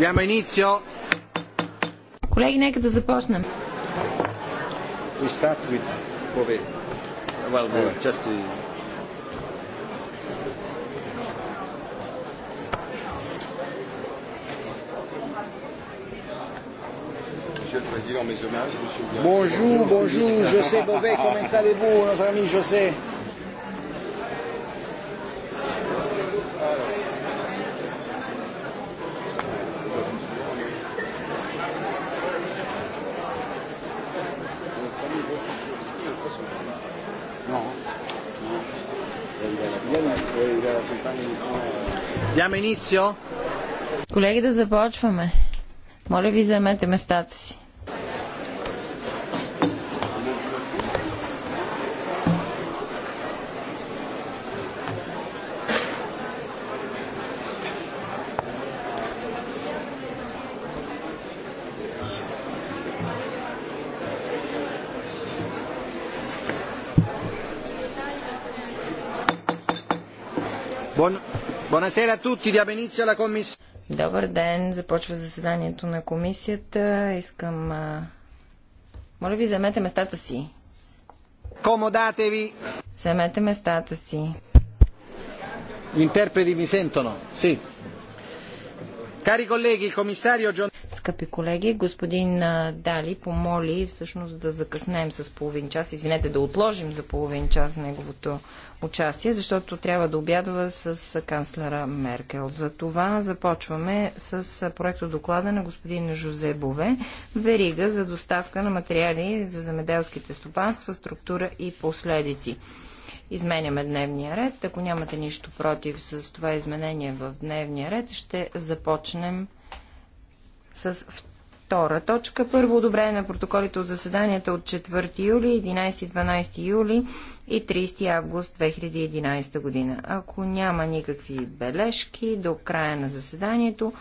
Diamo inizio. Колеги, нека да започнем. We start with Well, just to... Bonjour, bonjour, José Bové, comment allez-vous, nos amis José Колеги, да започваме. Моля ви, заемете местата си. Buonasera a tutti, diamo inizio alla commissione. Добър ден, започва заседанието на комисията. Искам... Моля ви, вземете местата си. Комодате Вземете местата си. Интерпрети ми сентоно, си. Кари колеги, комисарио Джон скъпи колеги. Господин Дали помоли всъщност да закъснем с половин час, извинете, да отложим за половин час неговото участие, защото трябва да обядва с канцлера Меркел. За това започваме с проекто доклада на господин Жозе Бове, верига за доставка на материали за замеделските стопанства, структура и последици изменяме дневния ред. Ако нямате нищо против с това изменение в дневния ред, ще започнем с втора точка. Първо одобрение на протоколите от заседанията от 4 юли, 11 12 юли и 30 август 2011 година. Ако няма никакви бележки до края на заседанието,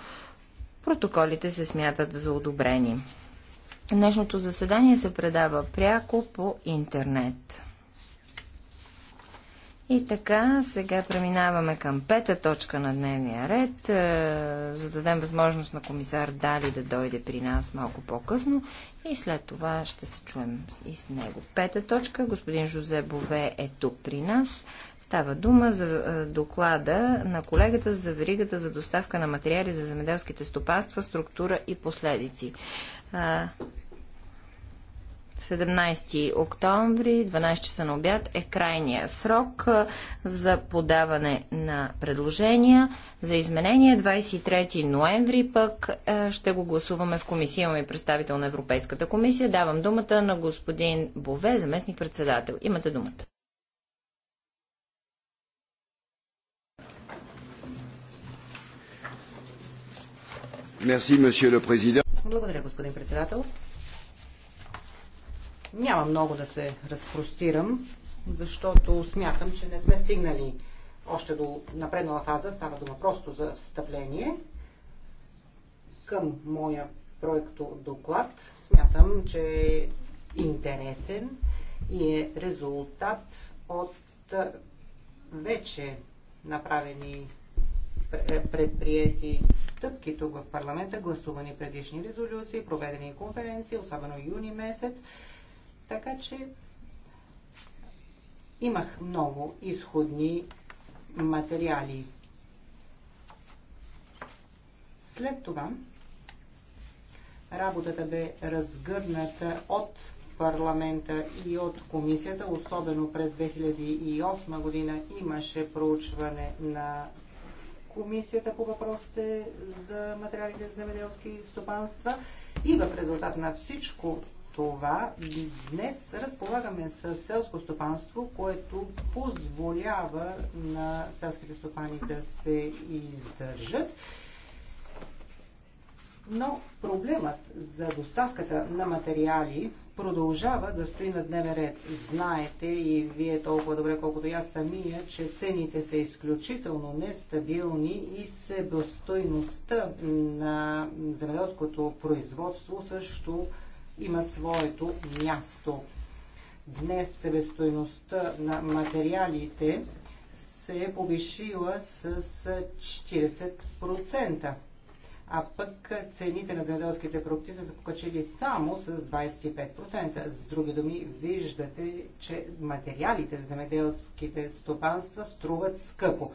протоколите се смятат за одобрени. Днешното заседание се предава пряко по интернет. И така, сега преминаваме към пета точка на дневния ред, е, за да дадем възможност на комисар Дали да дойде при нас малко по-късно и след това ще се чуем и с него. Пета точка, господин Жозе Бове е тук при нас. Става дума за е, доклада на колегата за веригата за доставка на материали за земеделските стопанства, структура и последици. 17 октомври, 12 часа на обяд е крайния срок за подаване на предложения за изменение. 23 ноември пък ще го гласуваме в комисия. Имаме представител на Европейската комисия. Давам думата на господин Бове, заместник председател. Имате думата. Благодаря, господин председател. Няма много да се разпростирам, защото смятам, че не сме стигнали още до напреднала фаза. Става дума просто за встъпление към моя проекто доклад. Смятам, че е интересен и е резултат от вече направени предприяти стъпки тук в парламента, гласувани предишни резолюции, проведени конференции, особено юни месец. Така че имах много изходни материали. След това работата бе разгърната от парламента и от комисията, особено през 2008 година имаше проучване на комисията по въпросите за материалите за земеделски стопанства и в резултат на всичко това днес разполагаме с селско стопанство, което позволява на селските стопани да се издържат. Но проблемът за доставката на материали продължава да стои на дневен ред. Знаете и вие толкова добре, колкото я самия, че цените са изключително нестабилни и себестойността на земеделското производство също има своето място. Днес себестойността на материалите се е повишила с 40%, а пък цените на земеделските продукти са покачили само с 25%. С други думи, виждате, че материалите за земеделските стопанства струват скъпо.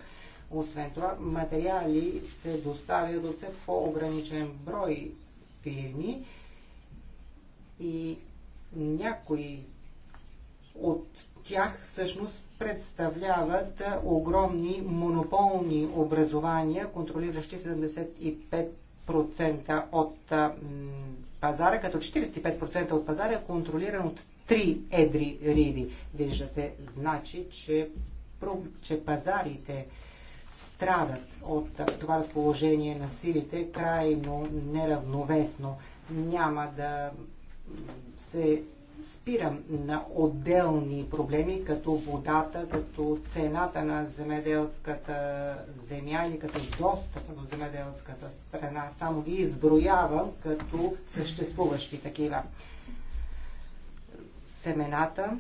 Освен това, материали се доставят от все по-ограничен брой фирми и някои от тях всъщност представляват огромни монополни образования, контролиращи 75% от пазара, като 45% от пазара е контролиран от три едри риби. Виждате, значи, че, че пазарите страдат от това разположение на силите крайно неравновесно. Няма да се спирам на отделни проблеми, като водата, като цената на земеделската земя или като достъп до земеделската страна. Само ги изброявам като съществуващи такива. Семената,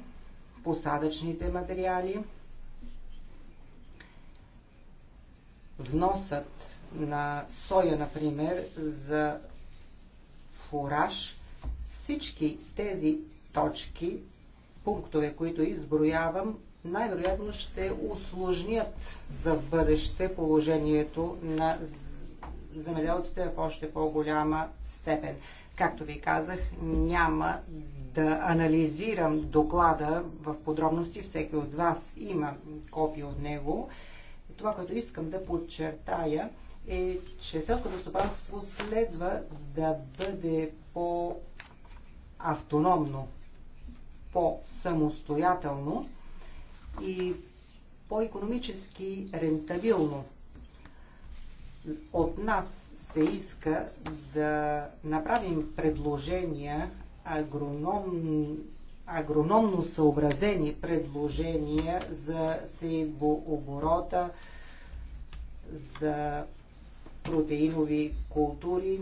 посадъчните материали, вносът на соя, например, за фураж – всички тези точки, пунктове, които изброявам, най-вероятно ще усложнят за бъдеще положението на земеделците в още по-голяма степен. Както ви казах, няма да анализирам доклада в подробности. Всеки от вас има копия от него. Това, което искам да подчертая, е, че селското стопанство следва да бъде по автономно по-самостоятелно и по-економически рентабилно. От нас се иска да направим предложения, агроном, агрономно съобразени предложения за сейбооборота, за протеинови култури,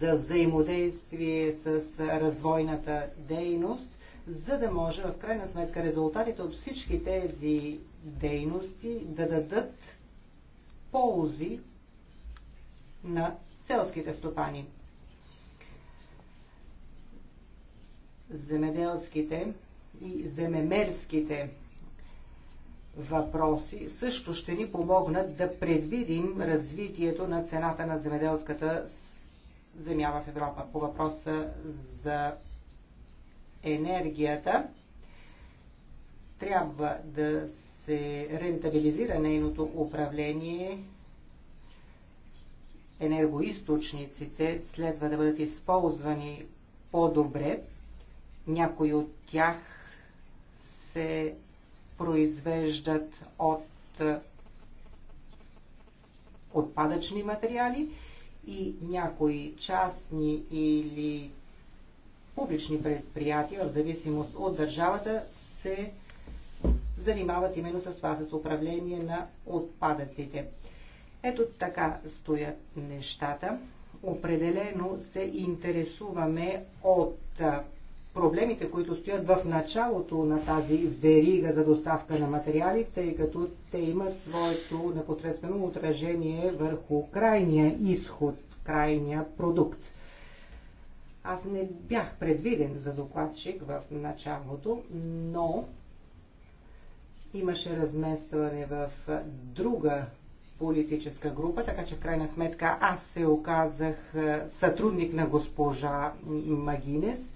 за взаимодействие с развойната дейност, за да може в крайна сметка резултатите от всички тези дейности да дадат ползи на селските стопани. Земеделските и земемерските въпроси също ще ни помогнат да предвидим развитието на цената на земеделската земя в Европа по въпроса за енергията. Трябва да се рентабилизира нейното управление. Енергоисточниците следва да бъдат използвани по-добре. Някои от тях се произвеждат от отпадъчни материали и някои частни или публични предприятия, в зависимост от държавата, се занимават именно с това, с управление на отпадъците. Ето така стоят нещата. Определено се интересуваме от проблемите, които стоят в началото на тази верига за доставка на материали, тъй като те имат своето непосредствено отражение върху крайния изход, крайния продукт. Аз не бях предвиден за докладчик в началото, но имаше разместване в друга политическа група, така че в крайна сметка аз се оказах сътрудник на госпожа Магинес –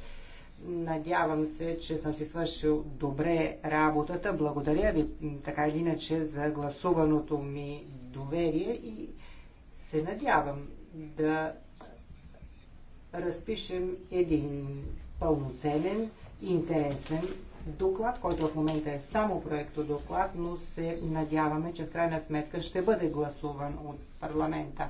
Надявам се, че съм си свършил добре работата. Благодаря ви така или иначе за гласуваното ми доверие и се надявам да разпишем един пълноценен, и интересен доклад, който в момента е само проекто доклад, но се надяваме, че в крайна сметка ще бъде гласуван от парламента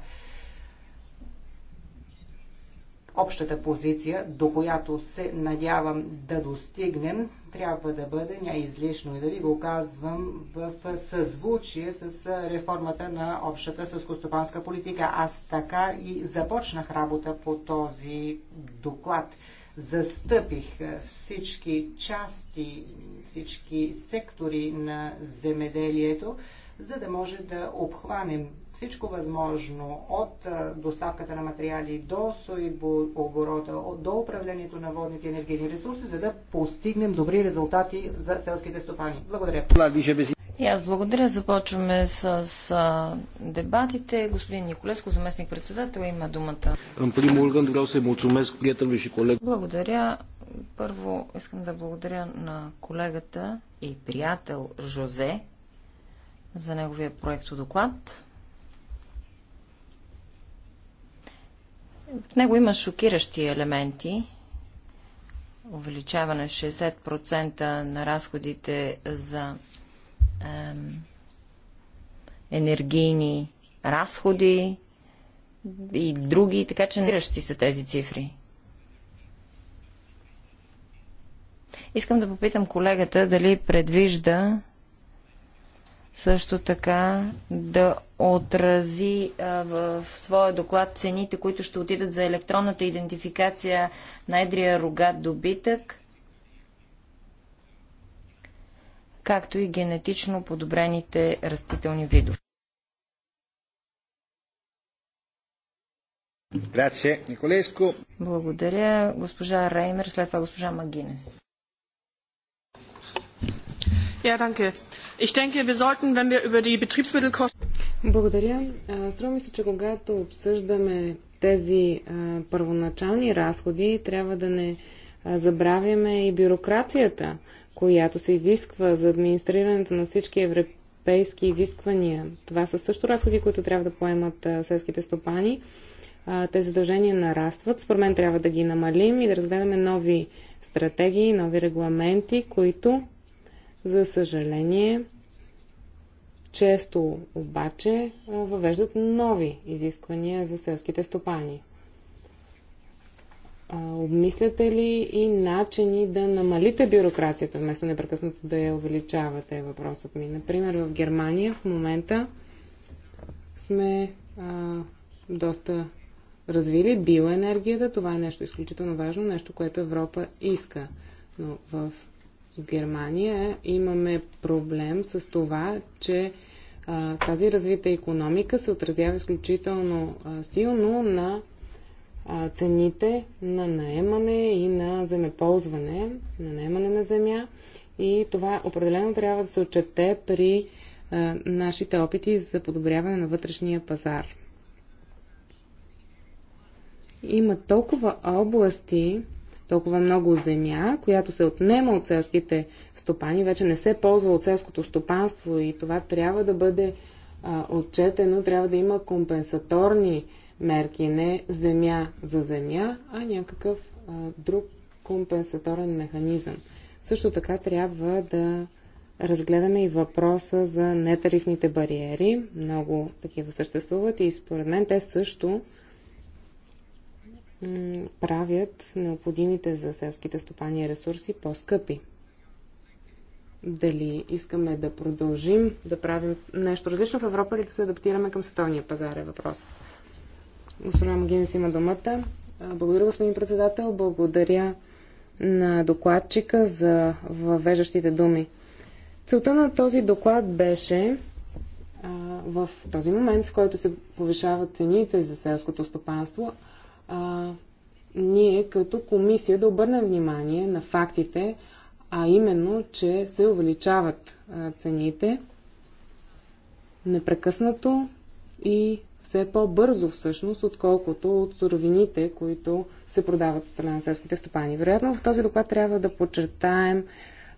общата позиция, до която се надявам да достигнем, трябва да бъде, не излишно и да ви го казвам, в съзвучие с реформата на общата съскостопанска политика. Аз така и започнах работа по този доклад. Застъпих всички части, всички сектори на земеделието, за да може да обхванем всичко възможно от доставката на материали до оборота, до управлението на водните енергийни ресурси, за да постигнем добри резултати за селските стопани. Благодаря. И аз благодаря. Започваме с, с дебатите. Господин Николеско, заместник председател, има думата. Благодаря. Първо искам да благодаря на колегата и приятел Жозе за неговия проектодоклад. В него има шокиращи елементи. Увеличаване 60% на разходите за ем, енергийни разходи и други, така че шокиращи са тези цифри. Искам да попитам колегата дали предвижда също така да отрази в своя доклад цените, които ще отидат за електронната идентификация на едрия рогат добитък, както и генетично подобрените растителни видове. Благодаря, госпожа Реймер, след това госпожа Магинес. danke. Ich denke, wir sollten, wenn wir über die Betriebsmittelkosten... Благодаря. Струва ми се, че когато обсъждаме тези първоначални разходи, трябва да не забравяме и бюрокрацията, която се изисква за администрирането на всички европейски изисквания. Това са също разходи, които трябва да поемат селските стопани. Тези задължения нарастват. Според мен трябва да ги намалим и да разгледаме нови стратегии, нови регламенти, които за съжаление, често обаче въвеждат нови изисквания за селските стопани. Обмисляте ли и начини да намалите бюрокрацията, вместо непрекъснато да я увеличавате, е въпросът ми. Например, в Германия в момента сме а, доста развили биоенергията. Това е нещо изключително важно, нещо, което Европа иска. Но в в Германия имаме проблем с това, че а, тази развита економика се отразява изключително а, силно на а, цените на наемане и на земеползване, на наемане на земя. И това определено трябва да се отчете при а, нашите опити за подобряване на вътрешния пазар. Има толкова области, толкова много земя, която се отнема от селските стопани, вече не се ползва от селското стопанство и това трябва да бъде а, отчетено, трябва да има компенсаторни мерки, не земя за земя, а някакъв а, друг компенсаторен механизъм. Също така трябва да разгледаме и въпроса за нетарифните бариери. Много такива съществуват и според мен те също правят необходимите за селските стопани ресурси по-скъпи. Дали искаме да продължим да правим нещо различно в Европа или да се адаптираме към световния пазар е въпрос. Госпожа Магинес има думата. Благодаря, господин председател. Благодаря на докладчика за въвеждащите думи. Целта на този доклад беше а, в този момент, в който се повишават цените за селското стопанство, а, ние като комисия да обърнем внимание на фактите, а именно, че се увеличават а, цените непрекъснато и все по-бързо всъщност, отколкото от суровините, които се продават от страна на селските стопани. Вероятно в този доклад трябва да подчертаем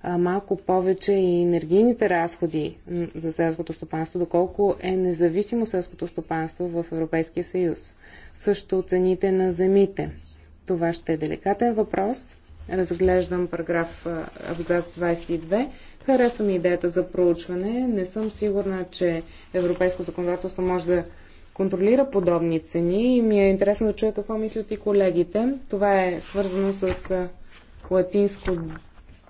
малко повече и енергийните разходи за селското стопанство, доколко е независимо селското стопанство в Европейския съюз. Също цените на земите. Това ще е деликатен въпрос. Разглеждам параграф абзац 22. Хареса ми идеята за проучване. Не съм сигурна, че европейско законодателство може да контролира подобни цени и ми е интересно да чуя какво мислят и колегите. Това е свързано с латинско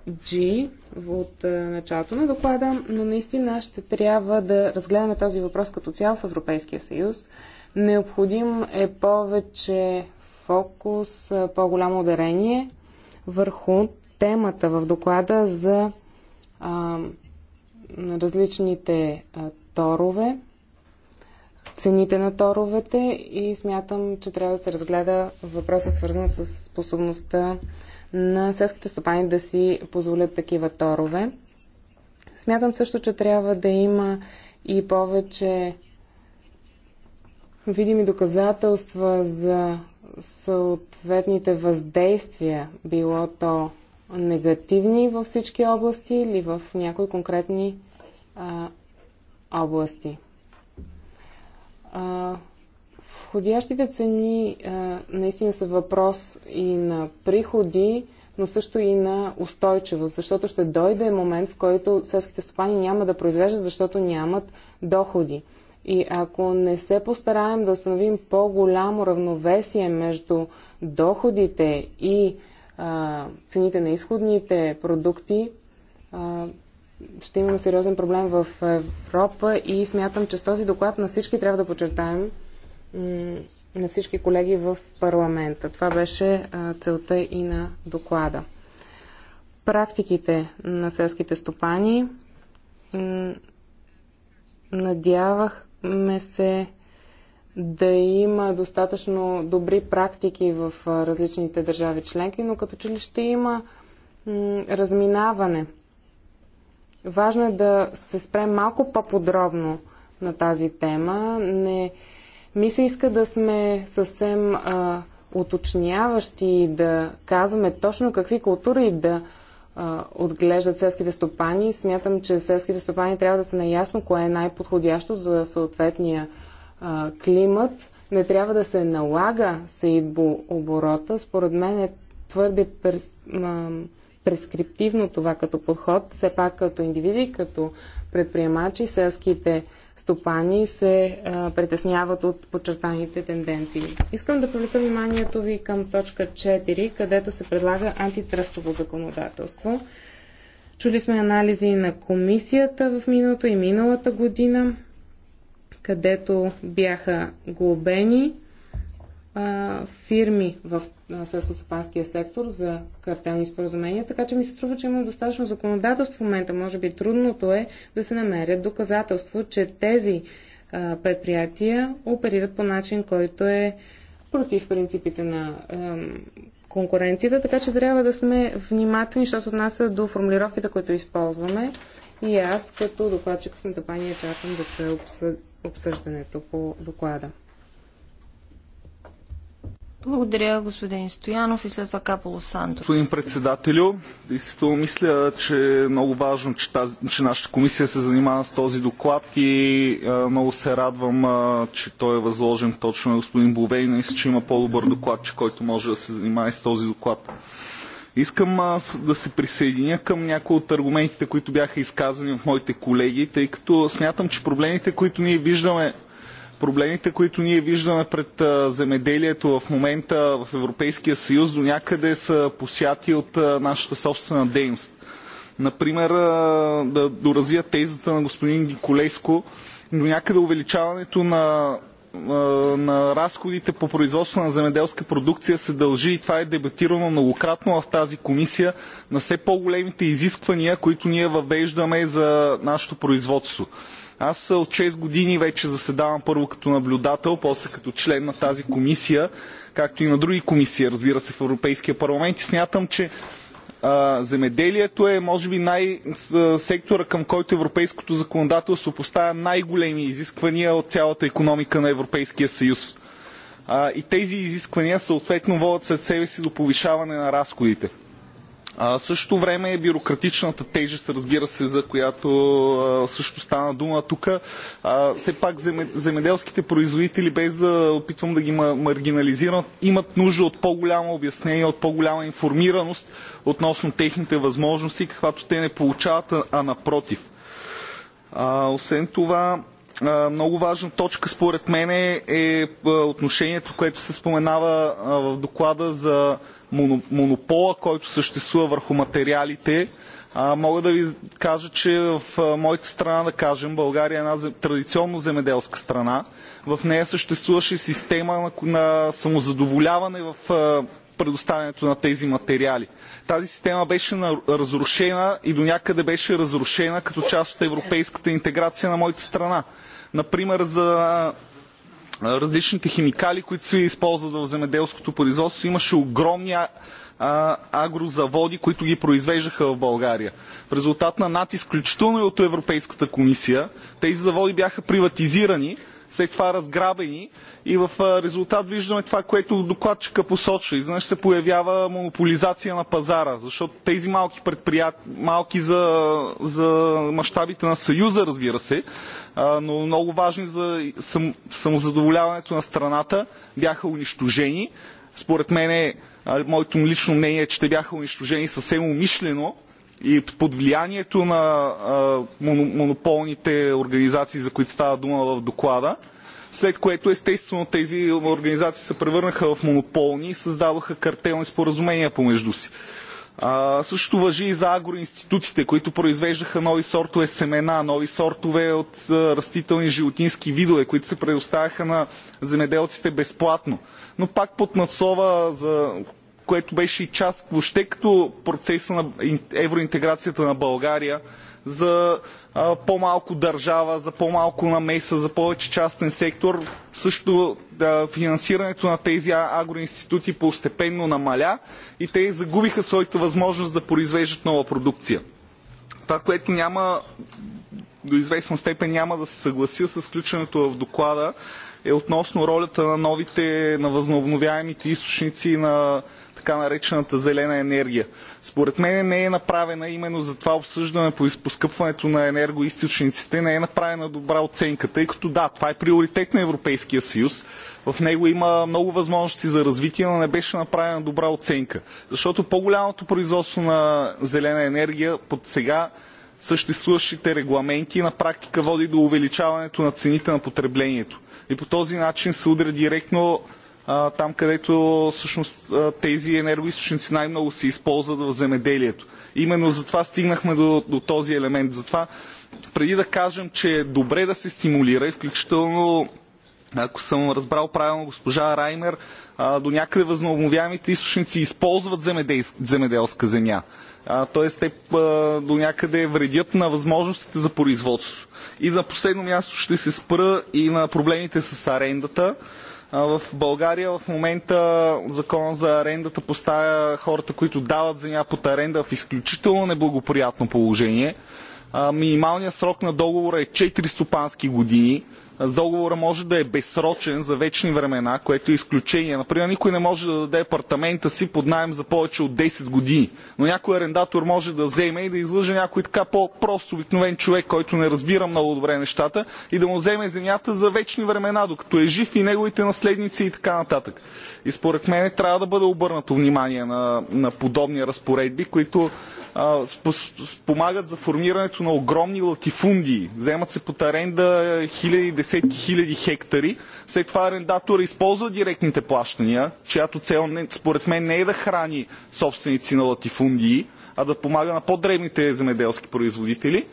G от е, началото на доклада, но наистина ще трябва да разгледаме този въпрос като цял в Европейския съюз. Необходим е повече фокус, е, по-голямо ударение върху темата в доклада за а, различните а, торове, цените на торовете и смятам, че трябва да се разгледа въпроса свързан с способността на селските стопани да си позволят такива торове. Смятам също, че трябва да има и повече видими доказателства за съответните въздействия, било то негативни във всички области или в някои конкретни а, области. А, Подходящите цени а, наистина са въпрос и на приходи, но също и на устойчивост, защото ще дойде момент, в който селските стопани няма да произвеждат, защото нямат доходи. И ако не се постараем да установим по-голямо равновесие между доходите и а, цените на изходните продукти, а, ще имаме сериозен проблем в Европа и смятам, че с този доклад на всички трябва да подчертаем, на всички колеги в парламента. Това беше целта и на доклада. Практиките на селските стопани надявахме се да има достатъчно добри практики в различните държави членки, но като че ли ще има разминаване. Важно е да се спрем малко по-подробно на тази тема. Не, ми се иска да сме съвсем а, уточняващи, да казваме точно какви култури да а, отглеждат селските стопани. Смятам, че селските стопани трябва да са наясно кое е най-подходящо за съответния а, климат. Не трябва да се налага сейдбо оборота. Според мен е твърде прес, а, прескриптивно това като подход. Все пак като индивиди, като предприемачи, селските стопани се а, притесняват от подчертаните тенденции. Искам да привлека вниманието ви към точка 4, където се предлага антитръстово законодателство. Чули сме анализи на комисията в миналото и миналата година, където бяха глобени а, фирми в селскостопанския сектор за картелни споразумения, така че ми се струва, че има достатъчно законодателство в момента. Може би трудното е да се намерят доказателство, че тези а, предприятия оперират по начин, който е против принципите на а, конкуренцията, така че трябва да сме внимателни, що се отнася до формулировките, които използваме. И аз като докладчик с натъпание чакам да чуя обсъждането по доклада. Благодаря, господин Стоянов и след това Каполо Санто. Господин председателю, действително мисля, че е много важно, че, тази, че нашата комисия се занимава с този доклад и а, е, много се радвам, а, е, че той е възложен точно на господин Бовей. Мисля, че има по-добър доклад, че който може да се и с този доклад. Искам а, е, да се присъединя към някои от аргументите, които бяха изказани от моите колеги, тъй като смятам, че проблемите, които ние виждаме проблемите, които ние виждаме пред земеделието в момента в Европейския съюз, до някъде са посяти от нашата собствена дейност. Например, да доразвия тезата на господин Николеско, до някъде увеличаването на на разходите по производство на земеделска продукция се дължи, и това е дебатирано многократно в тази комисия, на все по-големите изисквания, които ние въвеждаме за нашето производство. Аз е, от 6 години вече заседавам първо като наблюдател, после като член на тази комисия, както и на други комисии, разбира се, в Европейския парламент и смятам, че а, земеделието е, може би, най- сектора, към който европейското законодателство поставя най-големи изисквания от цялата економика на Европейския съюз. А, и тези изисквания съответно водят след себе си до повишаване на разходите. А, също време е бюрократичната тежест, разбира се, за която също стана дума тук. все пак земеделските производители, без да опитвам да ги маргинализирам, имат нужда от по-голямо обяснение, от по-голяма информираност относно техните възможности, каквато те не получават, а напротив. освен това, много важна точка според мен е отношението, което се споменава в доклада за монопола, който съществува върху материалите. А, мога да ви кажа, че в моята страна, да кажем, България е една традиционно земеделска страна. В нея съществуваше система на, на самозадоволяване в а, предоставянето на тези материали. Тази система беше разрушена и до някъде беше разрушена като част от европейската интеграция на моята страна. Например, за различните химикали, които се използват в земеделското производство. Имаше огромни агрозаводи, които ги произвеждаха в България. В резултат на натиск, включително и от Европейската комисия, тези заводи бяха приватизирани след това разграбени и в резултат виждаме това, което докладчика посочва. Изведнъж се появява монополизация на пазара, защото тези малки предприятия, малки за, за мащабите на Съюза, разбира се, но много важни за сам, самозадоволяването на страната, бяха унищожени. Според мен, моето лично мнение е, че те бяха унищожени съвсем умишлено, и под влиянието на монополните организации, за които става дума в доклада, след което естествено тези организации се превърнаха в монополни и създадоха картелни споразумения помежду си. А, също въжи и за агроинститутите, които произвеждаха нови сортове семена, нови сортове от а, растителни животински видове, които се предоставяха на земеделците безплатно. Но пак под наслова за което беше и част въобще като процеса на евроинтеграцията на България за по-малко държава, за по-малко намеса, за повече частен сектор. Също да, финансирането на тези агроинститути постепенно намаля и те загубиха своята възможност да произвеждат нова продукция. Това, което няма до известна степен няма да се съглася с включването в доклада е относно ролята на новите, на възобновяемите източници на така наречената зелена енергия. Според мен не е направена именно за това обсъждане по изпоскъпването на енергоисточниците, не е направена добра оценка, тъй като да, това е приоритет на Европейския съюз. В него има много възможности за развитие, но не беше направена добра оценка. Защото по-голямото производство на зелена енергия под сега съществуващите регламенти на практика води до увеличаването на цените на потреблението. И по този начин се удря директно там където всъщност тези енергоисточници най-много се използват в земеделието. Именно затова стигнахме до, до този елемент. Затова преди да кажем, че е добре да се стимулира и включително ако съм разбрал правилно госпожа Раймер, до някъде възобновяемите източници използват земеделска земя. Тоест те до някъде вредят на възможностите за производство. И на последно място ще се спра и на проблемите с арендата. В България в момента закон за арендата поставя хората, които дават земя под аренда в изключително неблагоприятно положение. Минималният срок на договора е 4 стопански години с договора може да е безсрочен за вечни времена, което е изключение. Например, никой не може да даде апартамента си под найем за повече от 10 години. Но някой арендатор може да вземе и да излъже някой така по-прост обикновен човек, който не разбира много добре нещата и да му вземе земята за вечни времена, докато е жив и неговите наследници и така нататък. И според мен трябва да бъде обърнато внимание на, на подобни разпоредби, които а, спомагат за формирането на огромни латифундии. Вземат се под аренда хиляди, 150 хиляди хектари. След това арендатора използва директните плащания, чиято цел според мен не е да храни собственици на латифундии, а да помага на по дребните земеделски производители.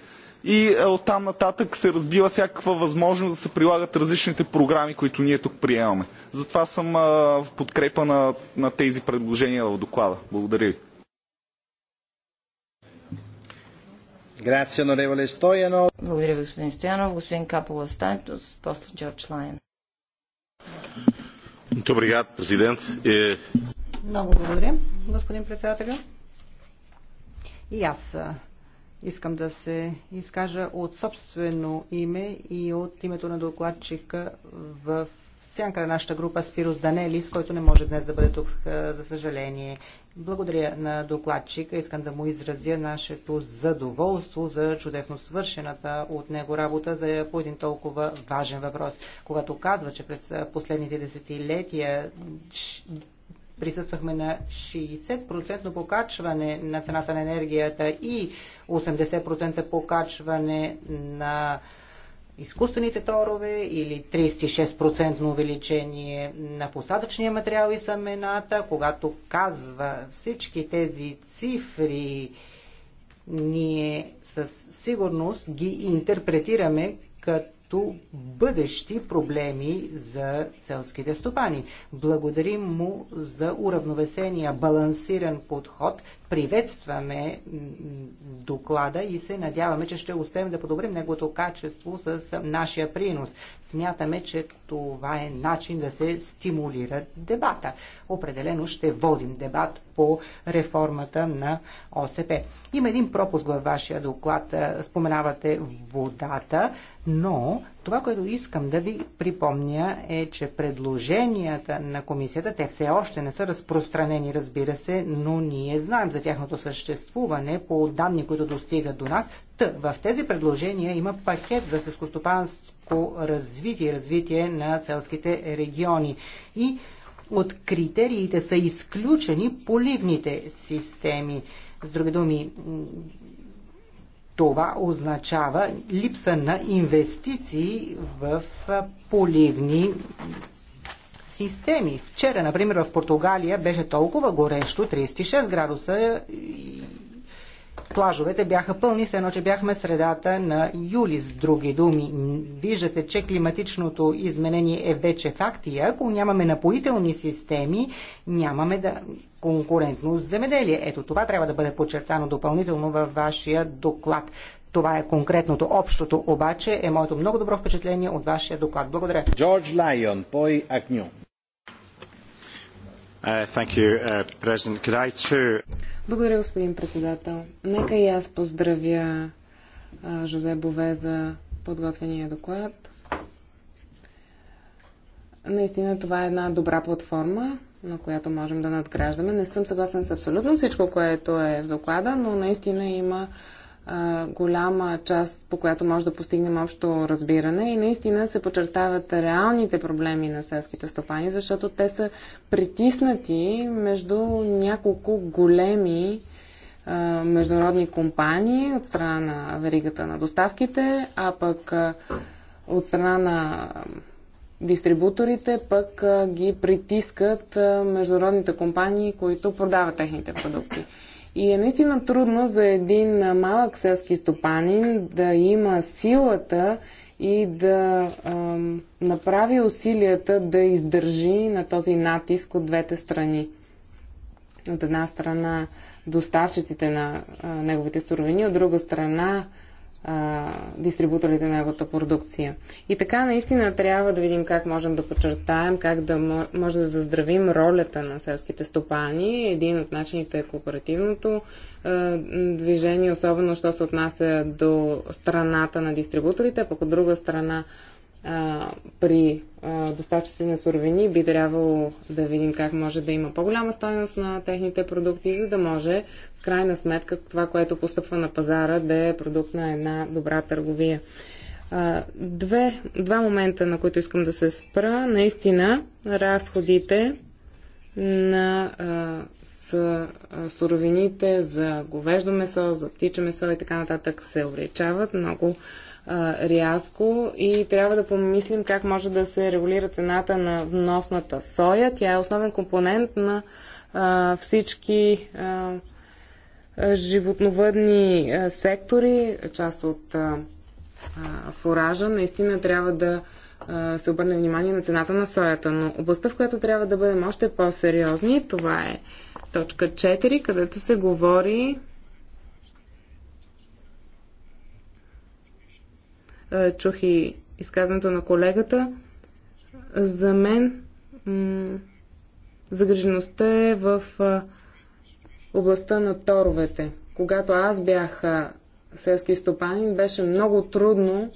И е, оттам нататък се разбива всякаква възможност да се прилагат различните програми, които ние тук приемаме. Затова съм е, в подкрепа на, на тези предложения в доклада. Благодаря ви. Благодаря ви, господин Стоянов. Господин Капола Стантос, после Джордж Лайен. Е, Много благодаря, господин председател. И аз искам да се изкажа от собствено име и от името на докладчика в сянка на нашата група Спирос Данелис, който не може днес да бъде тук, за съжаление. Благодаря на докладчика. Искам да му изразя нашето задоволство за чудесно свършената от него работа за по един толкова важен въпрос. Когато казва, че през последните десетилетия присъствахме на 60% покачване на цената на енергията и 80% покачване на изкуствените торове или 36% увеличение на посадъчния материал и самената. когато казва всички тези цифри, ние със сигурност ги интерпретираме като като бъдещи проблеми за селските стопани. Благодарим му за уравновесения, балансиран подход. Приветстваме доклада и се надяваме, че ще успеем да подобрим неговото качество с нашия принос. Смятаме, че това е начин да се стимулира дебата. Определено ще водим дебат по реформата на ОСП. Има един пропуск във вашия доклад. Е, споменавате водата, но това, което искам да ви припомня е, че предложенията на комисията, те все още не са разпространени, разбира се, но ние знаем за тяхното съществуване по данни, които достигат до нас. Та, в тези предложения има пакет за селскостопанско селско развитие, развитие на селските региони. И от критериите са изключени поливните системи. С други думи, това означава липса на инвестиции в поливни системи. Вчера, например, в Португалия беше толкова горещо, 36 градуса плажовете бяха пълни, все едно, че бяхме средата на юли. С други думи, виждате, че климатичното изменение е вече факт и ако нямаме напоителни системи, нямаме да конкурентно земеделие. Ето това трябва да бъде подчертано допълнително във вашия доклад. Това е конкретното. Общото обаче е моето много добро впечатление от вашия доклад. Благодаря. Джордж Лайон, пой Акню. Uh, uh, Благодаря, господин председател. Нека и аз поздравя Жозе Бове за подготвения доклад. Наистина това е една добра платформа, на която можем да надграждаме. Не съм съгласен с абсолютно всичко, което е в доклада, но наистина има а, голяма част, по която може да постигнем общо разбиране и наистина се подчертават реалните проблеми на селските стопани, защото те са притиснати между няколко големи а, международни компании от страна на веригата на доставките, а пък а, от страна на дистрибуторите пък а, ги притискат а, международните компании, които продават техните продукти. И е наистина трудно за един малък селски стопанин да има силата и да ам, направи усилията да издържи на този натиск от двете страни. От една страна доставчиците на а, неговите суровини, от друга страна дистрибуторите на неговата продукция. И така наистина трябва да видим как можем да подчертаем, как да може да заздравим ролята на селските стопани. Един от начините е кооперативното а, движение, особено що се отнася до страната на дистрибуторите, пък от друга страна при а, доставчици на суровини би трябвало да видим как може да има по-голяма стоеност на техните продукти, за да може в крайна сметка това, което постъпва на пазара, да е продукт на една добра търговия. две, два момента, на които искам да се спра. Наистина, разходите на с, суровините за говеждо месо, за птиче месо и така нататък се увеличават. Много рязко и трябва да помислим как може да се регулира цената на вносната соя. Тя е основен компонент на а, всички а, животновъдни а, сектори, част от а, а, фуража. Наистина трябва да а, се обърне внимание на цената на соята, но областта, в която трябва да бъдем още по-сериозни, това е точка 4, където се говори Е, чух и изказването на колегата. За мен загрижеността е в областта на торовете. Когато аз бях селски стопанин, беше много трудно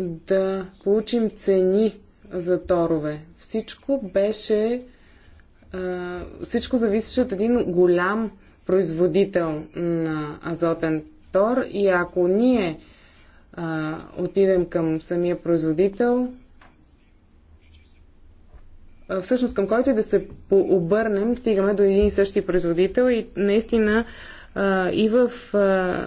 да получим цени за торове. Всичко беше. Всичко зависеше от един голям производител на азотен тор и ако ние а, отидем към самия производител, всъщност към който и да се обърнем, стигаме до един и същи производител и наистина и в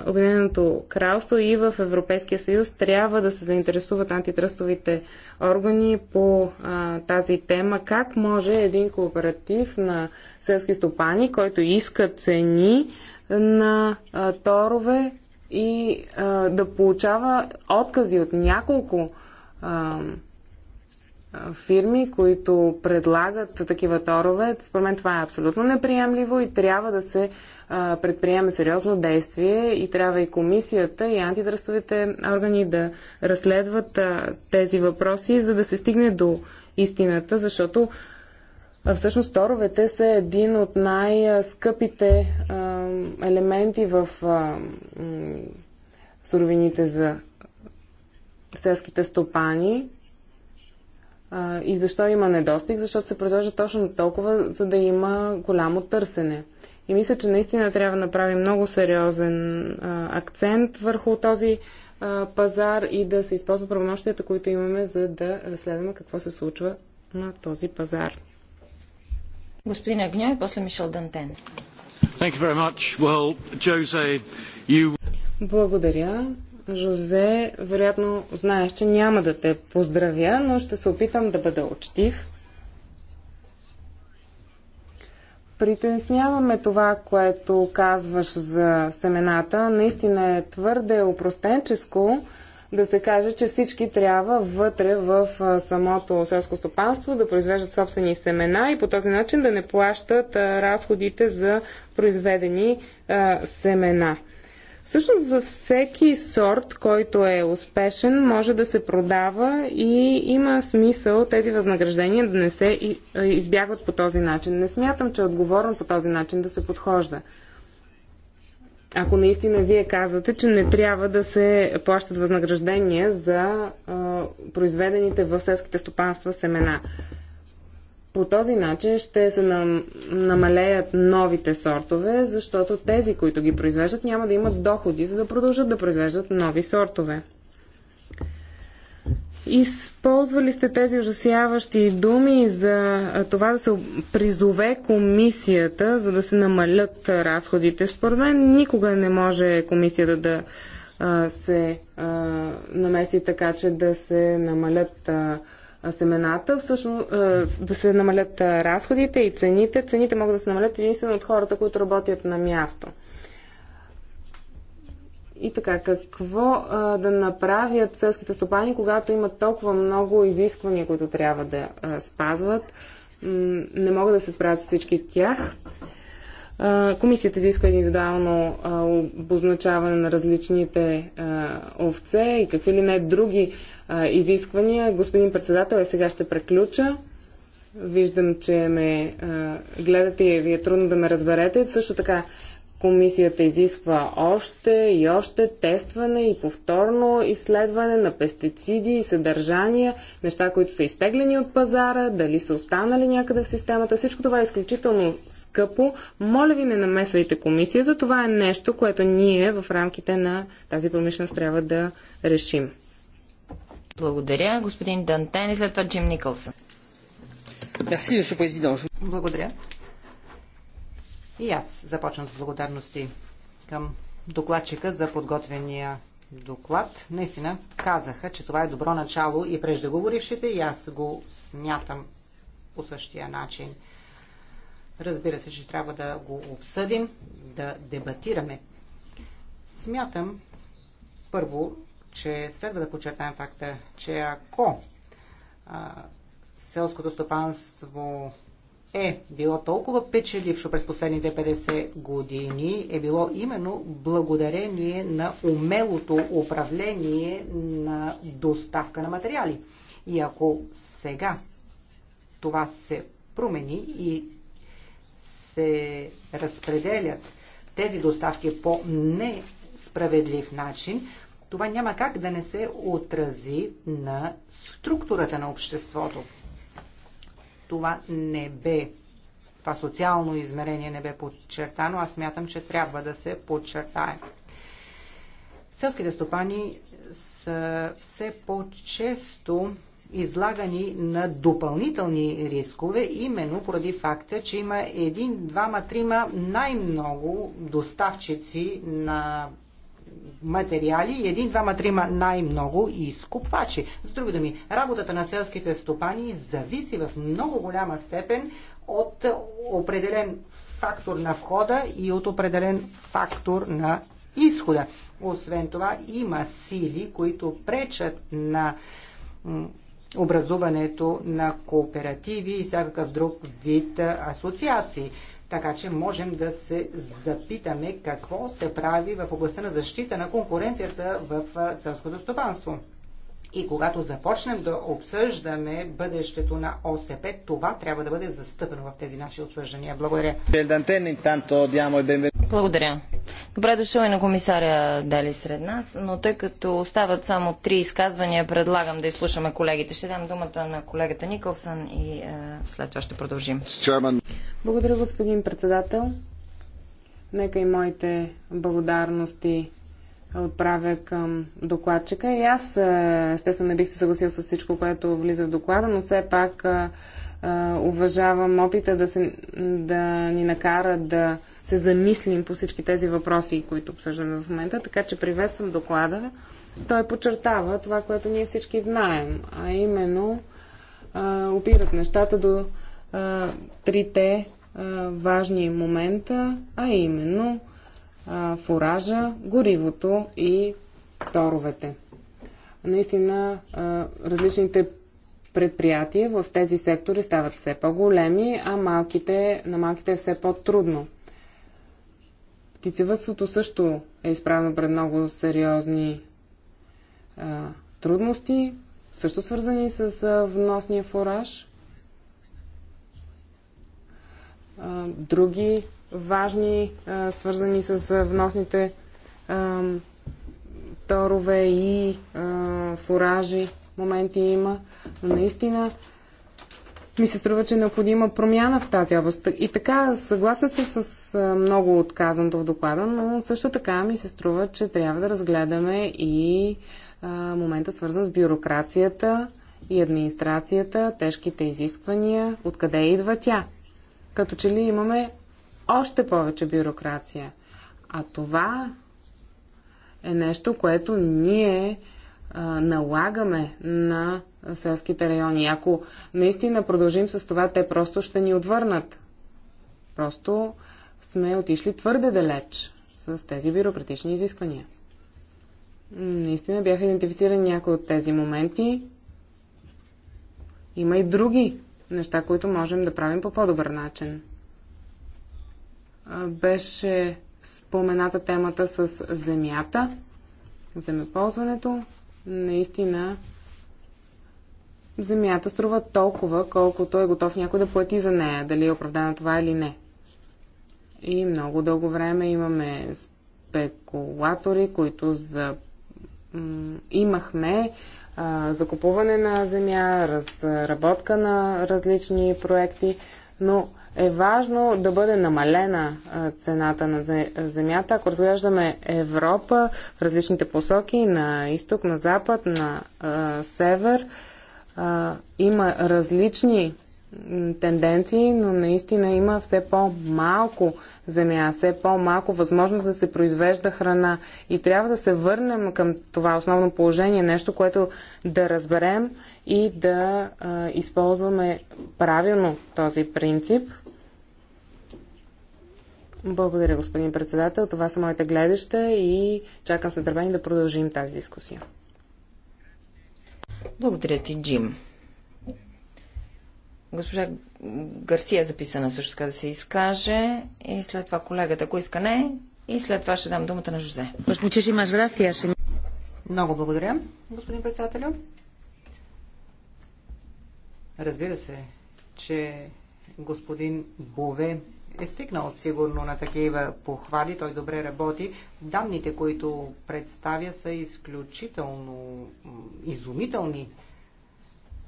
Обединеното кралство, и в Европейския съюз трябва да се заинтересуват антитръстовите органи по а, тази тема. Как може един кооператив на селски стопани, който иска цени на а, торове, и а, да получава откази от няколко а, фирми, които предлагат такива торове, според мен това е абсолютно неприемливо и трябва да се а, предприеме сериозно действие и трябва и комисията и антитръстовите органи да разследват а, тези въпроси, за да се стигне до истината, защото Всъщност, торовете са един от най-скъпите елементи в суровините за селските стопани. и защо има недостиг? Защото се произвежда точно толкова, за да има голямо търсене. И мисля, че наистина трябва да направим много сериозен а, акцент върху този а, пазар и да се използва правомощията, които имаме, за да разследваме какво се случва на този пазар. Господин Агньо и после Мишел Дантен. Well, Jose, you... Благодаря. Жозе, вероятно знаеш, че няма да те поздравя, но ще се опитам да бъда учтив. Притесняваме това, което казваш за семената. Наистина е твърде упростенческо да се каже, че всички трябва вътре в самото селско стопанство да произвеждат собствени семена и по този начин да не плащат разходите за произведени семена. Всъщност за всеки сорт, който е успешен, може да се продава и има смисъл тези възнаграждения да не се избягват по този начин. Не смятам, че е отговорно по този начин да се подхожда ако наистина вие казвате, че не трябва да се плащат възнаграждения за а, произведените в селските стопанства семена. По този начин ще се нам, намалеят новите сортове, защото тези, които ги произвеждат, няма да имат доходи, за да продължат да произвеждат нови сортове. Използвали сте тези ужасяващи думи за това да се призове комисията, за да се намалят разходите. Според мен никога не може комисията да се а, намеси така, че да се намалят а, семената, всъщност а, да се намалят разходите и цените. Цените могат да се намалят единствено от хората, които работят на място. И така, какво а, да направят селските стопани, когато имат толкова много изисквания, които трябва да а, спазват? М- не могат да се справят с всички тях. А, комисията изисква индивидуално а, обозначаване на различните а, овце и какви ли не други а, изисквания. Господин председател, е сега ще преключа. Виждам, че ме а, гледате и ви е трудно да ме разберете. Също така, Комисията изисква още и още тестване и повторно изследване на пестициди и съдържания, неща, които са изтеглени от пазара, дали са останали някъде в системата. Всичко това е изключително скъпо. Моля ви, не намесвайте комисията. Това е нещо, което ние в рамките на тази промишленост трябва да решим. Благодаря, господин Дантен и след това Джим Никълсън. Благодаря. И аз започвам с благодарности към докладчика за подготвения доклад. Наистина казаха, че това е добро начало и преждеговорившите и аз го смятам по същия начин. Разбира се, че трябва да го обсъдим, да дебатираме. Смятам, първо, че следва да подчертаем факта, че ако а, селското стопанство е било толкова печелившо през последните 50 години, е било именно благодарение на умелото управление на доставка на материали. И ако сега това се промени и се разпределят тези доставки по несправедлив начин, това няма как да не се отрази на структурата на обществото това не бе това социално измерение не бе подчертано, аз смятам, че трябва да се подчертае. Селските стопани са все по-често излагани на допълнителни рискове, именно поради факта, че има един, двама, трима най-много доставчици на материали, един, двама, трима най-много и изкупвачи. С други думи, работата на селските стопани зависи в много голяма степен от определен фактор на входа и от определен фактор на изхода. Освен това, има сили, които пречат на образуването на кооперативи и всякакъв друг вид асоциации. Така че можем да се запитаме какво се прави в областта на защита на конкуренцията в селското стопанство. И когато започнем да обсъждаме бъдещето на ОСП, това трябва да бъде застъпено в тези наши обсъждания. Благодаря. Благодаря. Добре дошъл и на комисаря Дали сред нас, но тъй като остават само три изказвания, предлагам да изслушаме колегите. Ще дам думата на колегата Никълсън и е, след това ще продължим. Благодаря, господин председател. Нека и моите благодарности отправя към докладчика. И аз, е, естествено, не бих се съгласил с всичко, което влиза в доклада, но все пак е, е, уважавам опита да, се, да ни накара да се замислим по всички тези въпроси, които обсъждаме в момента. Така че приветствам доклада. Той подчертава това, което ние всички знаем, а именно опират нещата до трите важни момента, а именно фуража, горивото и торовете. Наистина, различните предприятия в тези сектори стават все по-големи, а малките, на малките е все по-трудно. Птицевъдството също е изправено пред много сериозни а, трудности, също свързани с а, вносния фураж. А, други важни, свързани с вносните торове и фуражи моменти има, но наистина ми се струва, че е необходима промяна в тази област. И така, съгласна се с много отказаното в доклада, но също така ми се струва, че трябва да разгледаме и момента свързан с бюрокрацията и администрацията, тежките изисквания, откъде идва тя. Като че ли имаме още повече бюрокрация. А това е нещо, което ние а, налагаме на селските райони. Ако наистина продължим с това, те просто ще ни отвърнат. Просто сме отишли твърде далеч с тези бюрократични изисквания. Наистина бяха идентифицирани някои от тези моменти. Има и други неща, които можем да правим по по-добър начин беше спомената темата с земята, земеползването. Наистина, земята струва толкова, колкото е готов някой да плати за нея, дали е оправдано това или не. И много дълго време имаме спекулатори, които за... имахме а, закупуване на земя, разработка на различни проекти но е важно да бъде намалена цената на земята. Ако разглеждаме Европа в различните посоки, на изток, на запад, на север, има различни тенденции, но наистина има все по-малко земя, все по-малко възможност да се произвежда храна. И трябва да се върнем към това основно положение, нещо, което да разберем и да а, използваме правилно този принцип. Благодаря, господин председател. Това са моите гледаща и чакам с нетърпение да продължим тази дискусия. Благодаря ти, Джим. Госпожа Гарсия е записана също така да се изкаже и след това колегата, ако иска не, и след това ще дам думата на Жозе. Много благодаря, господин председателю. Разбира се, че господин Буве е свикнал сигурно на такива похвали, той добре работи. Данните, които представя, са изключително изумителни.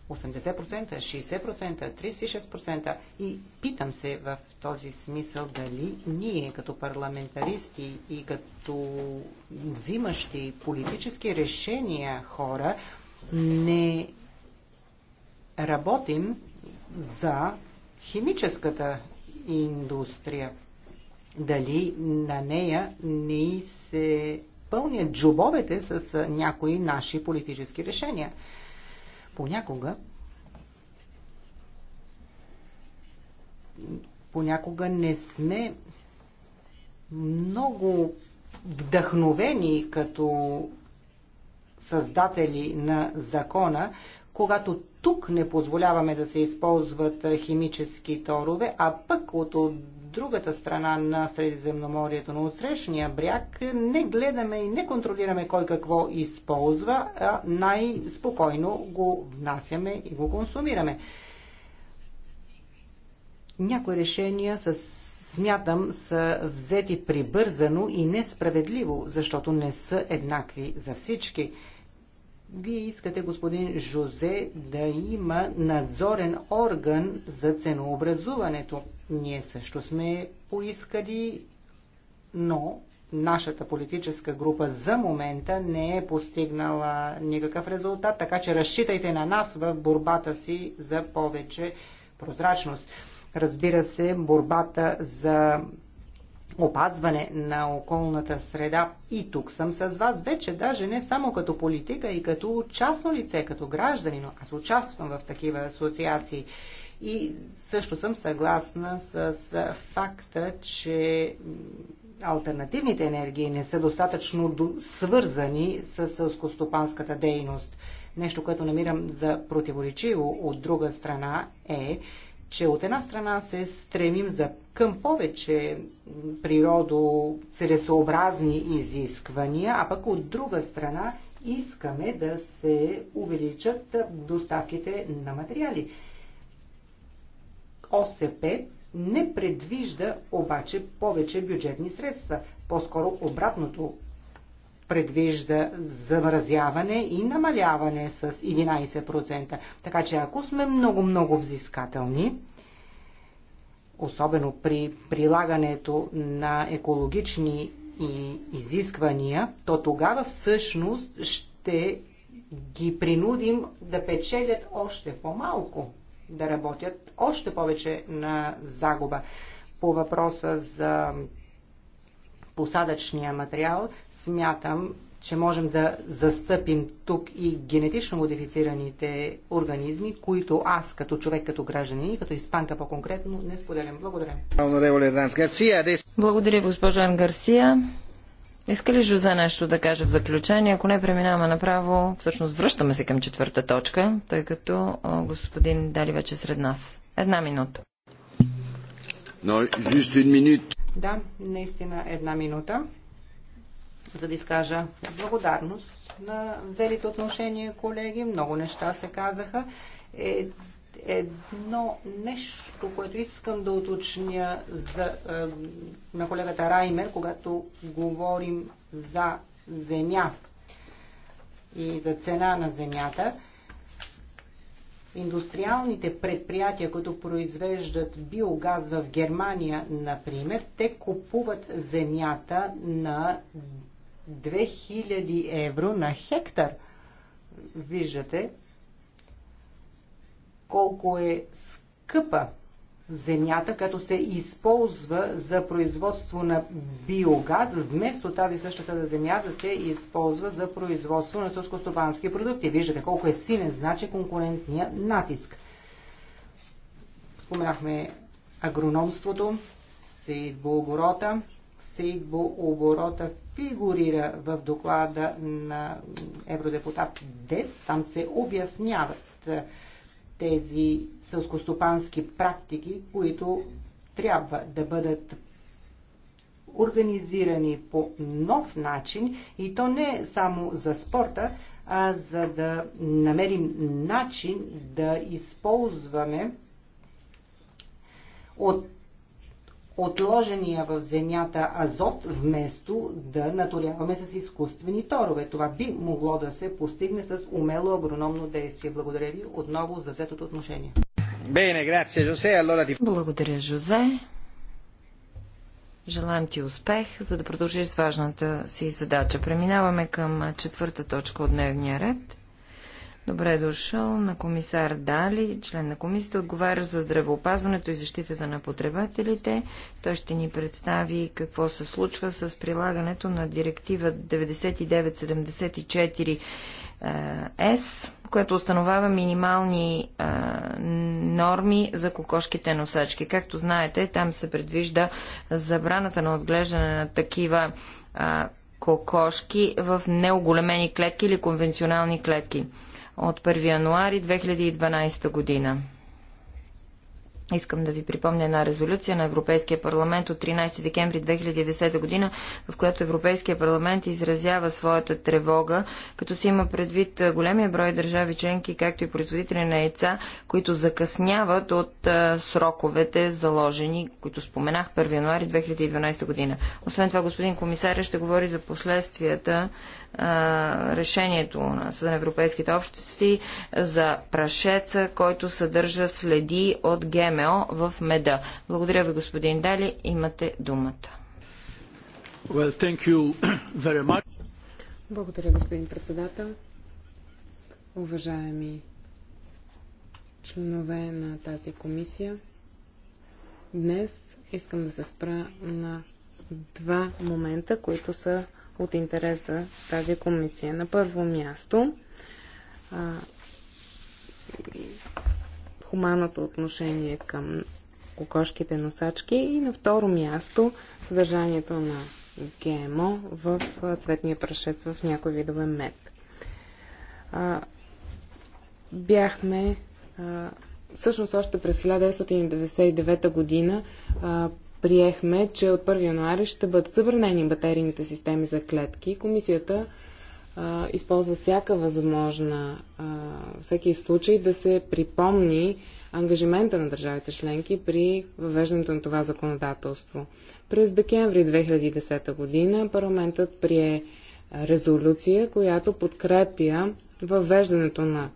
80%, 60%, 36%. И питам се в този смисъл дали ние като парламентаристи и като взимащи политически решения хора не работим за химическата индустрия. Дали на нея не се пълнят джобовете с някои наши политически решения. Понякога понякога не сме много вдъхновени като създатели на закона, когато тук не позволяваме да се използват химически торове, а пък от другата страна на Средиземноморието, на отсрещния бряг, не гледаме и не контролираме кой какво използва, а най-спокойно го внасяме и го консумираме. Някои решения с смятам са взети прибързано и несправедливо, защото не са еднакви за всички. Вие искате, господин Жозе, да има надзорен орган за ценообразуването. Ние също сме поискали, но нашата политическа група за момента не е постигнала никакъв резултат, така че разчитайте на нас в борбата си за повече прозрачност. Разбира се, борбата за опазване на околната среда. И тук съм с вас вече, даже не само като политика и като частно лице, като гражданин. Аз участвам в такива асоциации. И също съм съгласна с факта, че альтернативните енергии не са достатъчно свързани с сълскостопанската дейност. Нещо, което намирам за противоречиво от друга страна е, че от една страна се стремим за към повече целесообразни изисквания, а пък от друга страна искаме да се увеличат доставките на материали. ОСП не предвижда обаче повече бюджетни средства. По-скоро обратното предвижда замразяване и намаляване с 11%. Така че ако сме много-много взискателни, особено при прилагането на екологични и изисквания, то тогава всъщност ще ги принудим да печелят още по-малко, да работят още повече на загуба. По въпроса за посадъчния материал, смятам, че можем да застъпим тук и генетично модифицираните организми, които аз като човек, като гражданин и като испанка по-конкретно не споделям. Благодаря. Благодаря, госпожо Ан Гарсия. Иска ли Жозе нещо да каже в заключение? Ако не, преминаваме направо. Всъщност връщаме се към четвърта точка, тъй като господин Дали вече е сред нас. Една минута. No, just minute. Да, наистина една минута за да изкажа благодарност на взелите отношение колеги. Много неща се казаха. Е, едно нещо, което искам да уточня за, е, на колегата Раймер, когато говорим за земя и за цена на земята. Индустриалните предприятия, които произвеждат биогаз в Германия, например, те купуват земята на 2000 евро на хектар. Виждате колко е скъпа земята, като се използва за производство на биогаз, вместо тази същата земя да се използва за производство на сълскостопански продукти. Виждате колко е силен, значи конкурентния натиск. Споменахме агрономството, сейдбооборота, сейдбооборота фигурира в доклада на евродепутат Дес. Там се обясняват е, тези сълскостопански практики, които трябва да бъдат организирани по нов начин и то не само за спорта, а за да намерим начин да използваме от отложения в земята азот, вместо да наторяваме с изкуствени торове. Това би могло да се постигне с умело агрономно действие. Благодаря ви отново за взетото отношение. Bene, grazie, Allora ti... Благодаря, Жозе. Желаем ти успех, за да продължиш с важната си задача. Преминаваме към четвърта точка от дневния ред – Добре е дошъл на комисар Дали, член на комисията, отговаря за здравеопазването и защитата на потребателите. Той ще ни представи какво се случва с прилагането на директива 9974 с, е, която установява минимални а, е, норми за кокошките носачки. Както знаете, там се предвижда забраната на отглеждане на такива а, кокошки в неоголемени клетки или конвенционални клетки от 1 януари 2012 година. Искам да ви припомня една резолюция на Европейския парламент от 13 декември 2010 година, в която Европейския парламент изразява своята тревога, като се има предвид големия брой държави членки, както и производители на яйца, които закъсняват от сроковете заложени, които споменах 1 януари 2012 година. Освен това, господин комисаря ще говори за последствията решението на Съда на Европейските общности за прашеца, който съдържа следи от ГМО ВМО в меда. Благодаря ви, господин Дали. Имате думата. Well, thank you very much. Благодаря, господин председател. Уважаеми членове на тази комисия, днес искам да се спра на два момента, които са от интерес за тази комисия. На първо място, хуманното отношение към кокошките носачки и на второ място съдържанието на ГМО в цветния прашец в някой видове мед. А, бяхме а, всъщност още през 1999 година а, приехме, че от 1 януари ще бъдат забранени батерийните системи за клетки. Комисията а, използва всяка възможна, а, всеки случай да се припомни ангажимента на държавите членки при въвеждането на това законодателство. През декември 2010 година парламентът прие резолюция, която подкрепя въвеждането на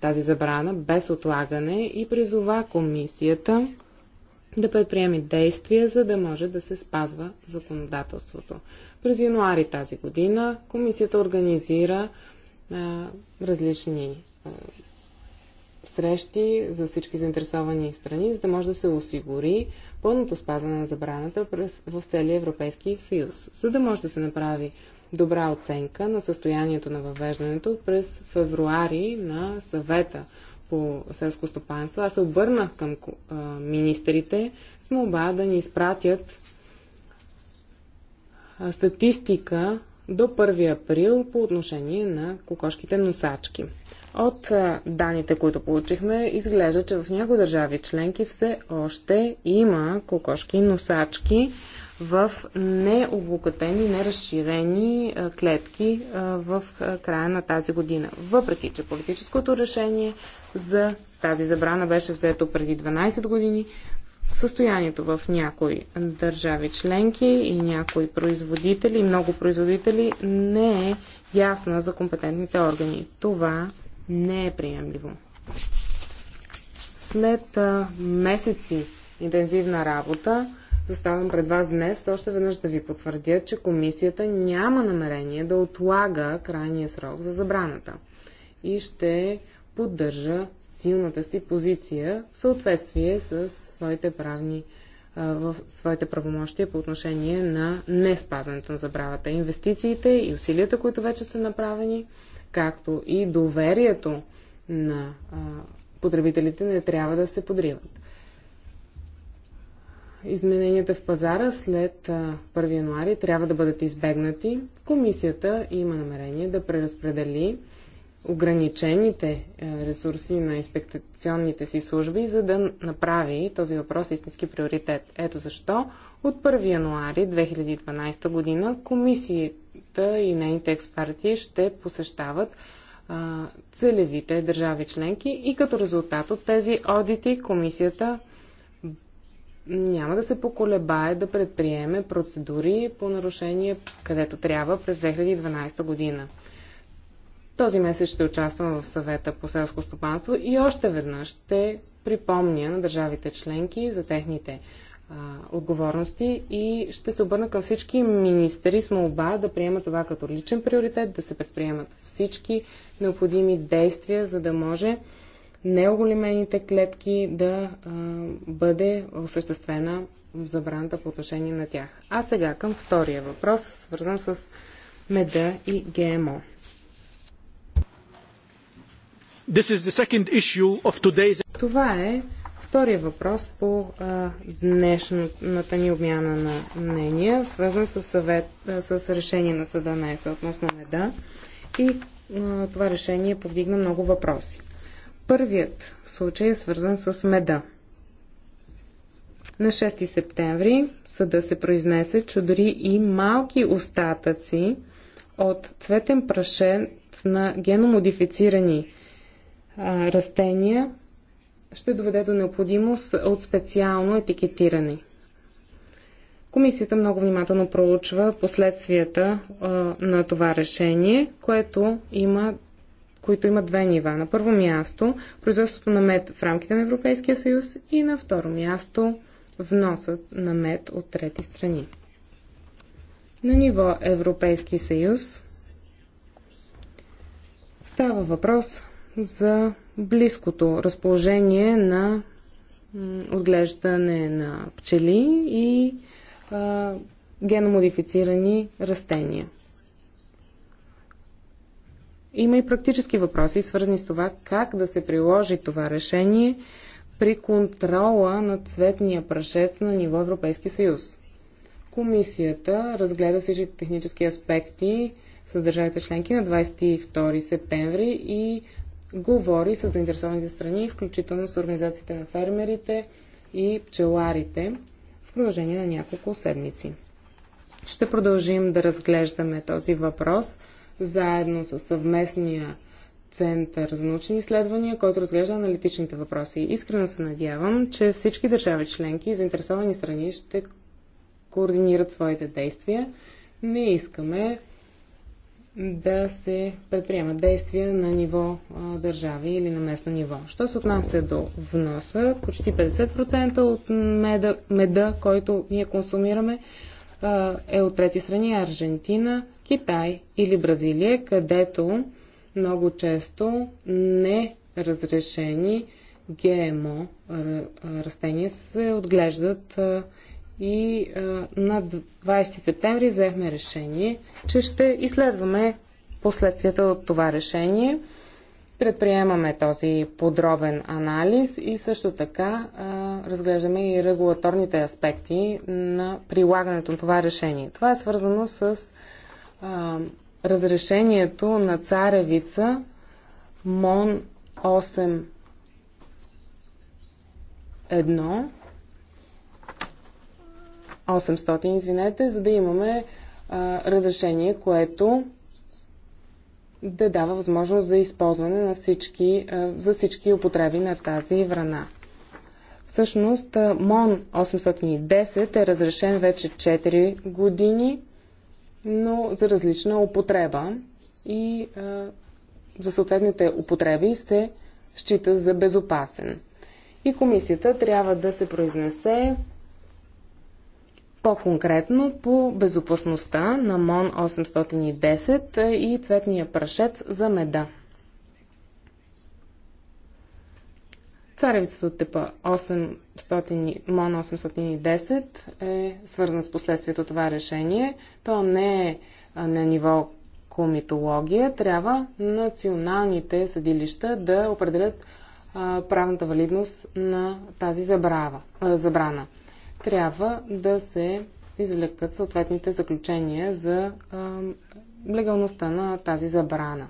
тази забрана без отлагане и призова комисията да предприеми действия, за да може да се спазва законодателството. През януари тази година комисията организира а, различни а, срещи за всички заинтересовани страни, за да може да се осигури пълното спазване на забраната през, в целия Европейски съюз, за да може да се направи добра оценка на състоянието на въвеждането през февруари на съвета по селско стопанство, аз се обърнах към министрите с молба да ни изпратят статистика до 1 април по отношение на кокошките носачки. От данните, които получихме, изглежда, че в някои държави членки все още има кокошки носачки в необлокатени, неразширени клетки в края на тази година. Въпреки, че политическото решение за тази забрана беше взето преди 12 години. Състоянието в някои държави членки и някои производители, много производители, не е ясна за компетентните органи. Това не е приемливо. След а, месеци интензивна работа, заставам пред вас днес още веднъж да ви потвърдя, че комисията няма намерение да отлага крайния срок за забраната и ще поддържа силната си позиция в съответствие с своите правни в своите правомощия по отношение на не спазването на забравата. Инвестициите и усилията, които вече са направени, както и доверието на потребителите не трябва да се подриват. Измененията в пазара след 1 януари трябва да бъдат избегнати. Комисията има намерение да преразпредели ограничените е, ресурси на инспекционните си служби, за да направи този въпрос истински приоритет. Ето защо от 1 януари 2012 година комисията и нейните експерти ще посещават целевите държави членки и като резултат от тези одити комисията няма да се поколебае да предприеме процедури по нарушение, където трябва през 2012 година. Този месец ще участвам в съвета по селско стопанство и още веднъж ще припомня на държавите членки за техните а, отговорности и ще се обърна към всички министри с молба да приемат това като личен приоритет, да се предприемат всички необходими действия, за да може неоголимените клетки да а, бъде осъществена забраната по отношение на тях. А сега към втория въпрос, свързан с меда и ГМО. This is the second issue of today's... Това е втория въпрос по днешната ни обмяна на мнения, свързан с, съвет, а, с решение на съда на ЕСА относно меда. И а, това решение повдигна много въпроси. Първият случай е свързан с меда. На 6 септември съда се произнесе, че дори и малки остатъци от цветен прашен на геномодифицирани растения ще доведе до необходимост от специално етикетиране. Комисията много внимателно проучва последствията а, на това решение, което има, които има две нива. На първо място производството на мед в рамките на Европейския съюз и на второ място вносът на мед от трети страни. На ниво Европейски съюз става въпрос за близкото разположение на отглеждане на пчели и а, геномодифицирани растения. Има и практически въпроси, свързани с това как да се приложи това решение при контрола на цветния прашец на ниво Европейски съюз. Комисията разгледа всички технически аспекти с държавите членки на 22 септември и говори с заинтересованите страни, включително с организациите на фермерите и пчеларите в продължение на няколко седмици. Ще продължим да разглеждаме този въпрос заедно с съвместния Център за научни изследвания, който разглежда аналитичните въпроси. Искрено се надявам, че всички държави членки и заинтересовани страни ще координират своите действия. Не искаме да се предприемат действия на ниво а, държави или на местно ниво. Що се отнася до вноса, почти 50% от меда, меда който ние консумираме, а, е от трети страни Аржентина, Китай или Бразилия, където много често не разрешени ГМО растения се отглеждат а, и а, на 20 септември взехме решение, че ще изследваме последствията от това решение. Предприемаме този подробен анализ и също така а, разглеждаме и регулаторните аспекти на прилагането на това решение. Това е свързано с а, разрешението на царевица МОН 8.1 800, извинете, за да имаме а, разрешение, което да дава възможност за използване на всички, а, за всички употреби на тази врана. Всъщност, МОН 810 е разрешен вече 4 години, но за различна употреба и а, за съответните употреби се счита за безопасен. И комисията трябва да се произнесе по-конкретно по безопасността на МОН 810 и цветния прашет за меда. Царевицата от типа 800, МОН 810 е свързана с последствието това решение. То не е на ниво комитология. Трябва националните съдилища да определят правната валидност на тази забрава, забрана трябва да се извлекат съответните заключения за а, легалността на тази забрана.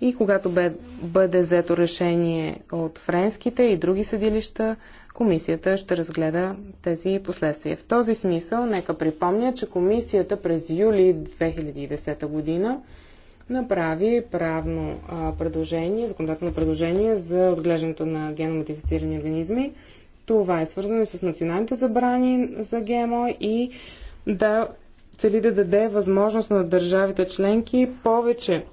И когато бе, бъде взето решение от френските и други съдилища, комисията ще разгледа тези последствия. В този смисъл, нека припомня, че комисията през юли 2010 година направи правно а, предложение, законодателно предложение за отглеждането на геномодифицирани организми това е свързано и с националните забрани за ГМО и да цели да даде възможност на държавите членки повече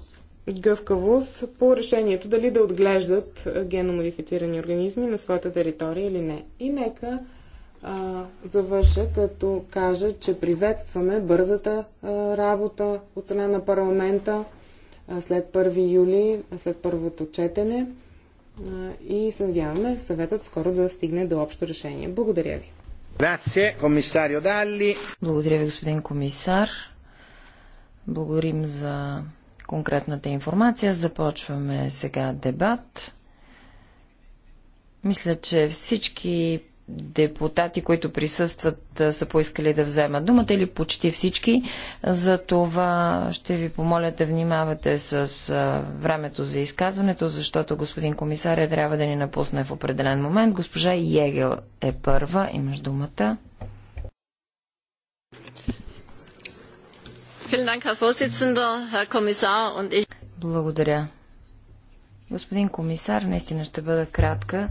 гъвкавост по решението дали да отглеждат геномодифицирани организми на своята територия или не. И нека а, завърша като кажа, че приветстваме бързата а, работа от страна на парламента а, след 1 юли, след първото четене и се надяваме съветът скоро да стигне до общо решение. Благодаря ви. Благодаря ви, господин комисар. Благодарим за конкретната информация. Започваме сега дебат. Мисля, че всички депутати, които присъстват, са поискали да вземат думата или почти всички. За това ще ви помоля да внимавате с времето за изказването, защото господин комисар, е трябва да ни напусне в определен момент. Госпожа Егел е първа, имаш думата. Благодаря. Господин комисар, наистина ще бъда кратка.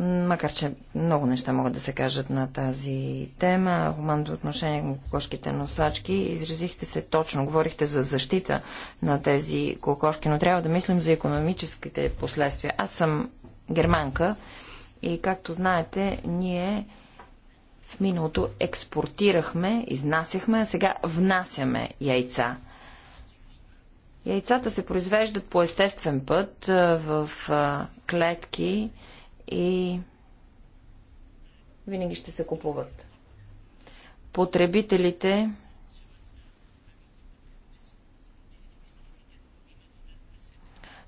Макар, че много неща могат да се кажат на тази тема, хуманното отношение към кокошките носачки, изразихте се точно, говорихте за защита на тези кокошки, но трябва да мислим за економическите последствия. Аз съм германка и, както знаете, ние в миналото експортирахме, изнасяхме, а сега внасяме яйца. Яйцата се произвеждат по естествен път в клетки, и винаги ще се купуват. Потребителите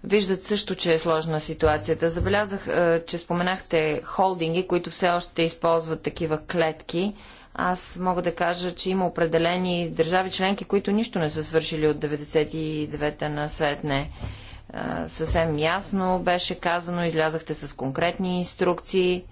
виждат също, че е сложна ситуацията. Забелязах, е, че споменахте холдинги, които все още използват такива клетки. Аз мога да кажа, че има определени държави членки, които нищо не са свършили от 99-та на Светне съвсем ясно беше казано, излязахте с конкретни инструкции.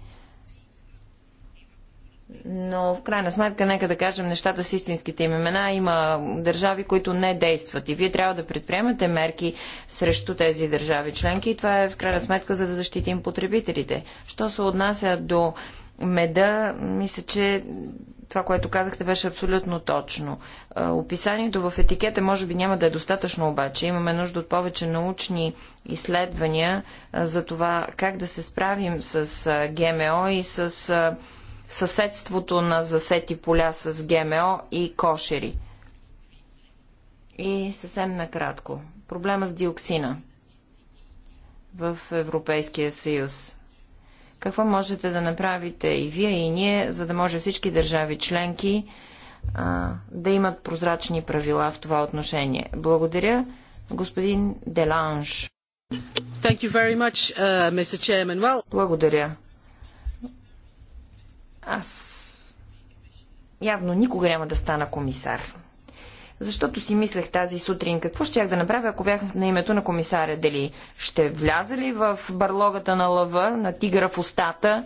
Но в крайна сметка, нека да кажем нещата с истинските им имена. Има държави, които не действат и вие трябва да предприемате мерки срещу тези държави членки и това е в крайна сметка за да защитим потребителите. Що се отнася до меда, мисля, че това, което казахте, беше абсолютно точно. Описанието в етикета може би няма да е достатъчно обаче. Имаме нужда от повече научни изследвания за това как да се справим с ГМО и с съседството на засети поля с ГМО и кошери. И съвсем накратко. Проблема с диоксина в Европейския съюз. Какво можете да направите и вие, и ние, за да може всички държави членки а, да имат прозрачни правила в това отношение? Благодаря, господин Деланж. Thank you very much, uh, Mr. Chairman. Well... Благодаря. Аз явно никога няма да стана комисар. Защото си мислех тази сутрин какво ях да направя, ако бях на името на комисаря. Дали ще вляза ли в барлогата на лъва, на тигра в устата,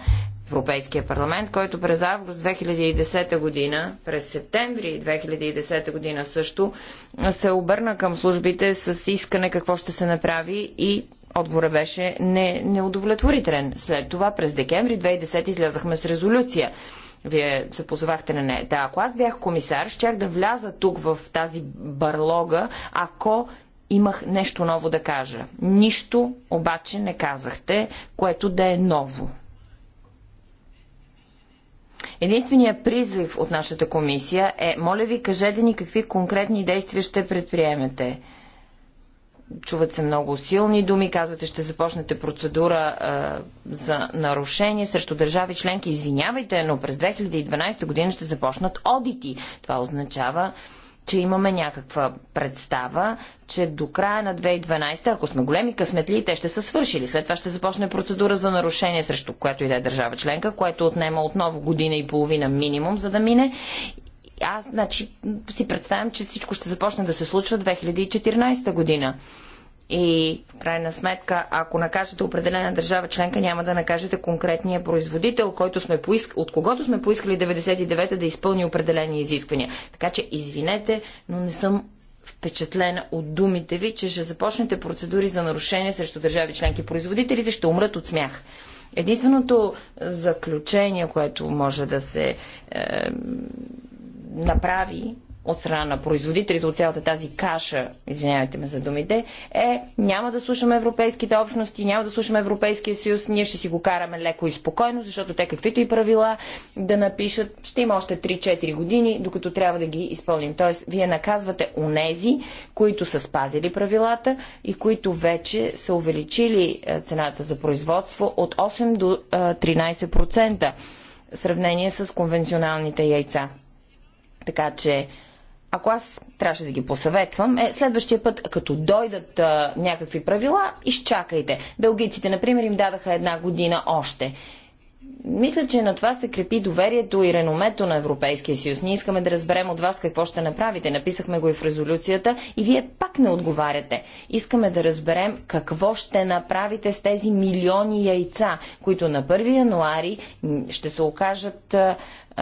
Европейския парламент, който през август 2010 година, през септември 2010 година също, се обърна към службите с искане какво ще се направи и отговорът беше не, неудовлетворителен. След това през декември 2010 излязахме с резолюция. Вие се позовахте на нея. Да, ако аз бях комисар, щях да вляза тук в тази барлога, ако имах нещо ново да кажа. Нищо обаче не казахте, което да е ново. Единственият призив от нашата комисия е, моля ви, кажете ни какви конкретни действия ще предприемете. Чуват се много силни думи, казвате, ще започнете процедура а, за нарушение срещу държави членки. Извинявайте, но през 2012 година ще започнат одити. Това означава, че имаме някаква представа, че до края на 2012, ако сме големи късметли, те ще са свършили. След това ще започне процедура за нарушение срещу което и да е държава членка, което отнема отново година и половина минимум, за да мине аз значи, си представям, че всичко ще започне да се случва 2014 година. И в крайна сметка, ако накажете определена държава членка, няма да накажете конкретния производител, който сме поиск... от когото сме поискали 99-та да изпълни определени изисквания. Така че, извинете, но не съм впечатлена от думите ви, че ще започнете процедури за нарушение срещу държави членки. Производителите ще умрат от смях. Единственото заключение, което може да се е, направи от страна на производителите от цялата тази каша, извинявайте ме за думите, е няма да слушаме европейските общности, няма да слушаме Европейския съюз, ние ще си го караме леко и спокойно, защото те каквито и правила да напишат, ще има още 3-4 години, докато трябва да ги изпълним. Тоест, вие наказвате онези, които са спазили правилата и които вече са увеличили е, цената за производство от 8 до 13% е, в сравнение с конвенционалните яйца. Така че, ако аз трябваше да ги посъветвам, е следващия път, като дойдат а, някакви правила, изчакайте. Белгийците, например, им дадаха една година още мисля, че на това се крепи доверието и реномето на Европейския съюз. Ние искаме да разберем от вас какво ще направите. Написахме го и в резолюцията и вие пак не отговаряте. Искаме да разберем какво ще направите с тези милиони яйца, които на 1 януари ще се окажат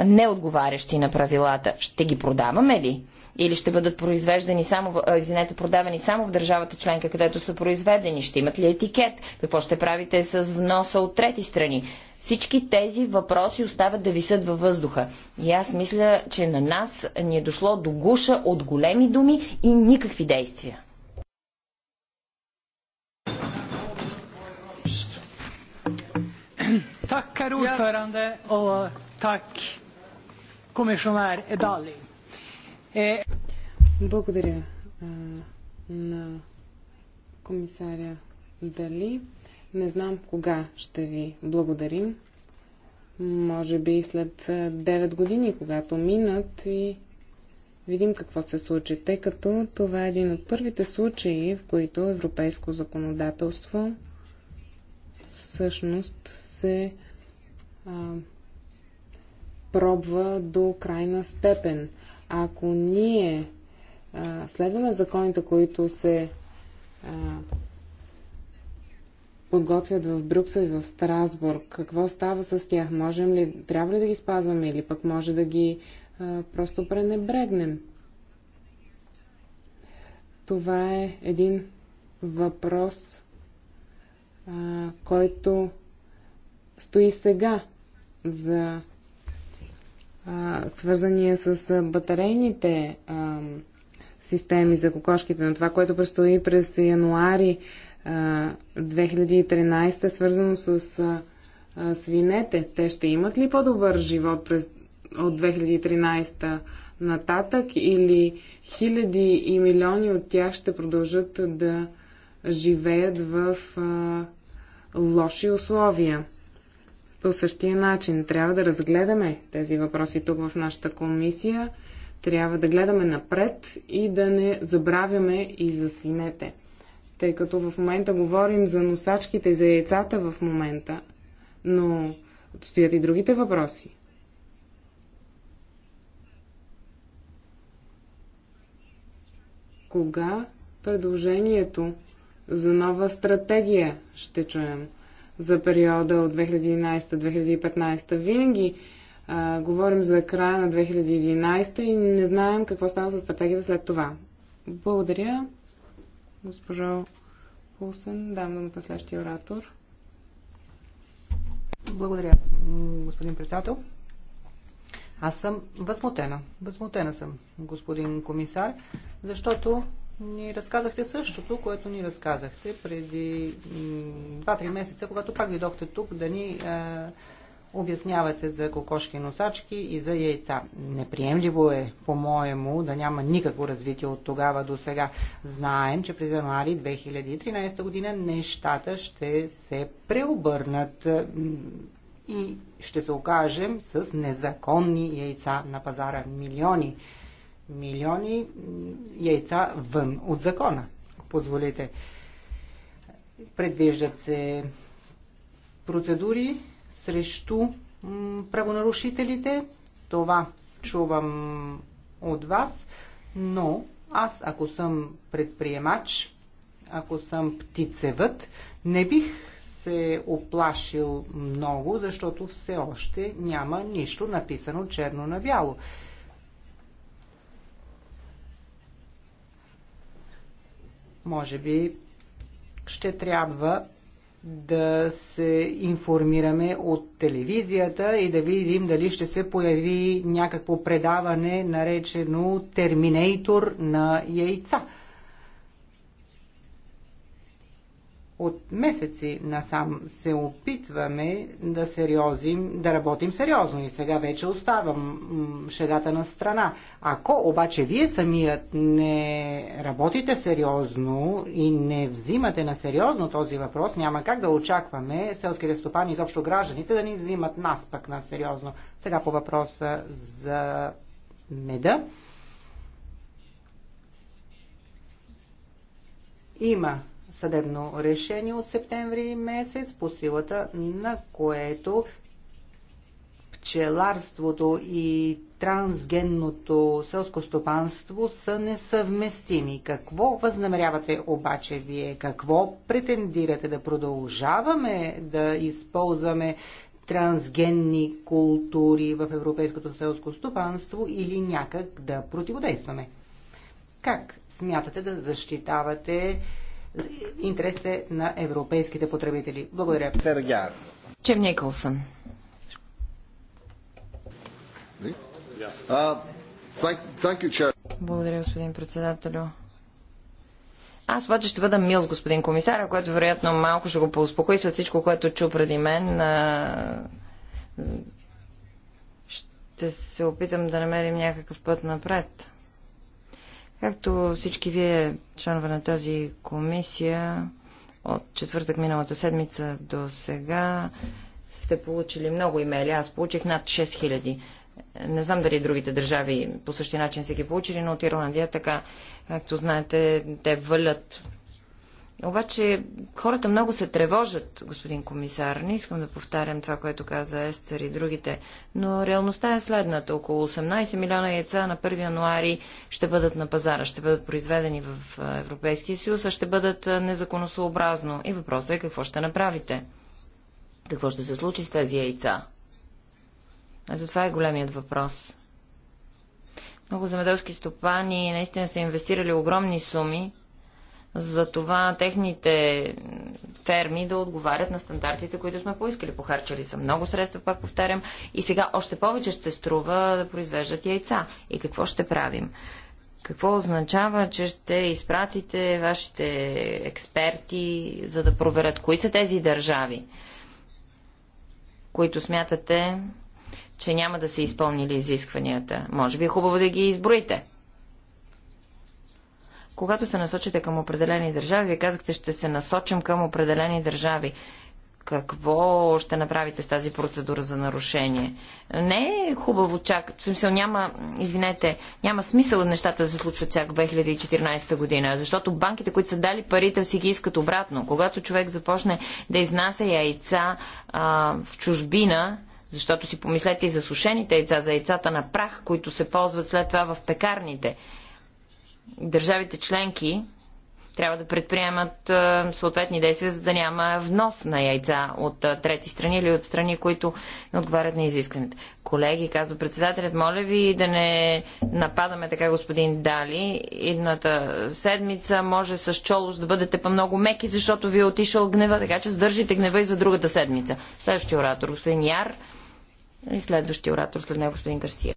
неотговарящи на правилата. Ще ги продаваме ли? или ще бъдат произвеждани само, извинете, продавани само в държавата членка, където са произведени? Ще имат ли етикет? Какво ще правите с вноса от трети страни? Всички тези въпроси остават да висят във въздуха. И аз мисля, че на нас ни е дошло до гуша от големи думи и никакви действия. Tack, herr ordförande, och tack, kommissionär Edali. Е... Благодаря а, на комисаря Дали. Не знам кога ще ви благодарим. Може би след 9 години, когато минат и видим какво се случи, тъй като това е един от първите случаи, в които европейско законодателство всъщност се а, пробва до крайна степен. Ако ние а, следваме законите, които се а, подготвят в Брюксел и в Страсбург, какво става с тях? Можем ли, трябва ли да ги спазваме или пък може да ги а, просто пренебрегнем? Това е един въпрос, а, който стои сега за а, свързания с батарейните а, системи за кокошките, на това, което предстои през януари а, 2013 е свързано с а, а, свинете. Те ще имат ли по-добър живот през, от 2013 нататък или хиляди и милиони от тях ще продължат да живеят в а, лоши условия? по същия начин. Трябва да разгледаме тези въпроси тук в нашата комисия. Трябва да гледаме напред и да не забравяме и за свинете. Тъй като в момента говорим за носачките и за яйцата в момента, но стоят и другите въпроси. Кога предложението за нова стратегия ще чуем? за периода от 2011-2015. Винаги а, говорим за края на 2011 и не знаем какво става с стратегията след това. Благодаря, госпожо Пулсен. Дам думата на следващия оратор. Благодаря, господин председател. Аз съм възмутена. Възмутена съм, господин комисар, защото ни разказахте същото, което ни разказахте преди 2-3 месеца, когато пак дойдохте тук да ни е, обяснявате за кокошки носачки и за яйца. Неприемливо е, по-моему, да няма никакво развитие от тогава до сега. Знаем, че през януари 2013 година нещата ще се преобърнат и ще се окажем с незаконни яйца на пазара. Милиони милиони яйца вън от закона, ако позволите. Предвиждат се процедури срещу правонарушителите. Това чувам от вас, но аз, ако съм предприемач, ако съм птицевът, не бих се оплашил много, защото все още няма нищо написано черно на бяло. Може би ще трябва да се информираме от телевизията и да видим дали ще се появи някакво предаване, наречено Терминейтор на яйца. От месеци насам се опитваме да сериозим, да работим сериозно и сега вече оставам шегата на страна. Ако обаче вие самият не работите сериозно и не взимате на сериозно този въпрос, няма как да очакваме селските стопани, изобщо гражданите, да ни взимат нас пък на сериозно. Сега по въпроса за меда. Има съдебно решение от септември месец, по силата на което пчеларството и трансгенното селско стопанство са несъвместими. Какво възнамерявате обаче вие? Какво претендирате да продължаваме да използваме трансгенни култури в европейското селско стопанство или някак да противодействаме? Как смятате да защитавате интересите на европейските потребители. Благодаря. Тергяр. Чем Николсън. Благодаря, господин председателю. Аз обаче ще бъда мил с господин комисаря, което вероятно малко ще го поуспокои след всичко, което чу преди мен. Ще се опитам да намерим някакъв път напред. Както всички вие, членове на тази комисия, от четвъртък миналата седмица до сега сте получили много имейли. Аз получих над 6000. Не знам дали другите държави по същия начин са ги получили, но от Ирландия така, както знаете, те валят обаче хората много се тревожат, господин комисар. Не искам да повтарям това, което каза Естер и другите, но реалността е следната. Около 18 милиона яйца на 1 януари ще бъдат на пазара, ще бъдат произведени в Европейския съюз, а ще бъдат незаконосообразно. И въпросът е какво ще направите? Какво ще се случи с тези яйца? Ето това е големият въпрос. Много земеделски стопани наистина са инвестирали огромни суми за това техните ферми да отговарят на стандартите, които сме поискали. Похарчали са много средства, пак повтарям, и сега още повече ще струва да произвеждат яйца. И какво ще правим? Какво означава, че ще изпратите вашите експерти, за да проверят кои са тези държави, които смятате, че няма да са изпълнили изискванията? Може би е хубаво да ги изброите. Когато се насочите към определени държави, вие казахте, ще се насочим към определени държави. Какво ще направите с тази процедура за нарушение? Не е хубаво чак. В смисъл няма, извинете, няма смисъл нещата да се случват чак в 2014 година, защото банките, които са дали парите, си ги искат обратно. Когато човек започне да изнася яйца а, в чужбина, защото си помислете и за сушените яйца, за яйцата на прах, които се ползват след това в пекарните държавите членки трябва да предприемат съответни действия, за да няма внос на яйца от трети страни или от страни, които не отговарят на изискването. Колеги, казва председателят, моля ви да не нападаме така господин Дали. Идната седмица може с Чолош да бъдете по-много меки, защото ви е отишъл гнева, така че сдържите гнева и за другата седмица. Следващия оратор, господин Яр и следващия оратор след него, господин Гарсия.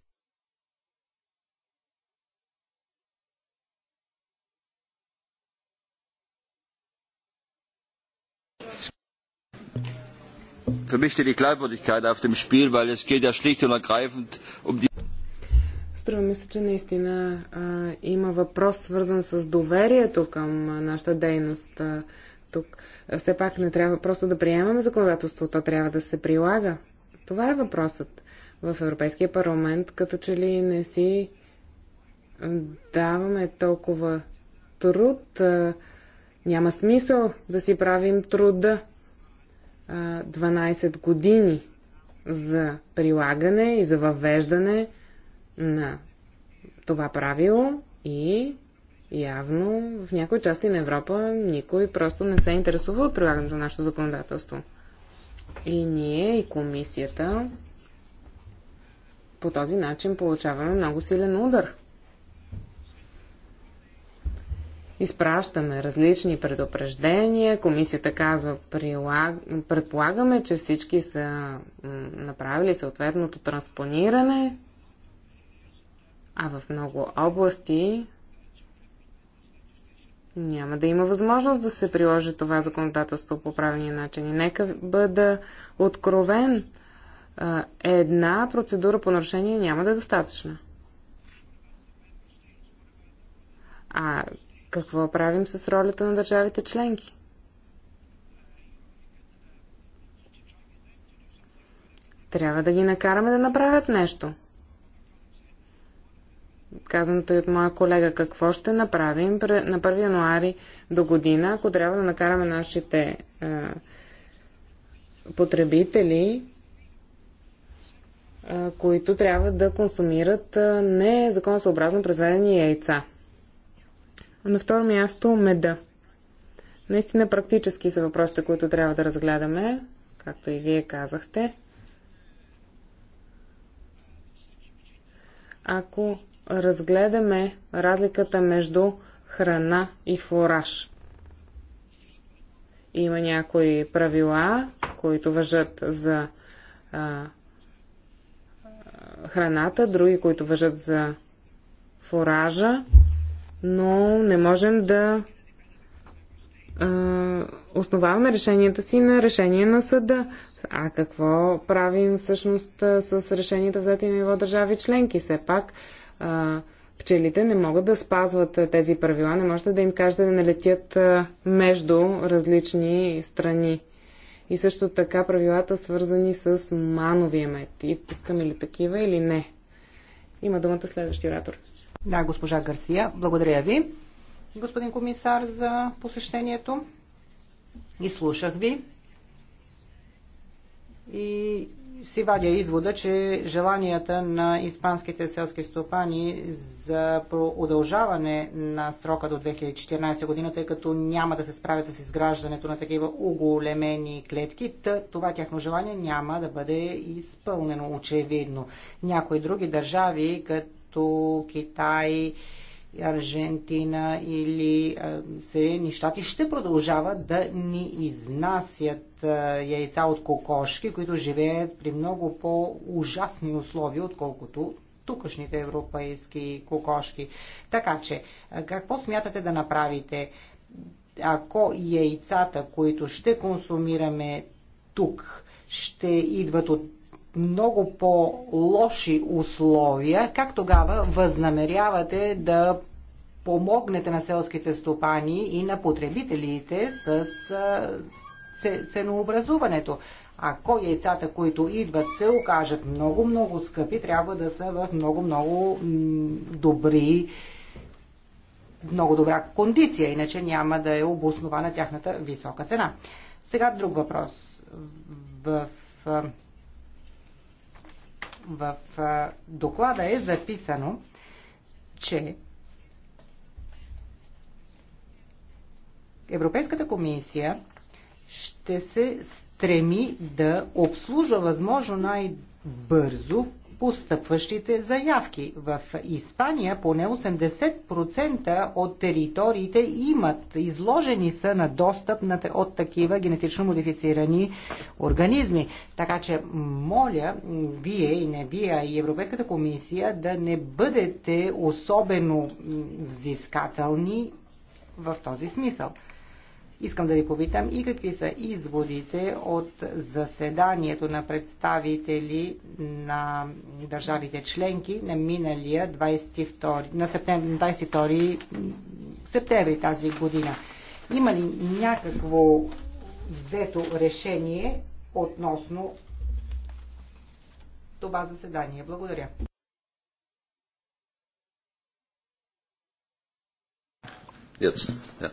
für mich steht die Glaubwürdigkeit auf dem Spiel, weil es geht ja schlicht und ergreifend um die. Струва ми се, че наистина а, има въпрос свързан с доверието към нашата дейност а, тук. Все пак не трябва просто да приемаме законодателство, то трябва да се прилага. Това е въпросът в Европейския парламент, като че ли не си даваме толкова труд, няма смисъл да си правим труда 12 години за прилагане и за въвеждане на това правило и явно в някои части на Европа никой просто не се интересува от прилагането на нашето законодателство. И ние, и комисията по този начин получаваме много силен удар – Изпращаме различни предупреждения. Комисията казва, предполагаме, че всички са направили съответното транспониране, а в много области няма да има възможност да се приложи това законодателство по правилния начин. И нека бъда откровен. Една процедура по нарушение няма да е достатъчна. А какво правим с ролята на държавите членки? Трябва да ги накараме да направят нещо. Казаното и от моя колега, какво ще направим на 1 януари до година, ако трябва да накараме нашите е, потребители, е, които трябва да консумират е, незаконосъобразно произведени яйца. На второ място меда. Наистина практически са въпросите, които трябва да разгледаме, както и вие казахте. Ако разгледаме разликата между храна и фураж. Има някои правила, които въжат за а, храната, други, които въжат за фуража но не можем да а, основаваме решенията си на решение на съда. А какво правим всъщност с решенията за на ниво държави членки? Все пак а, пчелите не могат да спазват тези правила, не можете да им кажете да не летят между различни страни. И също така правилата свързани с мановия мед. И пускаме ли такива или не? Има думата следващия оратор. Да, госпожа Гарсия, благодаря ви, господин комисар, за посещението. И слушах ви. И си вадя извода, че желанията на испанските селски стопани за удължаване на срока до 2014 година, тъй като няма да се справят с изграждането на такива оголемени клетки, това тяхно желание няма да бъде изпълнено очевидно. Някои други държави, като като Китай, Аржентина или Съединени щати ще продължават да ни изнасят яйца от кокошки, които живеят при много по-ужасни условия, отколкото тукашните европейски кокошки. Така че, какво смятате да направите, ако яйцата, които ще консумираме тук, ще идват от много по-лоши условия, как тогава възнамерявате да помогнете на селските стопани и на потребителите с ценообразуването? Ако яйцата, които идват, се окажат много-много скъпи, трябва да са в много-много добри много добра кондиция, иначе няма да е обоснована тяхната висока цена. Сега друг въпрос. В в доклада е записано, че Европейската комисия ще се стреми да обслужва възможно най-бързо постъпващите заявки. В Испания поне 80% от териториите имат, изложени са на достъп на, от такива генетично модифицирани организми. Така че, моля, вие и не вие, а и Европейската комисия да не бъдете особено взискателни в този смисъл. Искам да ви попитам и какви са изводите от заседанието на представители на държавите членки на миналия 22, на септември, 22 септември тази година. Има ли някакво взето решение относно това заседание? Благодаря. Yes. Yeah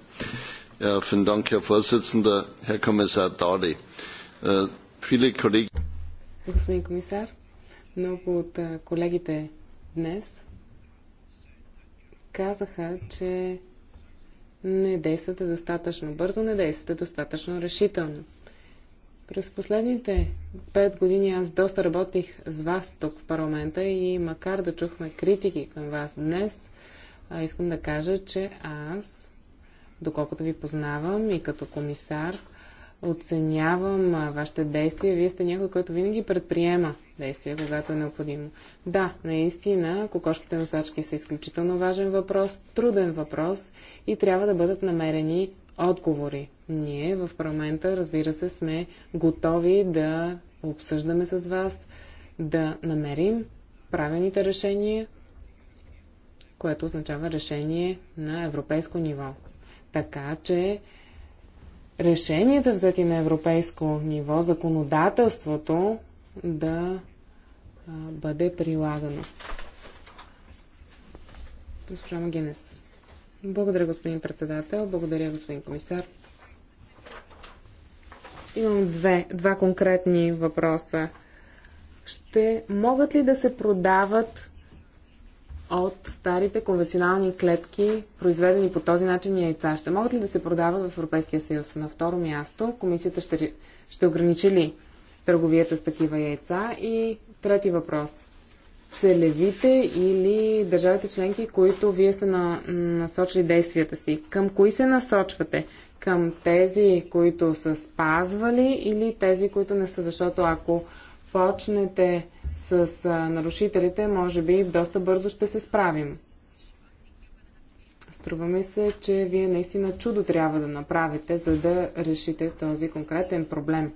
vielen Dank, Herr Vorsitzender, Herr Kommissar Dali. Äh, viele Kollegen. Господин комисар, много от колегите днес казаха, че не действате достатъчно бързо, не действате достатъчно решително. През последните пет години аз доста работих с вас тук в парламента и макар да чухме критики към вас днес, искам да кажа, че аз доколкото ви познавам и като комисар, оценявам вашите действия. Вие сте някой, който винаги предприема действия, когато е необходимо. Да, наистина, кокошките носачки са изключително важен въпрос, труден въпрос и трябва да бъдат намерени отговори. Ние в парламента, разбира се, сме готови да обсъждаме с вас, да намерим правените решения, което означава решение на европейско ниво. Така че решенията взети на европейско ниво, законодателството да бъде прилагано. Госпожа Магинес. Благодаря, господин председател. Благодаря, господин комисар. Имам две, два конкретни въпроса. Ще могат ли да се продават от старите конвенционални клетки, произведени по този начин яйца. Ще могат ли да се продават в Европейския съюз? На второ място, комисията ще, ще ограничи ли търговията с такива яйца? И трети въпрос. Целевите или държавите членки, които вие сте на, насочили действията си, към кои се насочвате? Към тези, които са спазвали или тези, които не са? Защото ако почнете с нарушителите, може би доста бързо ще се справим. Струва ми се, че вие наистина чудо трябва да направите, за да решите този конкретен проблем.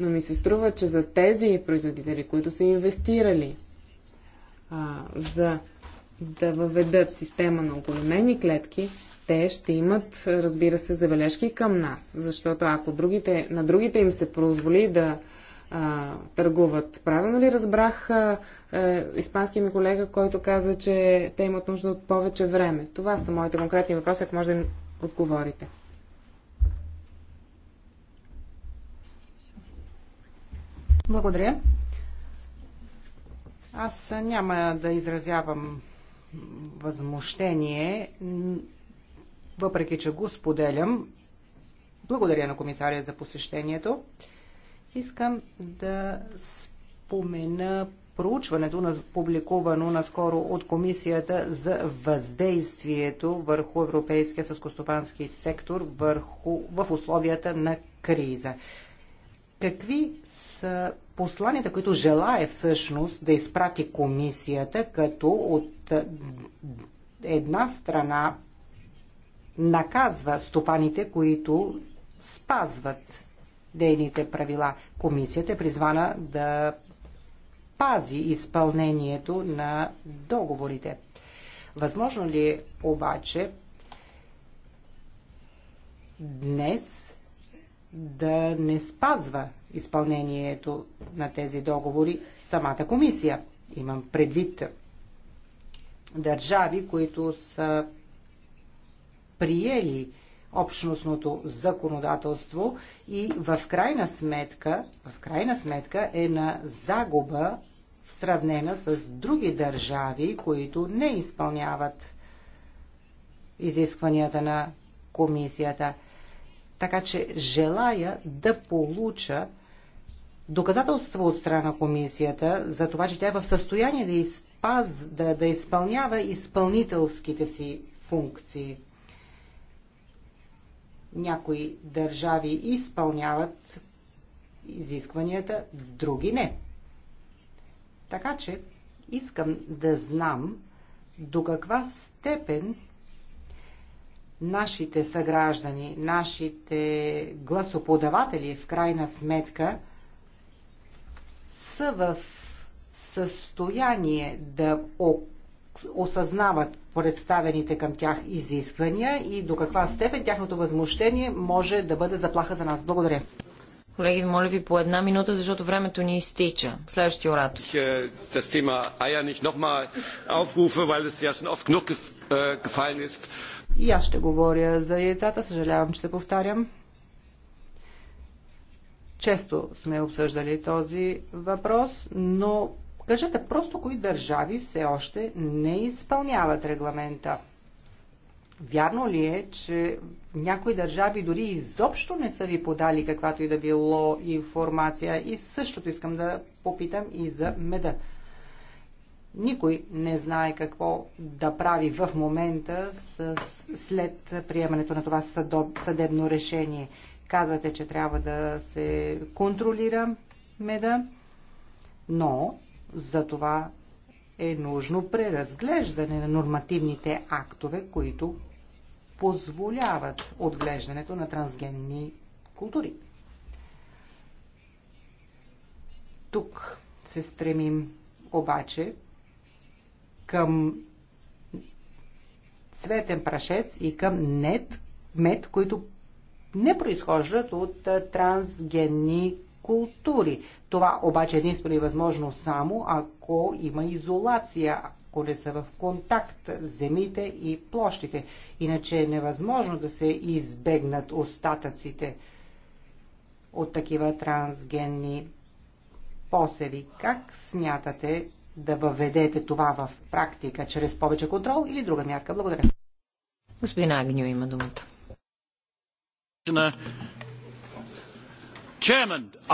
Но ми се струва, че за тези производители, които са инвестирали а, за да въведат система на оголемени клетки, те ще имат, разбира се, забележки към нас. Защото ако другите, на другите им се позволи да а, търгуват. Правилно ли разбрах а, е, испанския ми колега, който каза, че те имат нужда от повече време? Това са моите конкретни въпроси, ако може да им отговорите. Благодаря. Аз няма да изразявам възмущение, въпреки че го споделям. Благодаря на комисария за посещението. Искам да спомена проучването, на, публикувано наскоро от Комисията за въздействието върху европейския съскостопански сектор върху, в условията на криза. Какви са посланията, които желая всъщност да изпрати комисията, като от една страна наказва стопаните, които спазват Дейните правила. Комисията е призвана да пази изпълнението на договорите. Възможно ли е обаче днес да не спазва изпълнението на тези договори самата комисия? Имам предвид държави, които са приели общностното законодателство и в крайна сметка, в крайна сметка е на загуба в сравнена с други държави, които не изпълняват изискванията на комисията. Така че желая да получа доказателство от страна комисията за това, че тя е в състояние да, изпаз, да, да изпълнява изпълнителските си функции. Някои държави изпълняват изискванията, други не. Така че искам да знам до каква степен нашите съграждани, нашите гласоподаватели в крайна сметка са в състояние да окажат осъзнават представените към тях изисквания и до каква степен тяхното възмущение може да бъде заплаха за нас. Благодаря. Колеги, моля ви по една минута, защото времето ни изтича. Следващия оратор. Е, das Thema Eier nicht nochmal aufrufe, weil es ja schon oft genug äh, gefallen ist. И аз ще говоря за яйцата. Съжалявам, че се повтарям. Често сме обсъждали този въпрос, но Кажете просто кои държави все още не изпълняват регламента. Вярно ли е, че някои държави дори изобщо не са ви подали каквато и да било информация? И същото искам да попитам и за меда. Никой не знае какво да прави в момента с, след приемането на това съдебно решение. Казвате, че трябва да се контролира меда, но за това е нужно преразглеждане на нормативните актове, които позволяват отглеждането на трансгенни култури. Тук се стремим обаче към цветен прашец и към нет, мед, които не произхождат от трансгенни култури. Това обаче е единствено е възможно само ако има изолация, ако не са в контакт земите и площите. Иначе е невъзможно да се избегнат остатъците от такива трансгенни посеви. Как смятате да въведете това в практика, чрез повече контрол или друга мярка? Благодаря. Господин Агню има думата.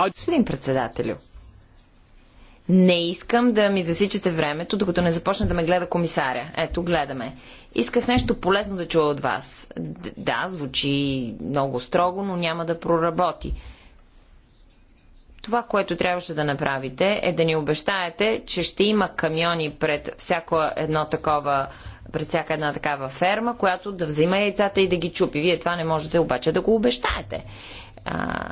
Господин председателю, не искам да ми засичате времето, докато не започне да ме гледа комисаря. Ето, гледаме. Исках нещо полезно да чуя от вас. Д да, звучи много строго, но няма да проработи. Това, което трябваше да направите, е да ни обещаете, че ще има камиони пред всяко едно такова пред всяка една такава ферма, която да взима яйцата и да ги чупи. Вие това не можете обаче да го обещаете. А,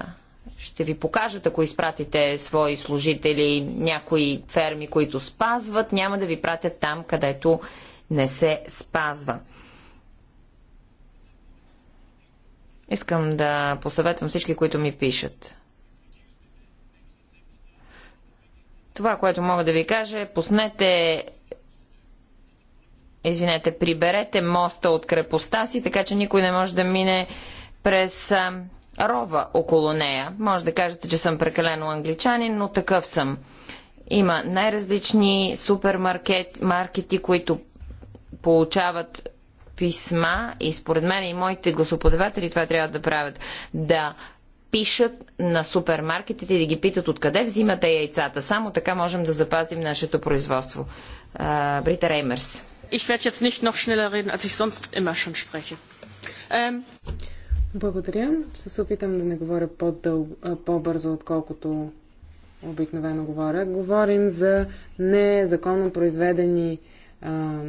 ще ви покажат, ако изпратите свои служители, някои ферми, които спазват, няма да ви пратят там, където не се спазва. Искам да посъветвам всички, които ми пишат. Това, което мога да ви кажа е поснете извинете, приберете моста от крепостта си, така че никой не може да мине през рова около нея. Може да кажете, че съм прекалено англичанин, но такъв съм. Има най-различни супермаркети, които получават писма и според мен и моите гласоподаватели това трябва да правят. Да пишат на супермаркетите и да ги питат откъде взимате яйцата. Само така можем да запазим нашето производство. Брита Реймерс. Ich werde jetzt nicht noch schneller reden, als ich sonst immer schon spreche. Ähm... Благодаря. Ще се опитам да не говоря по-бързо, по отколкото обикновено говоря. Говорим за незаконно произведени а,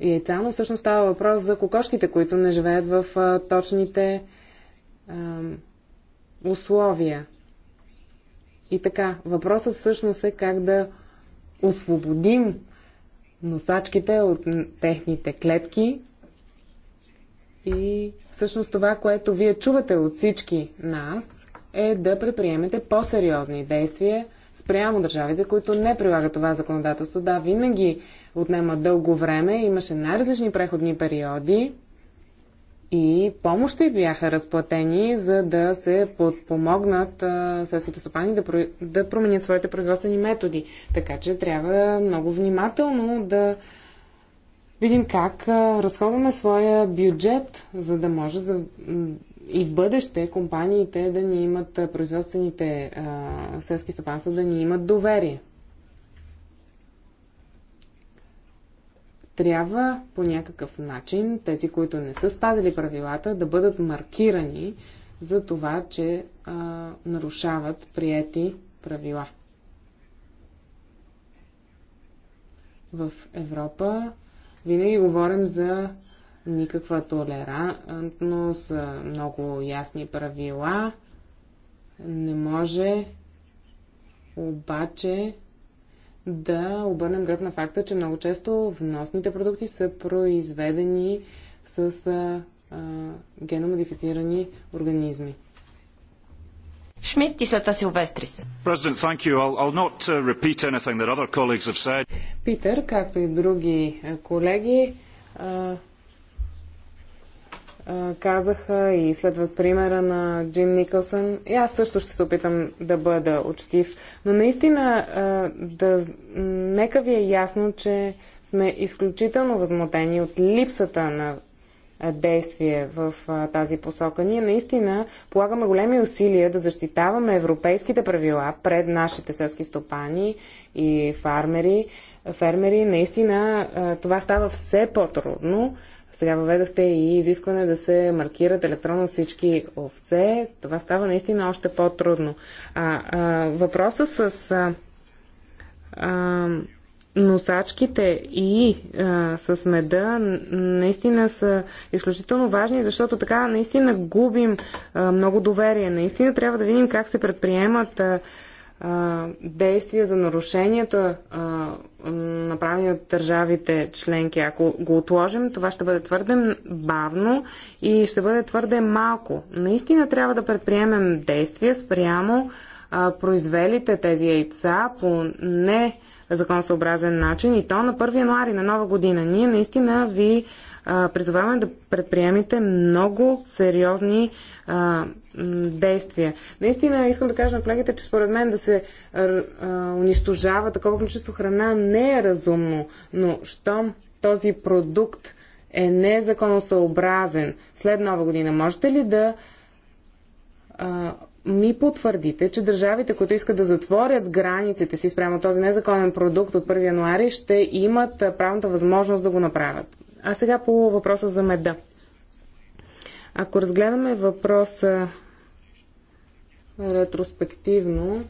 яйца, но всъщност става въпрос за кокошките, които не живеят в а, точните а, условия. И така, въпросът всъщност е как да освободим носачките от техните клетки и всъщност това, което вие чувате от всички нас, е да предприемете по-сериозни действия спрямо държавите, които не прилагат това законодателство. Да, винаги отнема дълго време, имаше най-различни преходни периоди и помощи бяха разплатени, за да се подпомогнат селските стопани да, да променят своите производствени методи. Така че трябва много внимателно да видим как разходваме своя бюджет, за да може за, и в бъдеще компаниите да ни имат, производствените а, селски стопанства да ни имат доверие. Трябва по някакъв начин тези, които не са спазили правилата, да бъдат маркирани за това, че а, нарушават приети правила. В Европа винаги говорим за никаква толерантност, много ясни правила. Не може обаче да обърнем гръб на факта, че много често вносните продукти са произведени с а, а, геномодифицирани организми. Шмидт и след това Силвестрис. Uh, Питър, както и други колеги, казаха и следват примера на Джим Никълсън. И аз също ще се опитам да бъда учтив. Но наистина, да, нека ви е ясно, че сме изключително възмутени от липсата на действие в тази посока. Ние наистина полагаме големи усилия да защитаваме европейските правила пред нашите селски стопани и фармери. Фермери, наистина това става все по-трудно. Сега въведахте и изискване да се маркират електронно всички овце. Това става наистина още по-трудно. А, а, въпросът с а, а, носачките и а, с меда наистина са изключително важни, защото така наистина губим а, много доверие. Наистина трябва да видим как се предприемат а, а, действия за нарушенията, а, направени от държавите членки. Ако го отложим, това ще бъде твърде бавно и ще бъде твърде малко. Наистина трябва да предприемем действия спрямо а, произвелите тези яйца по не законосъобразен начин и то на 1 януари на нова година. Ние наистина ви призоваваме да предприемите много сериозни а, действия. Наистина искам да кажа на колегите, че според мен да се а, унищожава такова количество храна не е разумно, но щом този продукт е незаконосъобразен след нова година, можете ли да а, ми потвърдите, че държавите, които искат да затворят границите си спрямо този незаконен продукт от 1 януари, ще имат правната възможност да го направят. А сега по въпроса за меда. Ако разгледаме въпроса ретроспективно,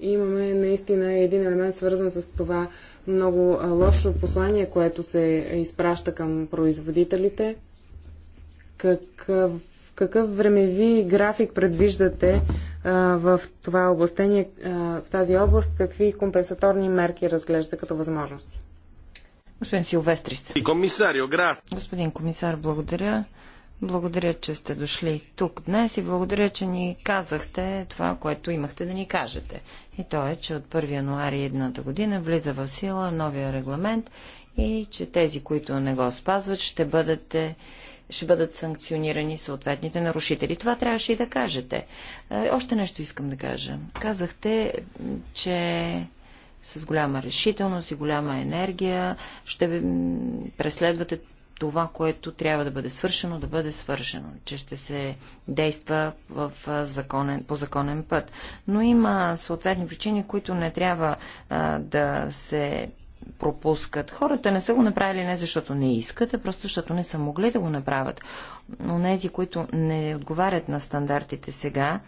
имаме наистина един елемент свързан с това много лошо послание, което се изпраща към производителите. Какъв какъв времеви график предвиждате а, в това областение, а, в тази област? Какви компенсаторни мерки разглежда като възможности? Господин Силвестрис. Комисарио, град. Господин комисар, благодаря. Благодаря, че сте дошли тук днес и благодаря, че ни казахте това, което имахте да ни кажете. И то е, че от 1 януари едната година влиза в сила новия регламент и че тези, които не го спазват, ще бъдете ще бъдат санкционирани съответните нарушители. Това трябваше и да кажете. Е, още нещо искам да кажа. Казахте, че с голяма решителност и голяма енергия ще преследвате това, което трябва да бъде свършено, да бъде свършено, че ще се действа в законен, по законен път. Но има съответни причини, които не трябва а, да се пропускат. Хората не са го направили не защото не искат, а просто защото не са могли да го направят. Но тези, които не отговарят на стандартите сега,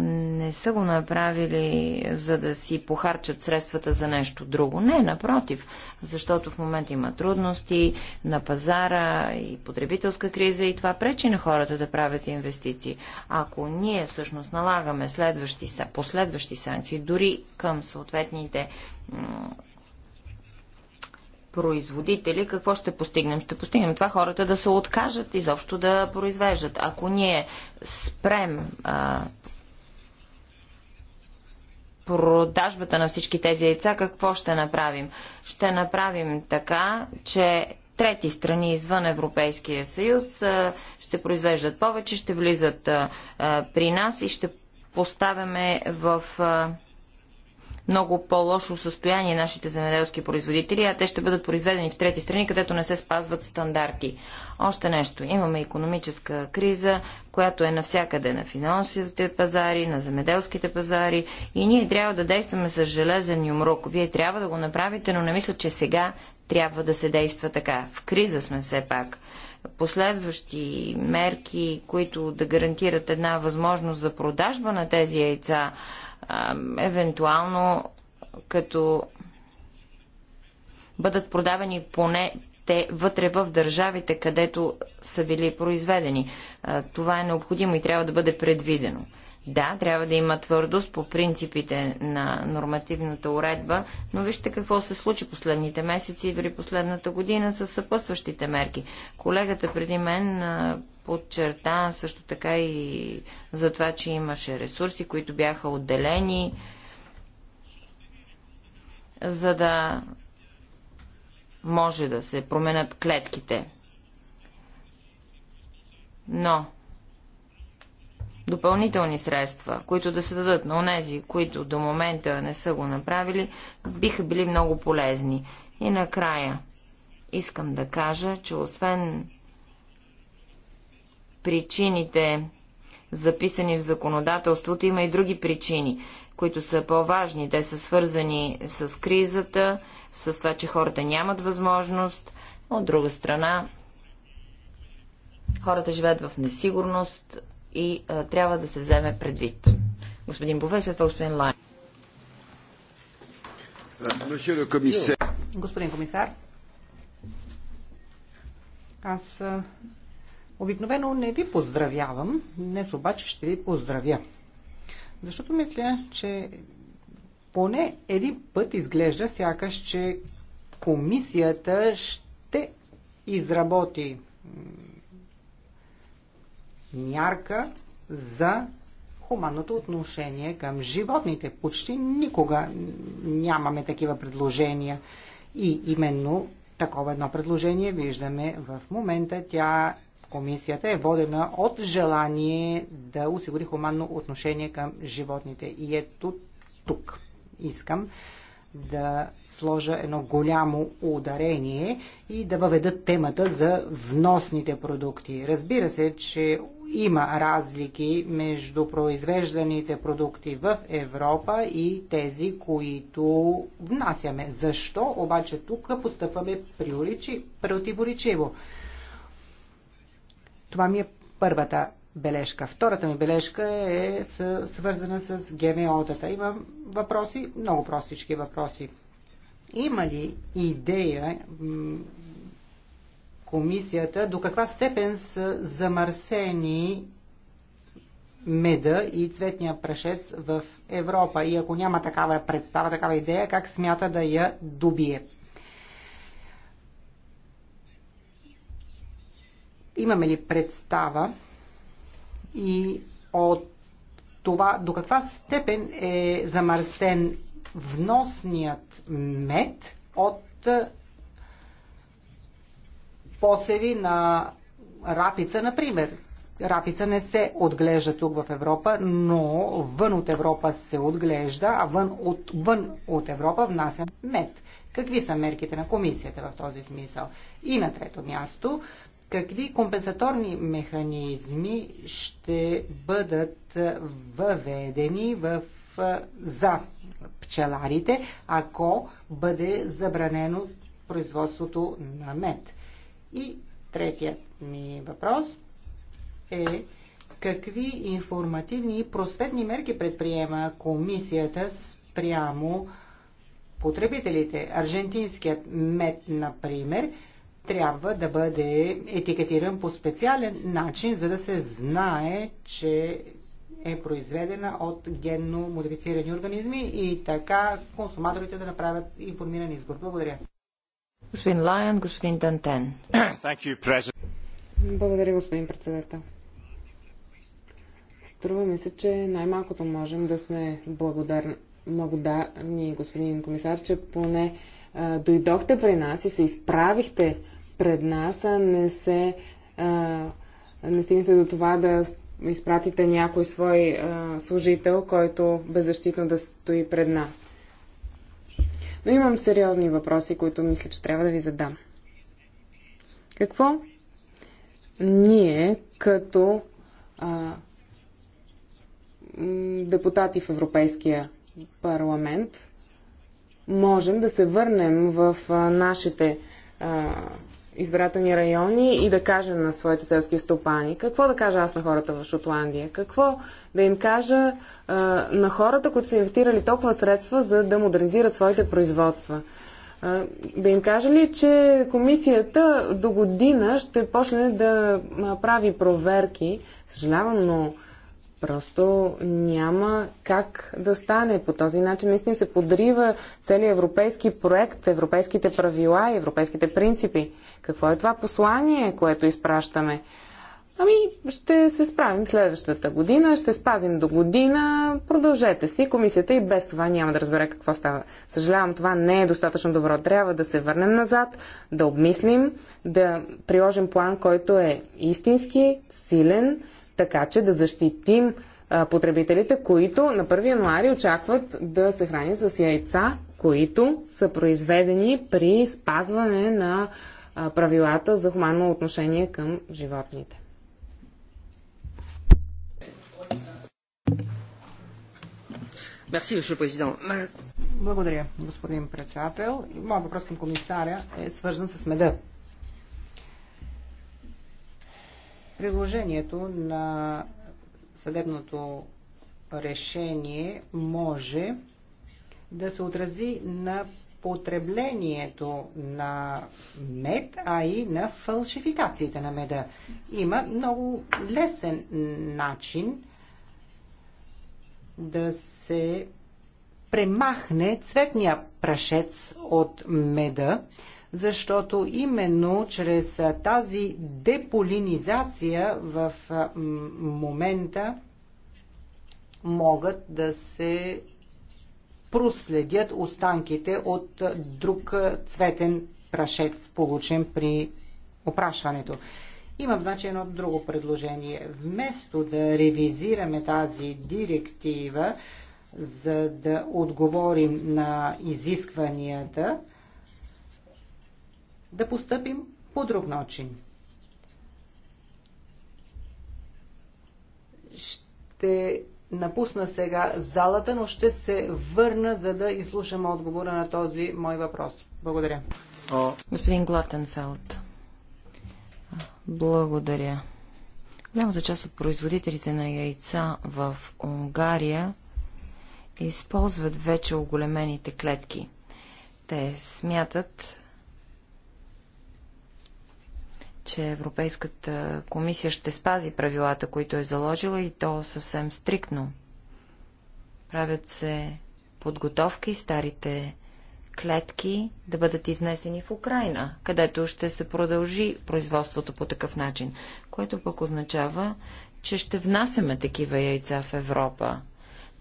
не са го направили за да си похарчат средствата за нещо друго. Не, напротив, защото в момента има трудности на пазара и потребителска криза и това пречи на хората да правят инвестиции. Ако ние всъщност налагаме следващи, последващи санкции, дори към съответните производители, какво ще постигнем? Ще постигнем това хората да се откажат изобщо да произвеждат. Ако ние спрем а, продажбата на всички тези яйца, какво ще направим? Ще направим така, че трети страни извън Европейския съюз а, ще произвеждат повече, ще влизат а, при нас и ще поставяме в. А, много по-лошо състояние нашите земеделски производители, а те ще бъдат произведени в трети страни, където не се спазват стандарти. Още нещо. Имаме економическа криза, която е навсякъде на финансовите пазари, на земеделските пазари и ние трябва да действаме с железен юмрук. Вие трябва да го направите, но не мисля, че сега трябва да се действа така. В криза сме все пак последващи мерки, които да гарантират една възможност за продажба на тези яйца евентуално като бъдат продавани поне те вътре в държавите, където са били произведени. това е необходимо и трябва да бъде предвидено. Да, трябва да има твърдост по принципите на нормативната уредба, но вижте какво се случи последните месеци и дори последната година с съпъсващите мерки. Колегата преди мен подчерта също така и за това, че имаше ресурси, които бяха отделени, за да може да се променят клетките. Но допълнителни средства, които да се дадат на онези, които до момента не са го направили, биха били много полезни. И накрая искам да кажа, че освен причините, записани в законодателството, има и други причини, които са по-важни. Те са свързани с кризата, с това, че хората нямат възможност. От друга страна, хората живеят в несигурност и а, трябва да се вземе предвид. Господин Бове, след това господин Лайн. Господин комисар, аз Обикновено не ви поздравявам, днес обаче ще ви поздравя. Защото мисля, че поне един път изглежда сякаш, че комисията ще изработи мярка за хуманното отношение към животните. Почти никога нямаме такива предложения. И именно такова едно предложение виждаме в момента. Тя комисията е водена от желание да осигури хуманно отношение към животните. И ето тук искам да сложа едно голямо ударение и да въведа темата за вносните продукти. Разбира се, че има разлики между произвежданите продукти в Европа и тези, които внасяме. Защо обаче тук постъпваме противоречиво? Това ми е първата бележка. Втората ми бележка е свързана с ГМО-тата. Имам въпроси, много простички въпроси. Има ли идея комисията до каква степен са замърсени меда и цветния прашец в Европа и ако няма такава представа, такава идея, как смята да я добие? имаме ли представа и от това до каква степен е замърсен вносният мед от посеви на рапица, например. Рапица не се отглежда тук в Европа, но вън от Европа се отглежда, а вън от, вън от Европа внася мед. Какви са мерките на комисията в този смисъл? И на трето място, какви компенсаторни механизми ще бъдат въведени в, за пчеларите, ако бъде забранено производството на мед? И третият ми въпрос е какви информативни и просветни мерки предприема комисията спрямо потребителите? Аржентинският мед, например, трябва да бъде етикетиран по специален начин, за да се знае, че е произведена от генно модифицирани организми и така консуматорите да направят информиран избор. Благодаря. Господин Лайон, господин Дантен. Благодаря, господин председател. Струва ми се, че най-малкото можем да сме благодарни, благодарни господин комисар, че поне а, дойдохте при нас и се изправихте пред нас, а не се а, не стигнете до това да изпратите някой свой а, служител, който беззащитно да стои пред нас. Но имам сериозни въпроси, които мисля, че трябва да ви задам. Какво ние като а, депутати в Европейския парламент можем да се върнем в а, нашите а, избирателни райони и да кажем на своите селски стопани. Какво да кажа аз на хората в Шотландия? Какво да им кажа а, на хората, които са инвестирали толкова средства, за да модернизират своите производства? А, да им кажа ли, че комисията до година ще почне да прави проверки? Съжалявам, но Просто няма как да стане. По този начин наистина се подрива целият европейски проект, европейските правила и европейските принципи. Какво е това послание, което изпращаме? Ами, ще се справим следващата година, ще спазим до година, продължете си. Комисията и без това няма да разбере какво става. Съжалявам, това не е достатъчно добро. Трябва да се върнем назад, да обмислим, да приложим план, който е истински, силен, така че да защитим потребителите, които на 1 януари очакват да се хранят с яйца, които са произведени при спазване на правилата за хуманно отношение към животните. Благодаря, господин председател. Моят въпрос към комисаря е свързан с меда. Приложението на съдебното решение може да се отрази на потреблението на мед, а и на фалшификациите на меда. Има много лесен начин да се премахне цветния прашец от меда, защото именно чрез тази деполинизация в момента могат да се проследят останките от друг цветен прашец, получен при опрашването. Имам, значи, едно друго предложение. Вместо да ревизираме тази директива, за да отговорим на изискванията, да постъпим по друг начин. Ще напусна сега залата, но ще се върна, за да изслушам отговора на този мой въпрос. Благодаря. Господин Глатенфелд, благодаря. Голямата част от производителите на яйца в Унгария използват вече оголемените клетки. Те смятат, че Европейската комисия ще спази правилата, които е заложила и то съвсем стриктно. Правят се подготовки, старите клетки да бъдат изнесени в Украина, където ще се продължи производството по такъв начин, което пък означава, че ще внасяме такива яйца в Европа.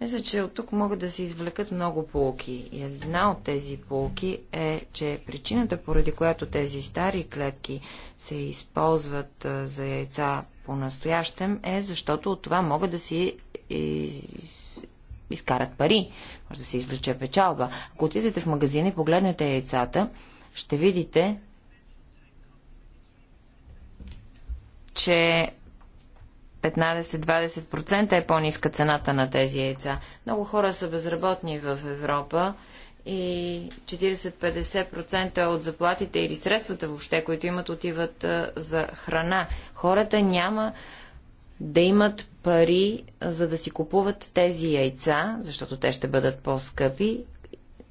Мисля, че от тук могат да се извлекат много полки. И една от тези полки е, че причината, поради която тези стари клетки се използват за яйца по-настоящем, е защото от това могат да си из... изкарат пари. Може да се извлече печалба. Ако отидете в магазина и погледнете яйцата, ще видите, че 15-20% е по-ниска цената на тези яйца. Много хора са безработни в Европа и 40-50% от заплатите или средствата въобще, които имат, отиват за храна. Хората няма да имат пари, за да си купуват тези яйца, защото те ще бъдат по-скъпи,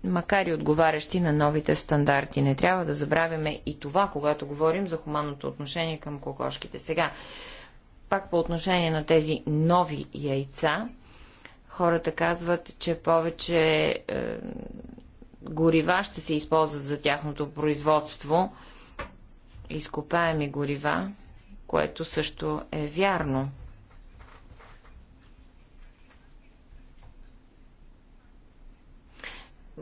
макар и отговарящи на новите стандарти. Не трябва да забравяме и това, когато говорим за хуманното отношение към кокошките. Сега, пак по отношение на тези нови яйца, хората казват, че повече е, горива ще се използват за тяхното производство, изкопаеми горива, което също е вярно.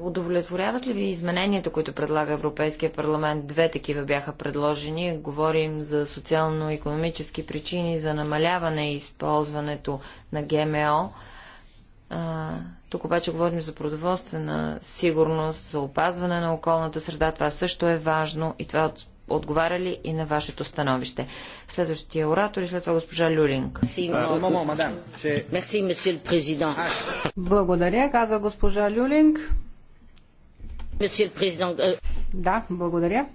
Удовлетворяват ли ви измененията, които предлага Европейския парламент? Две такива бяха предложени. Говорим за социално-економически причини, за намаляване и използването на ГМО. А, тук обаче говорим за продоволствена сигурност, за опазване на околната среда. Това също е важно и това отговаря ли и на вашето становище. Следващия оратор и след това госпожа Люлинг. Благодаря, каза госпожа Люлинг. Euh, да, благодаря.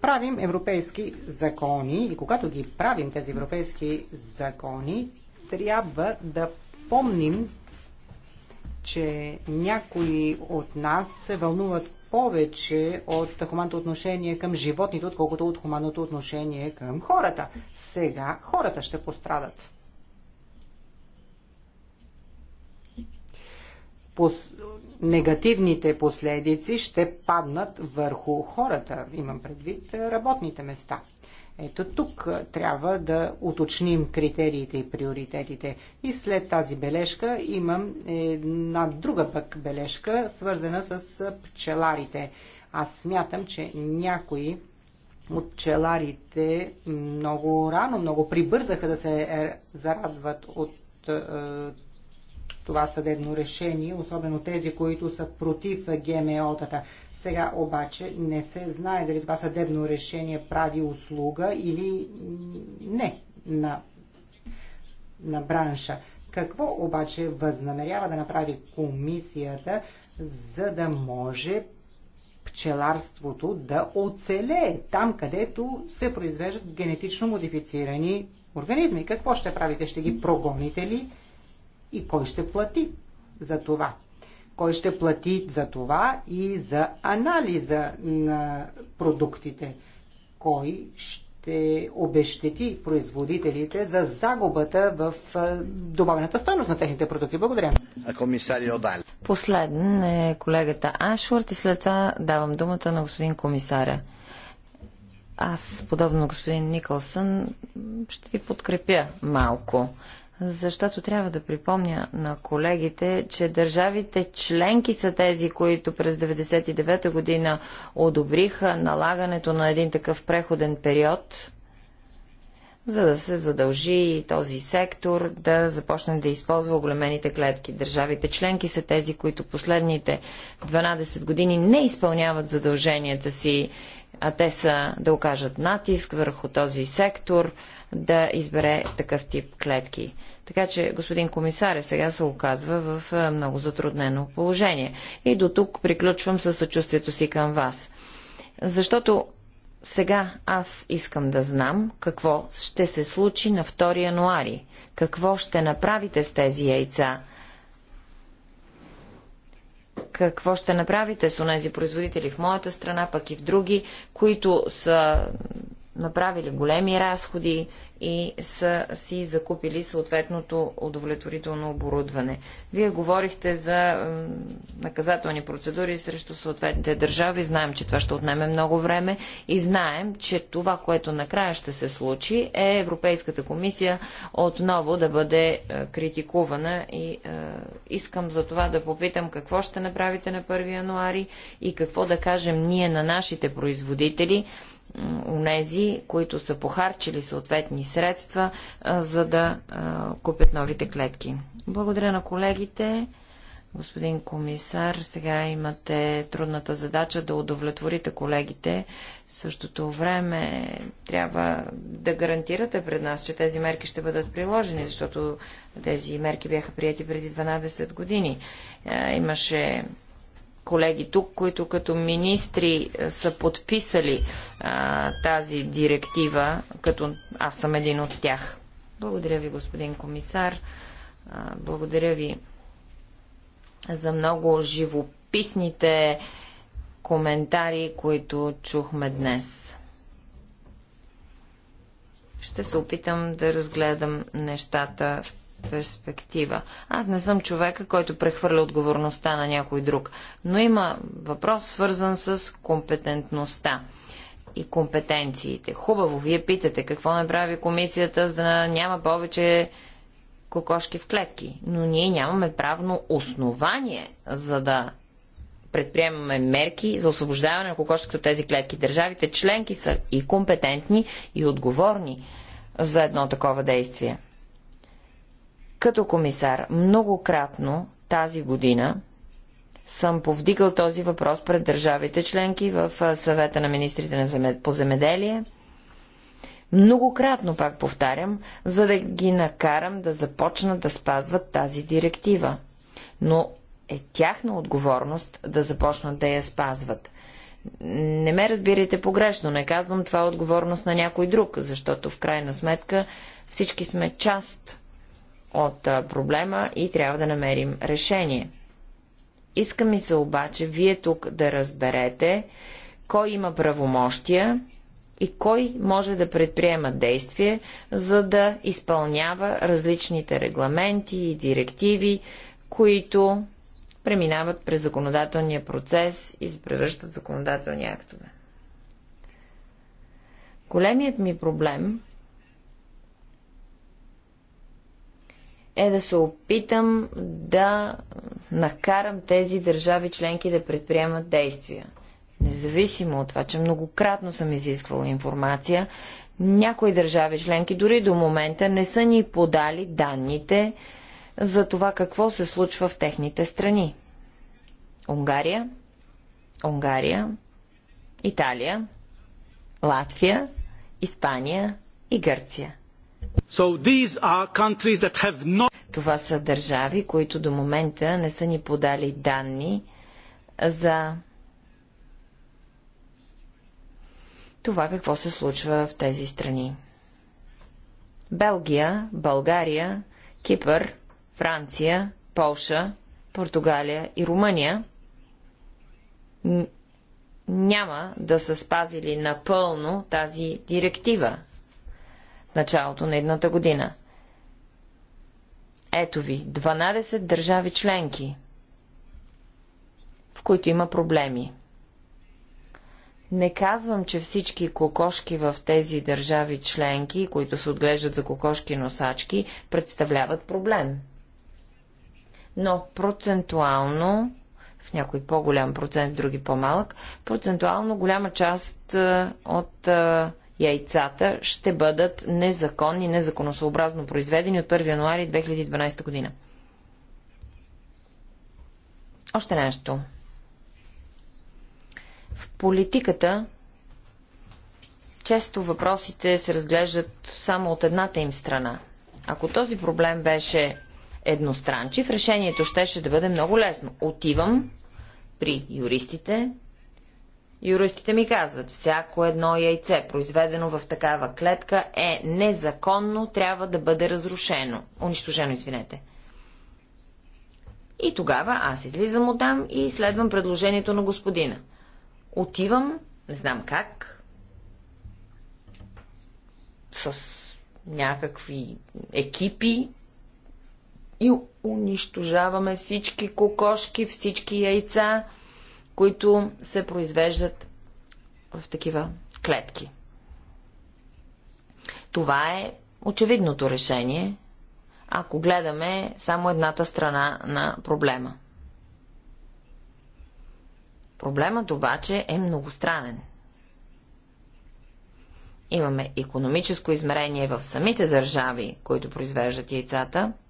Правим европейски закони и когато ги правим тези европейски закони, трябва да помним, че някои от нас се вълнуват повече от хуманното отношение към животните, отколкото от хуманното отношение към хората. Сега хората ще пострадат. Пос негативните последици ще паднат върху хората, имам предвид е, работните места. Ето тук е, трябва да уточним критериите и приоритетите. И след тази бележка имам една друга пък бележка, свързана с е, пчеларите. Аз смятам, че някои от пчеларите много рано, много прибързаха да се зарадват от това съдебно решение, особено тези, които са против ГМО-тата. Сега обаче не се знае дали това съдебно решение прави услуга или не на, на бранша. Какво обаче възнамерява да направи комисията, за да може пчеларството да оцелее там, където се произвеждат генетично модифицирани организми? Какво ще правите? Ще ги прогоните ли и кой ще плати за това. Кой ще плати за това и за анализа на продуктите. Кой ще обещети производителите за загубата в добавената стойност на техните продукти. Благодаря. Последен е колегата Ашвард и след това давам думата на господин комисаря аз, подобно на господин Никълсън, ще ви подкрепя малко защото трябва да припомня на колегите, че държавите членки са тези, които през 1999 година одобриха налагането на един такъв преходен период, за да се задължи този сектор да започне да използва оглемените клетки. Държавите членки са тези, които последните 12 години не изпълняват задълженията си, а те са да окажат натиск върху този сектор да избере такъв тип клетки. Така че господин комисар е сега се оказва в е, много затруднено положение. И до тук приключвам със съчувствието си към вас. Защото сега аз искам да знам какво ще се случи на 2 януари. Какво ще направите с тези яйца? какво ще направите с онези производители в моята страна, пък и в други, които са направили големи разходи и са си закупили съответното удовлетворително оборудване. Вие говорихте за наказателни процедури срещу съответните държави. Знаем, че това ще отнеме много време и знаем, че това, което накрая ще се случи, е Европейската комисия отново да бъде е, критикувана и е, искам за това да попитам какво ще направите на 1 януари и какво да кажем ние на нашите производители, унези, които са похарчили съответни средства, за да купят новите клетки. Благодаря на колегите. Господин комисар, сега имате трудната задача да удовлетворите колегите. В същото време трябва да гарантирате пред нас, че тези мерки ще бъдат приложени, защото тези мерки бяха прияти преди 12 години. Имаше колеги тук, които като министри е, са подписали а, е, тази директива, като аз съм един от тях. Благодаря ви, господин комисар. А, е, благодаря ви за много живописните коментари, които чухме днес. Ще се опитам да разгледам нещата в перспектива. Аз не съм човека, който прехвърля отговорността на някой друг, но има въпрос свързан с компетентността и компетенциите. Хубаво, вие питате какво направи комисията, за да няма повече кокошки в клетки. Но ние нямаме правно основание, за да предприемаме мерки за освобождаване на кокошките от тези клетки. Държавите членки са и компетентни, и отговорни за едно такова действие. Като комисар многократно тази година съм повдигал този въпрос пред държавите членки в съвета на министрите по земеделие. Многократно, пак повтарям, за да ги накарам да започнат да спазват тази директива. Но е тяхна отговорност да започнат да я спазват. Не ме разбирайте погрешно, не казвам това е отговорност на някой друг, защото в крайна сметка всички сме част от проблема и трябва да намерим решение. Иска ми се обаче вие тук да разберете кой има правомощия и кой може да предприема действие, за да изпълнява различните регламенти и директиви, които преминават през законодателния процес и се превръщат в законодателни актове. Големият ми проблем е да се опитам да накарам тези държави членки да предприемат действия. Независимо от това, че многократно съм изисквала информация, някои държави членки дори до момента не са ни подали данните за това какво се случва в техните страни. Унгария, Унгария, Италия, Латвия, Испания и Гърция. So not... Това са държави, които до момента не са ни подали данни за това какво се случва в тези страни. Белгия, България, Кипър, Франция, Полша, Португалия и Румъния няма да са спазили напълно тази директива в началото на едната година. Ето ви, 12 държави членки, в които има проблеми. Не казвам, че всички кокошки в тези държави членки, които се отглеждат за кокошки носачки, представляват проблем. Но процентуално, в някой по-голям процент, други по-малък, процентуално голяма част от а, яйцата ще бъдат незаконни, незаконосъобразно произведени от 1 януари 2012 година. Още нещо. В политиката често въпросите се разглеждат само от едната им страна. Ако този проблем беше едностранчив, решението щеше да бъде много лесно. Отивам при юристите, Юристите ми казват, всяко едно яйце, произведено в такава клетка, е незаконно, трябва да бъде разрушено. Унищожено, извинете. И тогава аз излизам от там и следвам предложението на господина. Отивам, не знам как, с някакви екипи и унищожаваме всички кокошки, всички яйца – които се произвеждат в такива клетки. Това е очевидното решение, ако гледаме само едната страна на проблема. Проблемът обаче е многостранен. Имаме економическо измерение в самите държави, които произвеждат яйцата –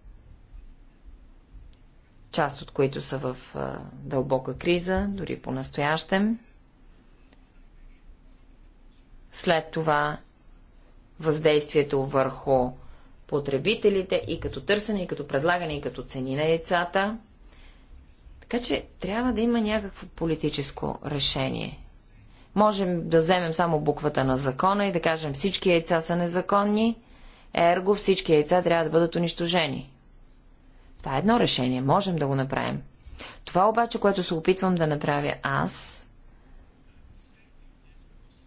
част от които са в дълбока криза, дори по-настоящем. След това въздействието върху потребителите и като търсене, и като предлагане, и като цени на яйцата. Така че трябва да има някакво политическо решение. Можем да вземем само буквата на закона и да кажем всички яйца са незаконни, ерго всички яйца трябва да бъдат унищожени. Това е едно решение. Можем да го направим. Това обаче, което се опитвам да направя аз,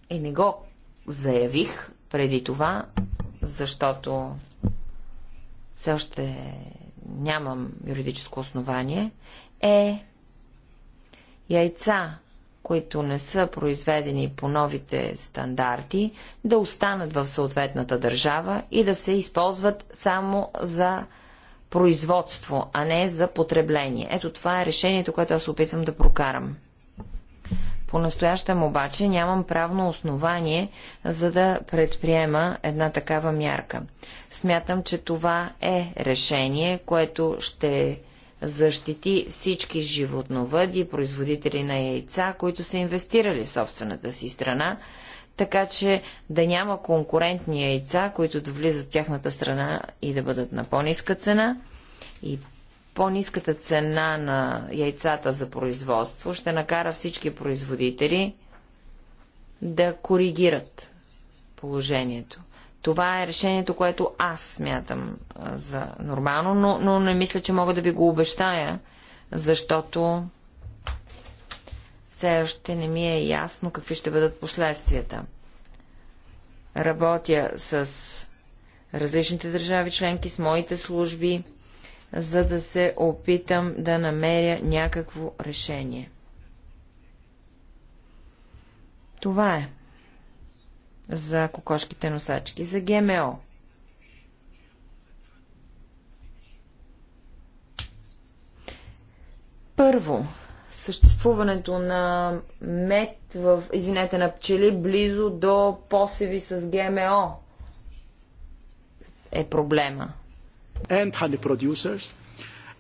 и не го заявих преди това, защото все още нямам юридическо основание, е яйца, които не са произведени по новите стандарти, да останат в съответната държава и да се използват само за производство, а не за потребление. Ето това е решението, което аз опитвам да прокарам. По-настоящем обаче нямам правно основание, за да предприема една такава мярка. Смятам, че това е решение, което ще защити всички животновъди, производители на яйца, които са инвестирали в собствената си страна така че да няма конкурентни яйца, които да влизат в тяхната страна и да бъдат на по-ниска цена. И по-ниската цена на яйцата за производство ще накара всички производители да коригират положението. Това е решението, което аз смятам за нормално, но, но не мисля, че мога да ви го обещая, защото все още не ми е ясно какви ще бъдат последствията. Работя с различните държави членки, с моите служби, за да се опитам да намеря някакво решение. Това е за кокошките носачки, за ГМО. Първо, съществуването на мед в, извинете, на пчели близо до посеви с ГМО е проблема. And honey producers.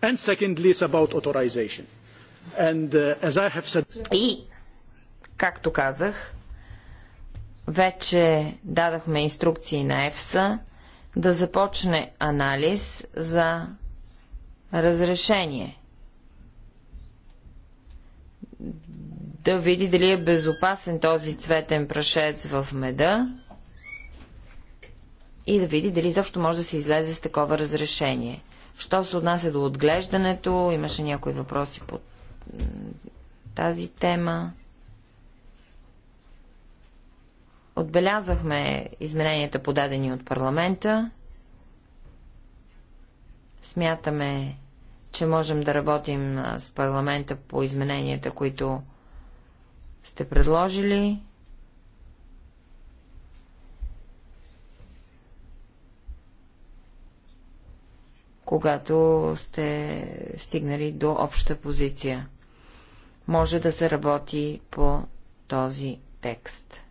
And secondly, it's about authorization. And uh, as I have said... И, както казах, вече дадахме инструкции на ЕФСА да започне анализ за разрешение – да види дали е безопасен този цветен прашец в меда и да види дали изобщо може да се излезе с такова разрешение. Що се отнася до отглеждането, имаше някои въпроси по тази тема. Отбелязахме измененията подадени от парламента. Смятаме, че можем да работим с парламента по измененията, които сте предложили. когато сте стигнали до обща позиция. Може да се работи по този текст.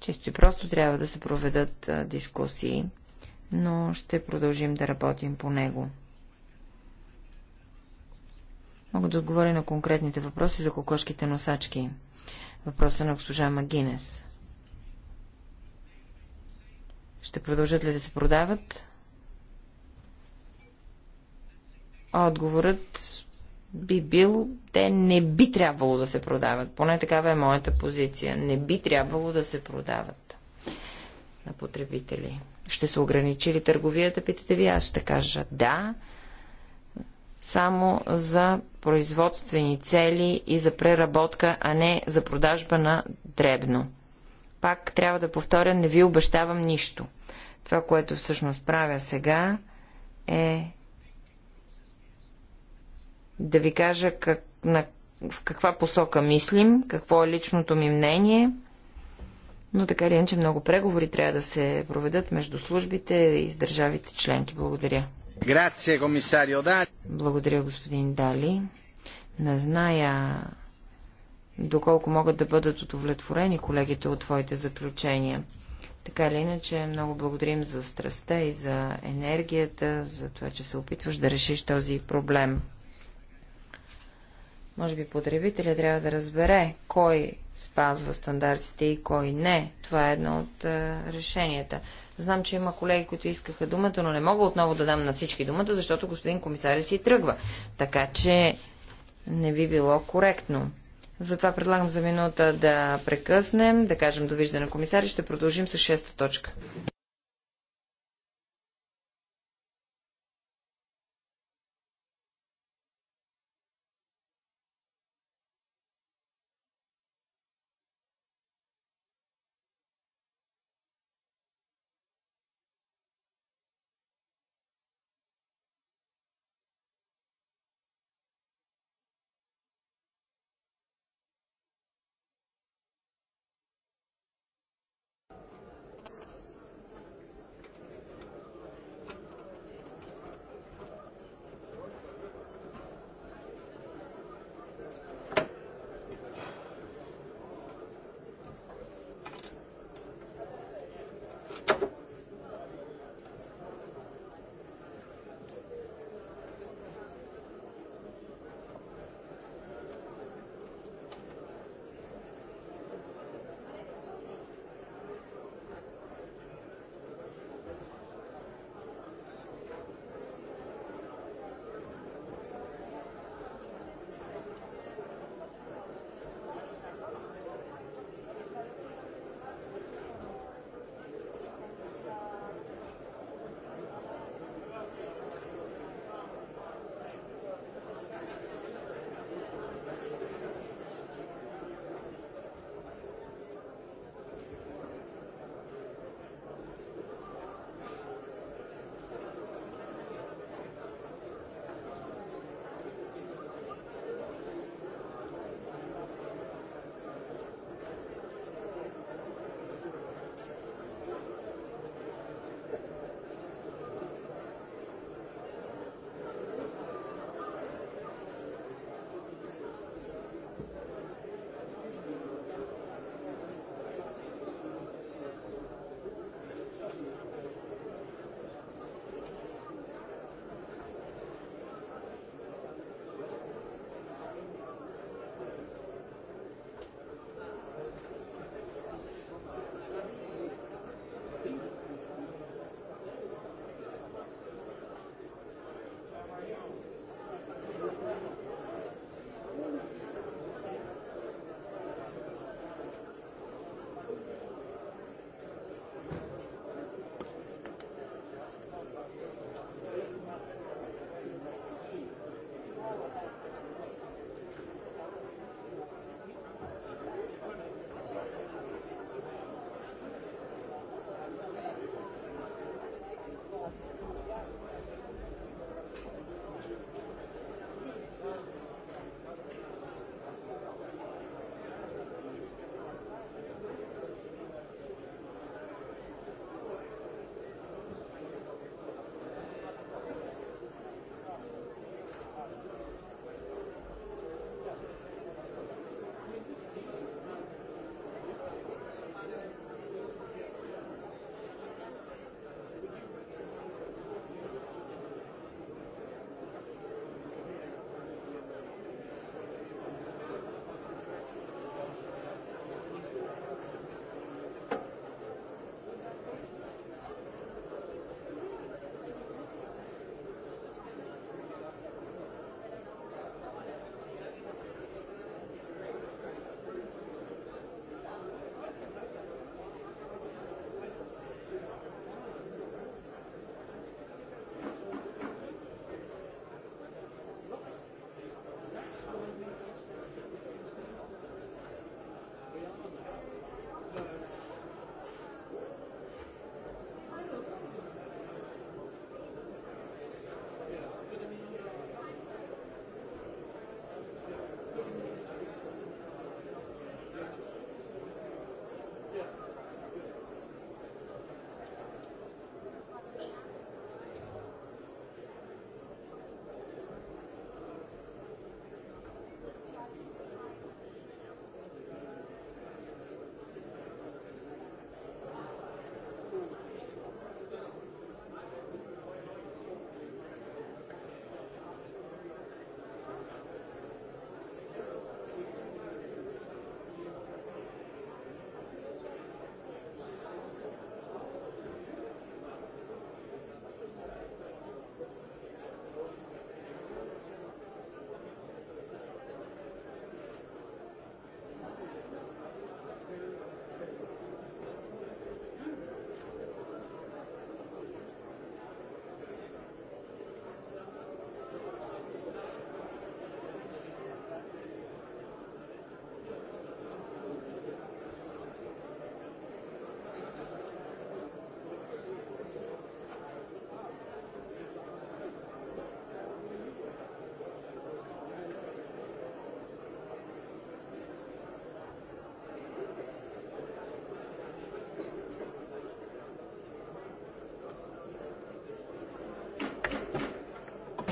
Чисто и просто трябва да се проведат дискусии, но ще продължим да работим по него. Мога да отговоря на конкретните въпроси за кокошките носачки. Въпроса на госпожа Магинес. Ще продължат ли да се продават? Отговорът би бил, те не би трябвало да се продават. Поне такава е моята позиция. Не би трябвало да се продават на потребители. Ще се ограничи ли търговията, питате ви, аз ще кажа да само за производствени цели и за преработка, а не за продажба на дребно. Пак трябва да повторя, не ви обещавам нищо. Това, което всъщност правя сега е да ви кажа как, на, в каква посока мислим, какво е личното ми мнение, но така или иначе много преговори трябва да се проведат между службите и с държавите членки. Благодаря. Благодаря, господин Дали. Не зная доколко могат да бъдат удовлетворени колегите от твоите заключения. Така или иначе, много благодарим за страстта и за енергията, за това, че се опитваш да решиш този проблем. Може би потребителя трябва да разбере кой спазва стандартите и кой не. Това е едно от е, решенията. Знам, че има колеги, които искаха думата, но не мога отново да дам на всички думата, защото господин комисаря си тръгва. Така че не би било коректно. Затова предлагам за минута да прекъснем, да кажем довиждане комисари, ще продължим с шеста точка.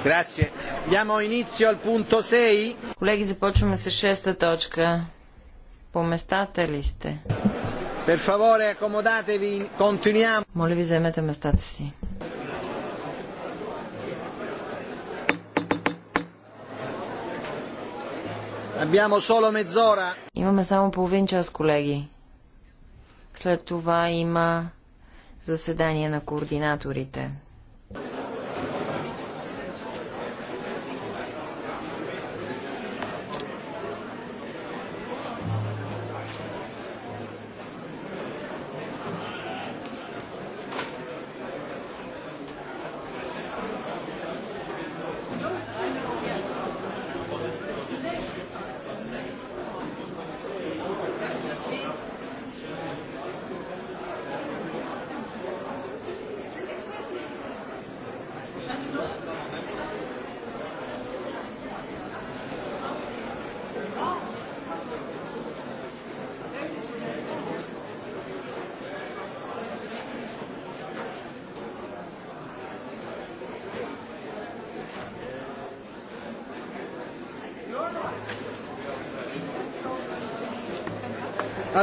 Grazie. Diamo inizio al punto 6. Колеги, започваме с шеста точка. По местата ли сте? Per favore, accomodatevi, continuiamo. Моля ви, вземете местата си. Abbiamo solo mezz'ora. Имаме само половин час, колеги. След това има заседание на координаторите.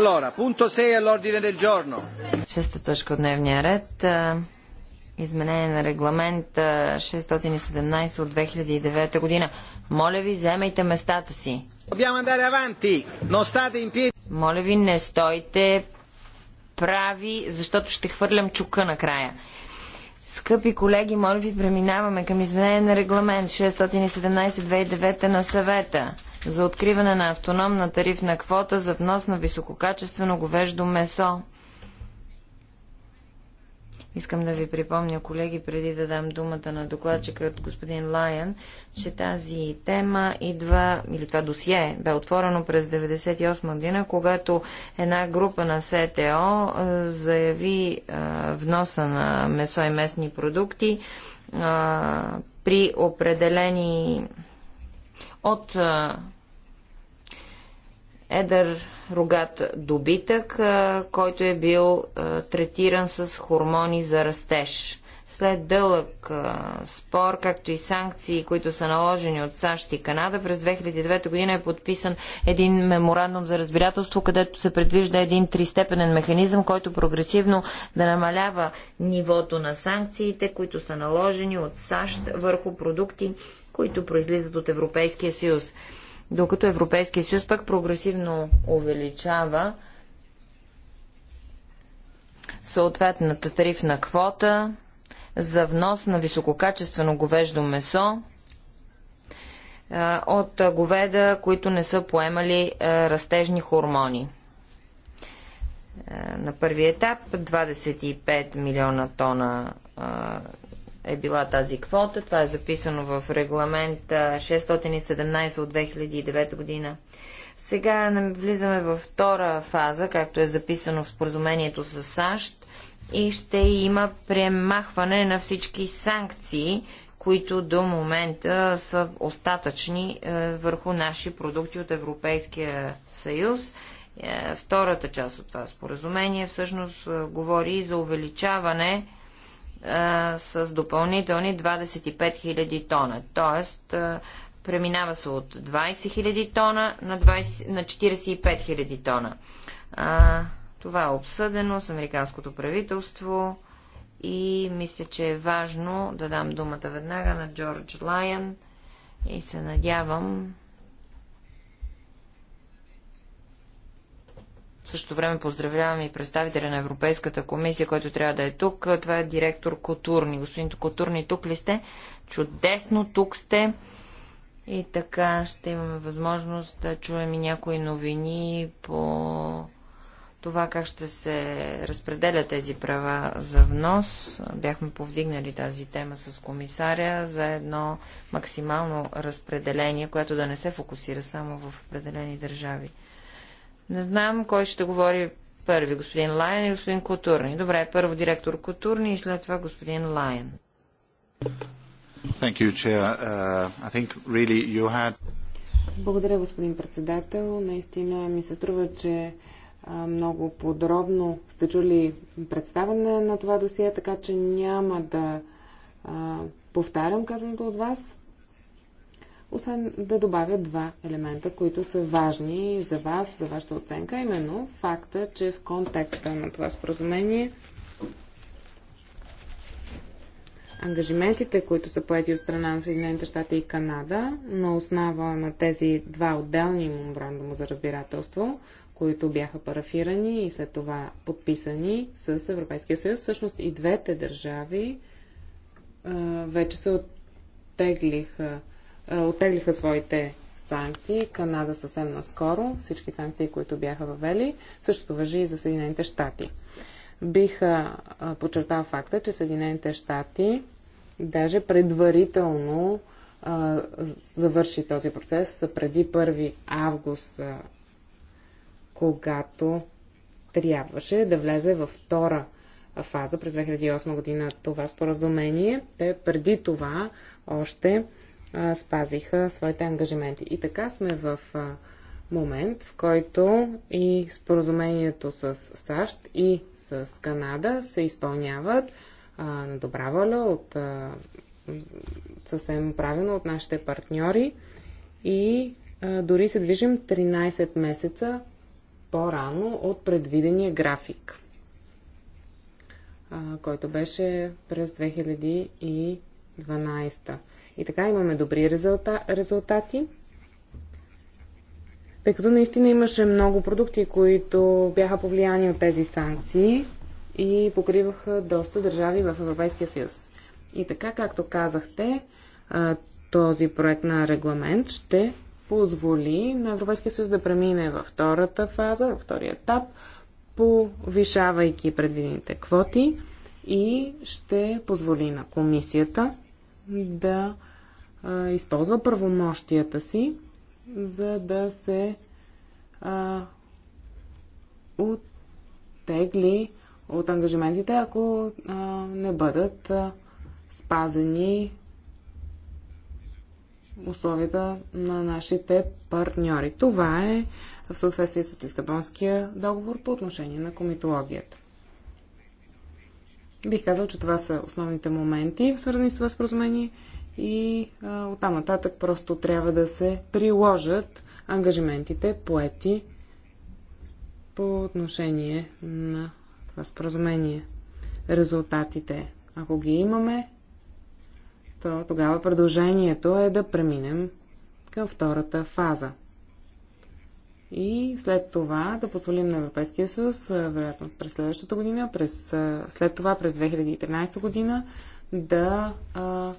Allora, punto 6 all'ordine del giorno. Шеста точка от дневния ред. Изменение на регламент 617 от 2009 година. Моля ви, вземайте местата си. Dobbiamo andare avanti. Non state in piedi. Моля ви, не стойте прави, защото ще хвърлям чука накрая. Скъпи колеги, моля ви, преминаваме към изменение на регламент 617-2009 на съвета за откриване на автономна тарифна квота за внос на висококачествено говеждо месо. Искам да ви припомня, колеги, преди да дам думата на докладчика от господин Лайен, че тази тема идва, или това досие бе отворено през 1998 година, когато една група на СТО заяви а, вноса на месо и местни продукти а, при определени от едър рогат добитък, който е бил третиран с хормони за растеж. След дълъг спор, както и санкции, които са наложени от САЩ и Канада, през 2009 година е подписан един меморандум за разбирателство, където се предвижда един тристепенен механизъм, който прогресивно да намалява нивото на санкциите, които са наложени от САЩ върху продукти, които произлизат от Европейския съюз. Докато Европейския съюз пък прогресивно увеличава съответната тарифна квота за внос на висококачествено говеждо месо от говеда, които не са поемали растежни хормони. На първи етап 25 милиона тона е била тази квота. Това е записано в регламент 617 от 2009 година. Сега влизаме във втора фаза, както е записано в споразумението с САЩ и ще има премахване на всички санкции, които до момента са остатъчни е, върху наши продукти от Европейския съюз. Е, втората част от това споразумение всъщност е, говори за увеличаване а, с допълнителни 25 000 тона. Тоест, а, преминава се от 20 000 тона на, 20, на 45 000 тона. А, това е обсъдено с американското правителство и мисля, че е важно да дам думата веднага на Джордж Лайън и се надявам същото време поздравявам и представителя на Европейската комисия, който трябва да е тук. Това е директор Котурни. Господин Котурни, тук ли сте? Чудесно, тук сте. И така ще имаме възможност да чуем и някои новини по това как ще се разпределя тези права за внос. Бяхме повдигнали тази тема с комисаря за едно максимално разпределение, което да не се фокусира само в определени държави. Не знам кой ще говори първи, господин Лайен и господин Културни. Добре, първо директор Културни и след това господин Лайен. You, uh, really had... Благодаря, господин председател. Наистина ми се струва, че много подробно сте чули представане на това досие, така че няма да а, повтарям казаното от вас освен да добавя два елемента, които са важни за вас, за вашата оценка, именно факта, че в контекста на това споразумение ангажиментите, които са поети от страна на Съединените щати и Канада, на основа на тези два отделни меморандума за разбирателство, които бяха парафирани и след това подписани с Европейския съюз, всъщност и двете държави а, вече се оттеглиха е, оттеглиха своите санкции. Канада съвсем наскоро, всички санкции, които бяха въвели, същото въжи и за Съединените щати. Бих е, подчертал факта, че Съединените щати даже предварително а, е, завърши този процес преди 1 август, а, когато трябваше да влезе във втора фаза през 2008 година това споразумение. Те преди това още спазиха своите ангажименти. И така сме в момент, в който и споразумението с САЩ и с Канада се изпълняват на добра воля от съвсем правилно от нашите партньори и дори се движим 13 месеца по-рано от предвидения график, който беше през 2012. И така имаме добри резулта, резултати. Тъй като наистина имаше много продукти, които бяха повлияни от тези санкции и покриваха доста държави в Европейския съюз. И така, както казахте, този проект на регламент ще позволи на Европейския съюз да премине във втората фаза, във втория етап, повишавайки предвидените квоти и ще позволи на комисията да а, използва правомощията си, за да се а, оттегли от ангажиментите, ако а, не бъдат а, спазени условията на нашите партньори. Това е в съответствие с Лисабонския договор по отношение на комитологията. Бих казал, че това са основните моменти, свързани с това споразумение и а, оттам нататък просто трябва да се приложат ангажиментите, поети по отношение на това споразумение. Резултатите, ако ги имаме, то тогава продължението е да преминем към втората фаза. И след това да позволим на Европейския съюз, вероятно през следващата година, през, след това през 2013 година, да а,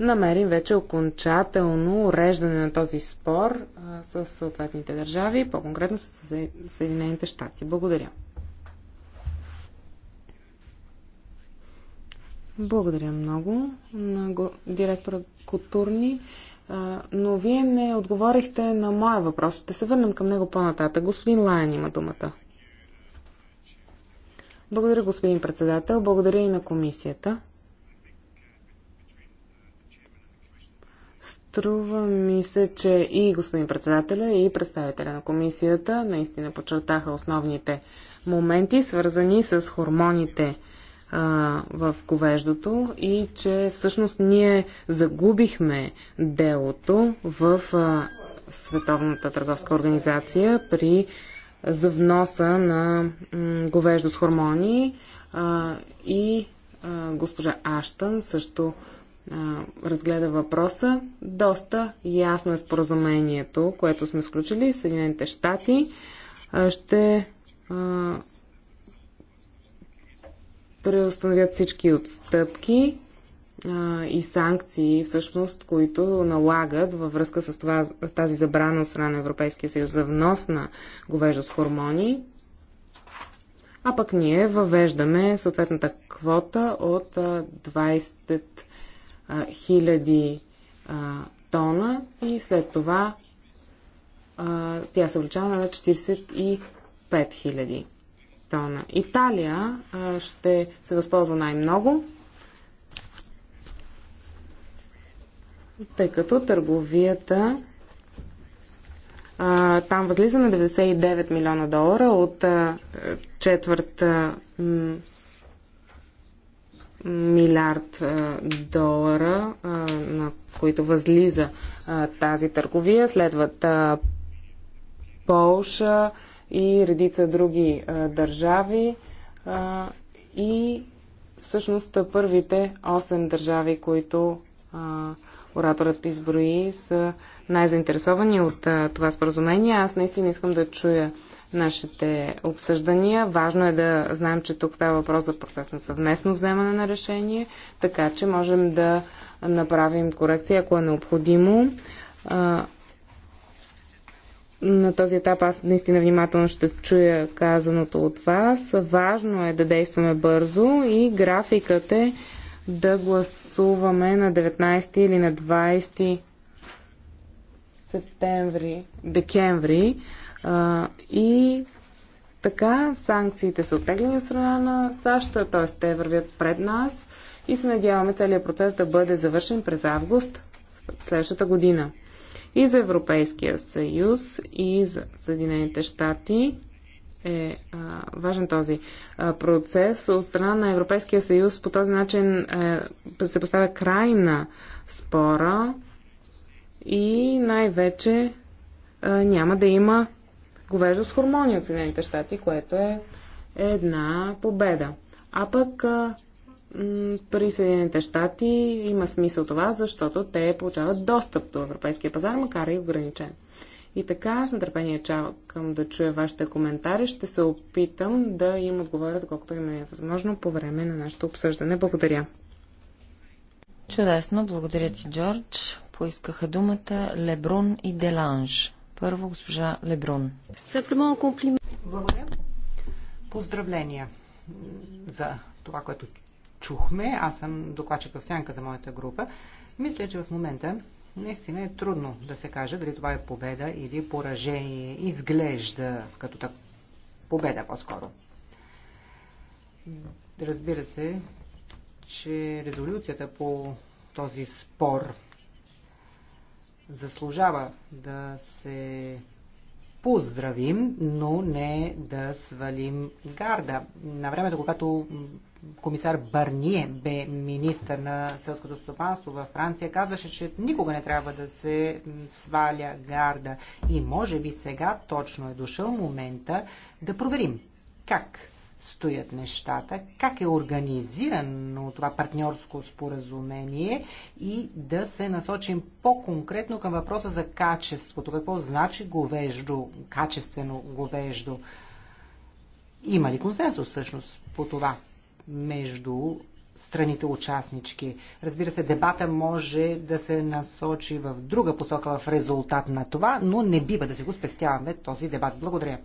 намерим вече окончателно уреждане на този спор а, с съответните държави, по-конкретно с Съединените щати. Благодаря. Благодаря много на директора Кутурни но вие не отговорихте на моя въпрос. Ще се върнем към него по-нататък. Господин Лайен има думата. Благодаря, господин председател. Благодаря и на комисията. Струва ми се, че и господин председателя, и представителя на комисията наистина подчертаха основните моменти, свързани с хормоните в ковеждото и че всъщност ние загубихме делото в а, Световната търговска организация при за вноса на говеждо с хормони а, и а, госпожа Аштън също а, разгледа въпроса. Доста ясно е споразумението, което сме сключили. Съединените щати ще преустановят всички отстъпки а, и санкции, всъщност, които налагат във връзка с това, тази забрана от страна на Европейския съюз за внос на говеждо с хормони. А пък ние въвеждаме съответната квота от 20 000 тона и след това тя се увеличава на 45 000 тона. Италия а, ще се възползва най-много, тъй като търговията а, там възлиза на 99 милиона долара от а, четвърт милиард а, долара, а, на които възлиза а, тази търговия. Следват а, Полша, и редица други а, държави. А, и всъщност първите 8 държави, които а, ораторът изброи, са най-заинтересовани от а, това споразумение. Аз наистина искам да чуя нашите обсъждания. Важно е да знаем, че тук става въпрос за процес на съвместно вземане на решение, така че можем да направим корекция, ако е необходимо на този етап аз наистина внимателно ще чуя казаното от вас. Важно е да действаме бързо и графикът е да гласуваме на 19 или на 20 септември, декември а, и така санкциите са оттеглени от страна на САЩ, т.е. те вървят пред нас и се надяваме целият процес да бъде завършен през август следващата година. И за Европейския съюз, и за Съединените щати е а, важен този а, процес. От страна на Европейския съюз по този начин е, се поставя край на спора и най-вече няма да има говеждо с хормони от Съединените щати, което е една победа. А пък а, при Съединените щати има смисъл това, защото те получават достъп до европейския пазар, макар и ограничен. И така, с нетърпение чакам да чуя вашите коментари. Ще се опитам да им отговоря, колкото им е възможно, по време на нашето обсъждане. Благодаря. Чудесно. Благодаря ти, Джордж. Поискаха думата Лебрун и Деланж. Първо, госпожа Лебрун. Благодаря. Поздравления за това, което чухме, аз съм докладчик в сянка за моята група, мисля, че в момента наистина е трудно да се каже дали това е победа или поражение. Изглежда като так... победа по-скоро. Разбира се, че резолюцията по този спор заслужава да се поздравим, но не да свалим гарда. На времето, когато комисар Барние бе министър на селското стопанство във Франция, казваше, че никога не трябва да се сваля гарда. И може би сега точно е дошъл момента да проверим как стоят нещата, как е организирано това партньорско споразумение и да се насочим по-конкретно към въпроса за качеството. Какво значи говеждо, качествено говеждо? Има ли консенсус всъщност по това? между страните участнички. Разбира се, дебата може да се насочи в друга посока в резултат на това, но не бива да се го спестяваме този дебат. Благодаря.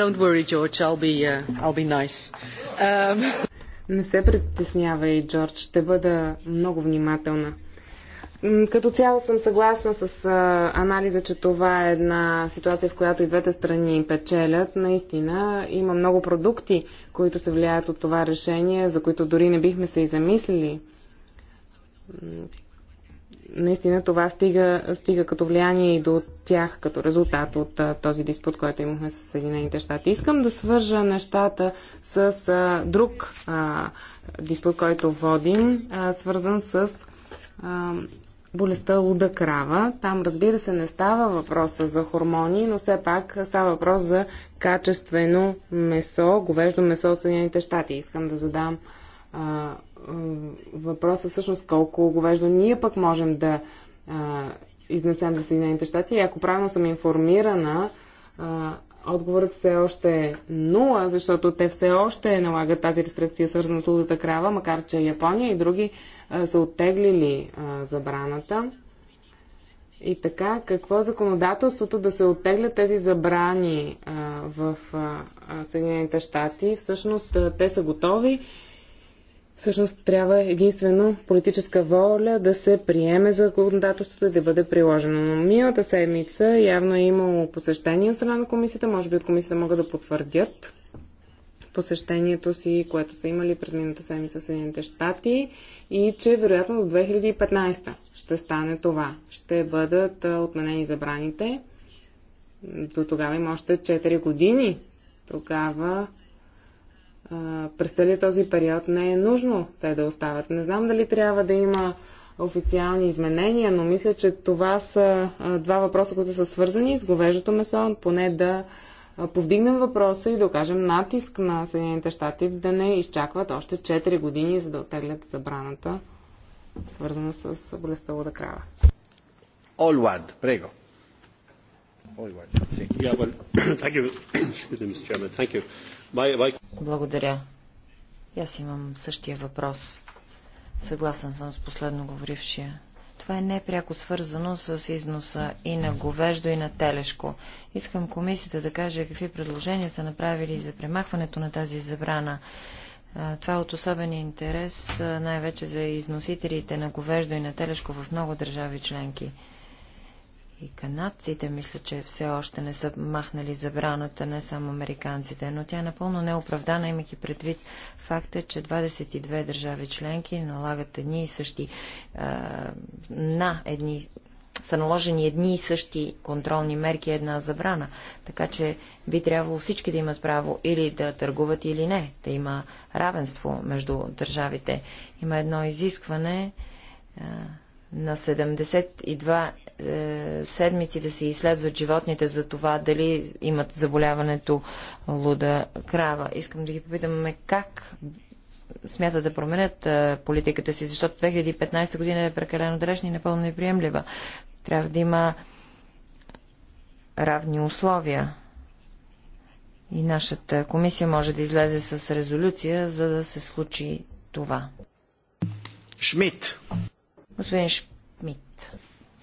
Don't worry, George. I'll be, uh, I'll be nice. Um... Не се притеснявай, Джордж. Ще бъда много внимателна. Като цяло съм съгласна с анализа, че това е една ситуация, в която и двете страни печелят. Наистина има много продукти, които се влияят от това решение, за които дори не бихме се и замислили. Наистина това стига, стига като влияние и до тях, като резултат от този диспут, който имахме с Съединените щати. Искам да свържа нещата с друг диспут, който водим, свързан с болестта луда крава. Там, разбира се, не става въпроса за хормони, но все пак става въпрос за качествено месо, говеждо месо от Съединените щати. Искам да задам а, въпроса всъщност колко говеждо ние пък можем да а, изнесем за Съединените щати. И ако правилно съм информирана, а, Отговорът все още е нула, защото те все още налагат тази рестрикция, свързана с лудата крава, макар че Япония и други а, са оттеглили а, забраната. И така, какво е законодателството да се оттеглят тези забрани а, в а, Съединените щати? Всъщност, а, те са готови всъщност трябва единствено политическа воля да се приеме законодателството и да бъде приложено. Но миналата седмица явно е имало посещение от страна на комисията, може би от комисията могат да потвърдят посещението си, което са имали през миналата седмица Съединените щати и че вероятно до 2015 ще стане това. Ще бъдат отменени забраните. До тогава има още 4 години. Тогава през целият този период не е нужно те да остават. Не знам дали трябва да има официални изменения, но мисля, че това са два въпроса, които са свързани с говеждото месо, поне да повдигнем въпроса и да окажем натиск на Съединените щати да не изчакват още 4 години, за да отеглят забраната, свързана с болестта луда крава. Олвад, прего. Олвад, Благодаря. И аз имам същия въпрос. Съгласен съм с последно говорившия. Това е непряко свързано с износа и на говеждо, и на телешко. Искам комисията да каже какви предложения са направили за премахването на тази забрана. Това е от особен интерес най-вече за износителите на говеждо и на телешко в много държави членки. И канадците, мисля, че все още не са махнали забраната, не само американците, но тя е напълно неоправдана, имайки предвид факта, че 22 държави членки налагат едни и същи а, на едни са наложени едни и същи контролни мерки, една забрана. Така че би трябвало всички да имат право или да търгуват или не, да има равенство между държавите. Има едно изискване а, на 72 е, седмици да се изследват животните за това дали имат заболяването луда крава. Искам да ги попитаме как смятат да променят е, политиката си, защото 2015 година е прекалено далечна и напълно неприемлива. Трябва да има равни условия. И нашата комисия може да излезе с резолюция, за да се случи това. Шмидт. Господин Шмидт.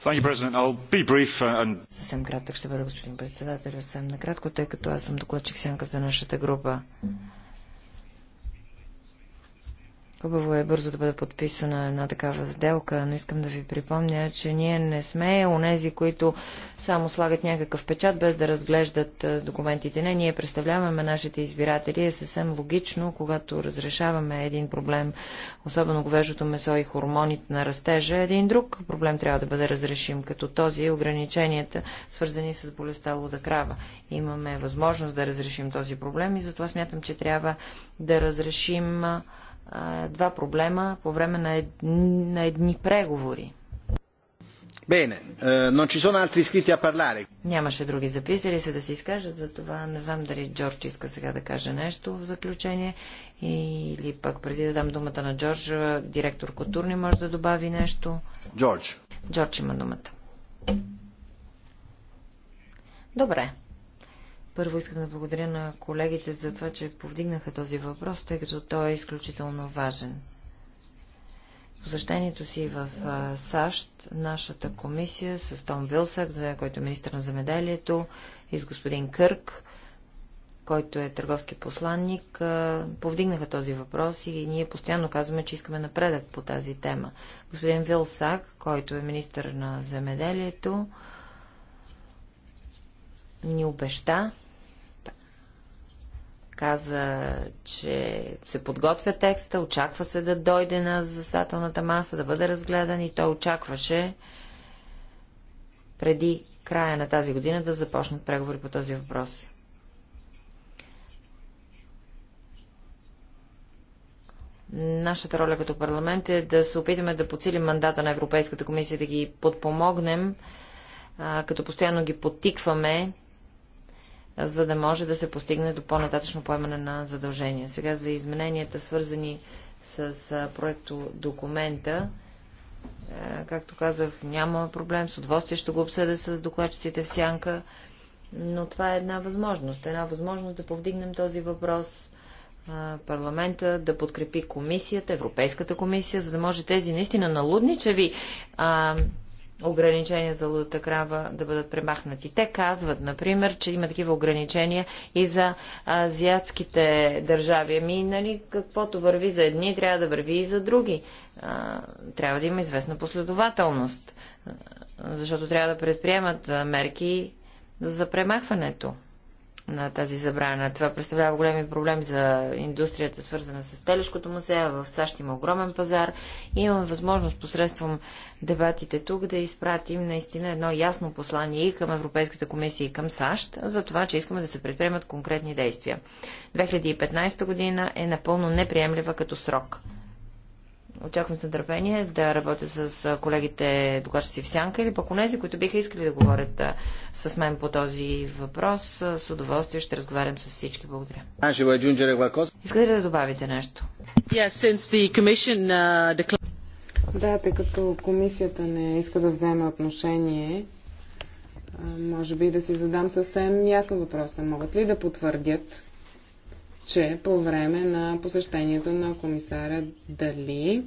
Uh, съвсем кратък ще бъда, господин председател, съвсем накратко, тъй като аз съм докладчик сянка за нашата група. Хубаво е бързо да бъде подписана една такава сделка, но искам да ви припомня, че ние не сме онези, които само слагат някакъв печат, без да разглеждат документите. Не, ние представляваме нашите избиратели. Е съвсем логично, когато разрешаваме един проблем, особено говежото месо и хормоните на растежа, един друг проблем трябва да бъде разрешим, като този ограниченията, свързани с болестта луда крава. Имаме възможност да разрешим този проблем и затова смятам, че трябва да разрешим два проблема по време на, ед... на едни преговори. Бене, е, но ci sono altri iscritti a parlare. Нямаше други записали се да се изкажат, затова не знам дали Джордж иска сега да каже нещо в заключение или пък преди да дам думата на Джордж, директор Културни може да добави нещо. Джордж. Джордж има думата. Добре. Първо искам да благодаря на колегите за това, че повдигнаха този въпрос, тъй като той е изключително важен. Посещението си в САЩ, нашата комисия с Том Вилсак, за който е министр на земеделието, и с господин Кърк, който е търговски посланник, повдигнаха този въпрос и ние постоянно казваме, че искаме напредък по тази тема. Господин Вилсак, който е министър на земеделието, ни обеща, каза, че се подготвя текста, очаква се да дойде на засателната маса, да бъде разгледан и той очакваше преди края на тази година да започнат преговори по този въпрос. Нашата роля като парламент е да се опитаме да подсилим мандата на Европейската комисия, да ги подпомогнем, като постоянно ги подтикваме за да може да се постигне до по-нататъчно поемане на задължения. Сега за измененията, свързани с проекто документа, както казах, няма проблем. С удоволствие ще го обсъда с докладчиците в сянка, но това е една възможност. Една възможност да повдигнем този въпрос парламента да подкрепи комисията, Европейската комисия, за да може тези наистина налудничеви а, ограничения за лудата крава да бъдат премахнати. Те казват, например, че има такива ограничения и за азиатските държави. Ами, нали, каквото върви за едни, трябва да върви и за други. А, трябва да има известна последователност, защото трябва да предприемат мерки за премахването на тази забрана. Това представлява големи проблем за индустрията, свързана с телешкото музея. В САЩ има огромен пазар и имаме възможност посредством дебатите тук да изпратим наистина едно ясно послание и към Европейската комисия и към САЩ за това, че искаме да се предприемат конкретни действия. 2015 година е напълно неприемлива като срок. Очаквам с нетърпение да работя с колегите си в Сянка или пък онези, които биха искали да говорят с мен по този въпрос. С удоволствие ще разговарям с всички. Благодаря. Искате ли да добавите нещо? Uh, да, тъй като комисията не иска да вземе отношение, може би да си задам съвсем ясно въпроса. Могат ли да потвърдят че по време на посещението на комисаря Дали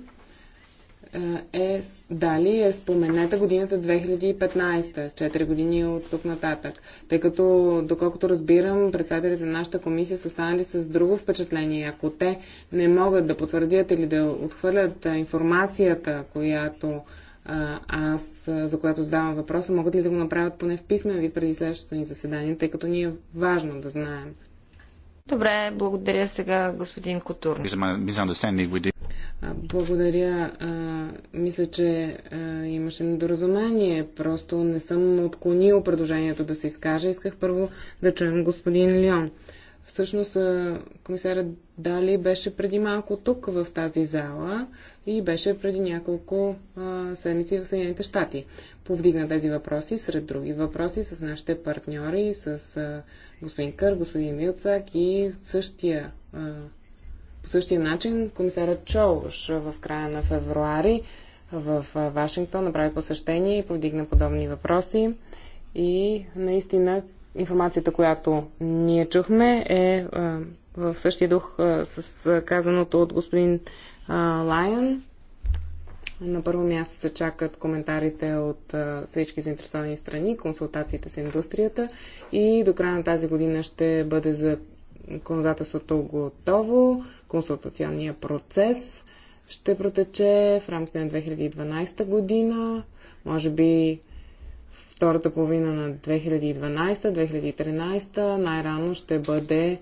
е, е дали е спомената годината 2015, 4 години от тук нататък. Тъй като, доколкото разбирам, председателите на нашата комисия са станали с друго впечатление. Ако те не могат да потвърдят или да отхвърлят информацията, която аз, за която задавам въпроса, могат ли да го направят поне в писмен вид преди следващото ни заседание, тъй като ни е важно да знаем Добре, благодаря сега господин Кутур. Благодаря. мисля, че имаше недоразумение. Просто не съм отклонил предложението да се изкаже. Исках първо да чуем господин Леон. Всъщност, комисарът Дали беше преди малко тук в тази зала и беше преди няколко а, седмици в Съединените щати. Повдигна тези въпроси сред други въпроси с нашите партньори, с а, господин Кър, господин Милцак и същия, а, по същия начин комисарът Чоуш в края на февруари в а, Вашингтон направи посещение и повдигна подобни въпроси. И наистина информацията, която ние чухме е а, в същия дух а, с казаното от господин Лайон. На първо място се чакат коментарите от всички заинтересовани страни, консултациите с индустрията и до края на тази година ще бъде за законодателството готово, консултационния процес ще протече в рамките на 2012 година, може би втората половина на 2012-2013 най-рано ще бъде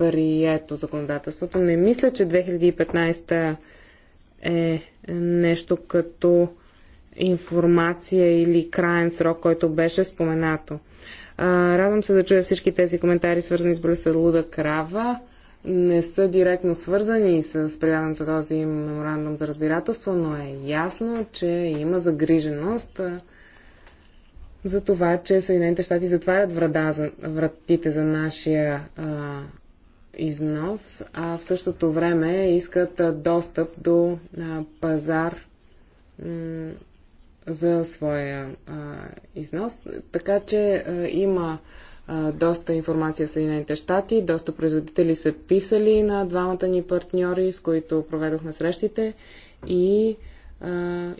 прието законодателството. Не мисля, че 2015 е нещо като информация или крайен срок, който беше споменато. А, радвам се да чуя всички тези коментари, свързани с болестта луда крава. Не са директно свързани с приемането този меморандум за разбирателство, но е ясно, че има загриженост за това, че Съединените щати затварят врата за, вратите за нашия а, износ, а в същото време искат достъп до пазар за своя износ. Така че има доста информация в Съединените щати, доста производители са писали на двамата ни партньори, с които проведохме срещите и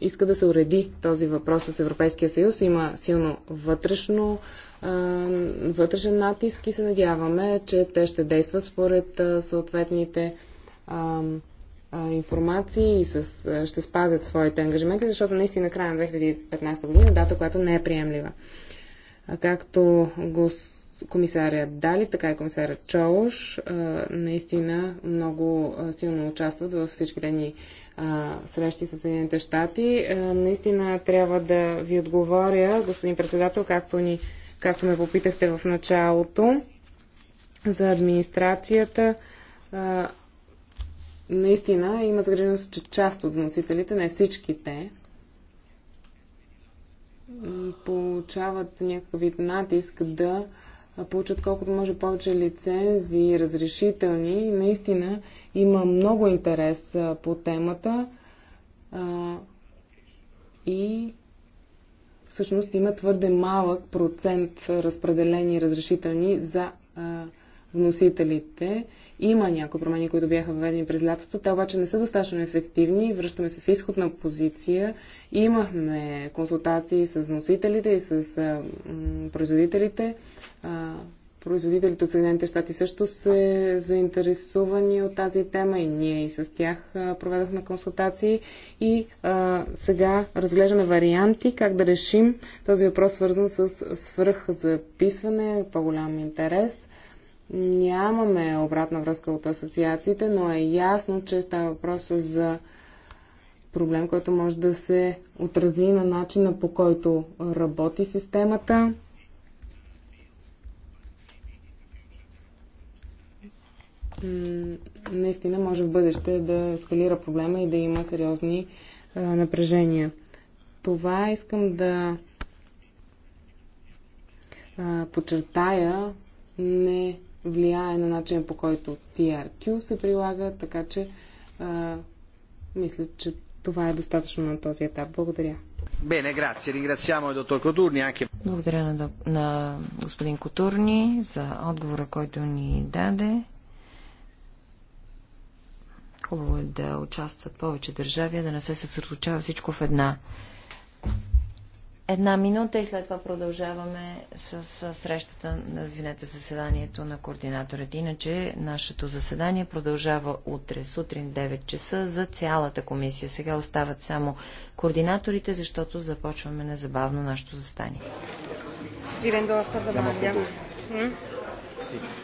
иска да се уреди този въпрос с Европейския съюз. Има силно вътрешно вътрешен натиск и се надяваме, че те ще действат според съответните информации и с, ще спазят своите ангажименти, защото наистина края на 2015 година е дата, която не е приемлива. Както гос, комисаря Дали, така и комисаря Чолош наистина много силно участват във всички ни срещи с Съединените щати. Наистина трябва да ви отговоря, господин председател, както ни както ме попитахте в началото, за администрацията. А, наистина има загриженост, че част от вносителите, не всичките, получават някакъв вид натиск да получат колкото може повече лицензии, разрешителни. Наистина има много интерес по темата и всъщност има твърде малък процент разпределени разрешителни за вносителите. Има някои промени, които бяха въведени през лятото, те обаче не са достатъчно ефективни. Връщаме се в изходна позиция. Имахме консултации с вносителите и с производителите производителите от Съединените щати също са заинтересувани от тази тема и ние и с тях проведохме консултации и а, сега разглеждаме варианти как да решим този въпрос свързан с свръх записване, по-голям интерес. Нямаме обратна връзка от асоциациите, но е ясно, че става въпрос за проблем, който може да се отрази на начина по който работи системата наистина може в бъдеще да ескалира проблема и да има сериозни а, напрежения. Това искам да а, подчертая не влияе на начина по който TRQ се прилага, така че а, мисля, че това е достатъчно на този етап. Благодаря. Bene, grazie. Ringraziamo il dottor Coturni anche... Благодаря на, на господин Котурни за отговора, който ни даде. Хубаво е да участват повече държави, да не се съсредоточава всичко в една. Една минута и след това продължаваме с, срещата срещата, звинете заседанието на координаторите. Иначе нашето заседание продължава утре, сутрин 9 часа за цялата комисия. Сега остават само координаторите, защото започваме незабавно нашето застание. Стивен, до да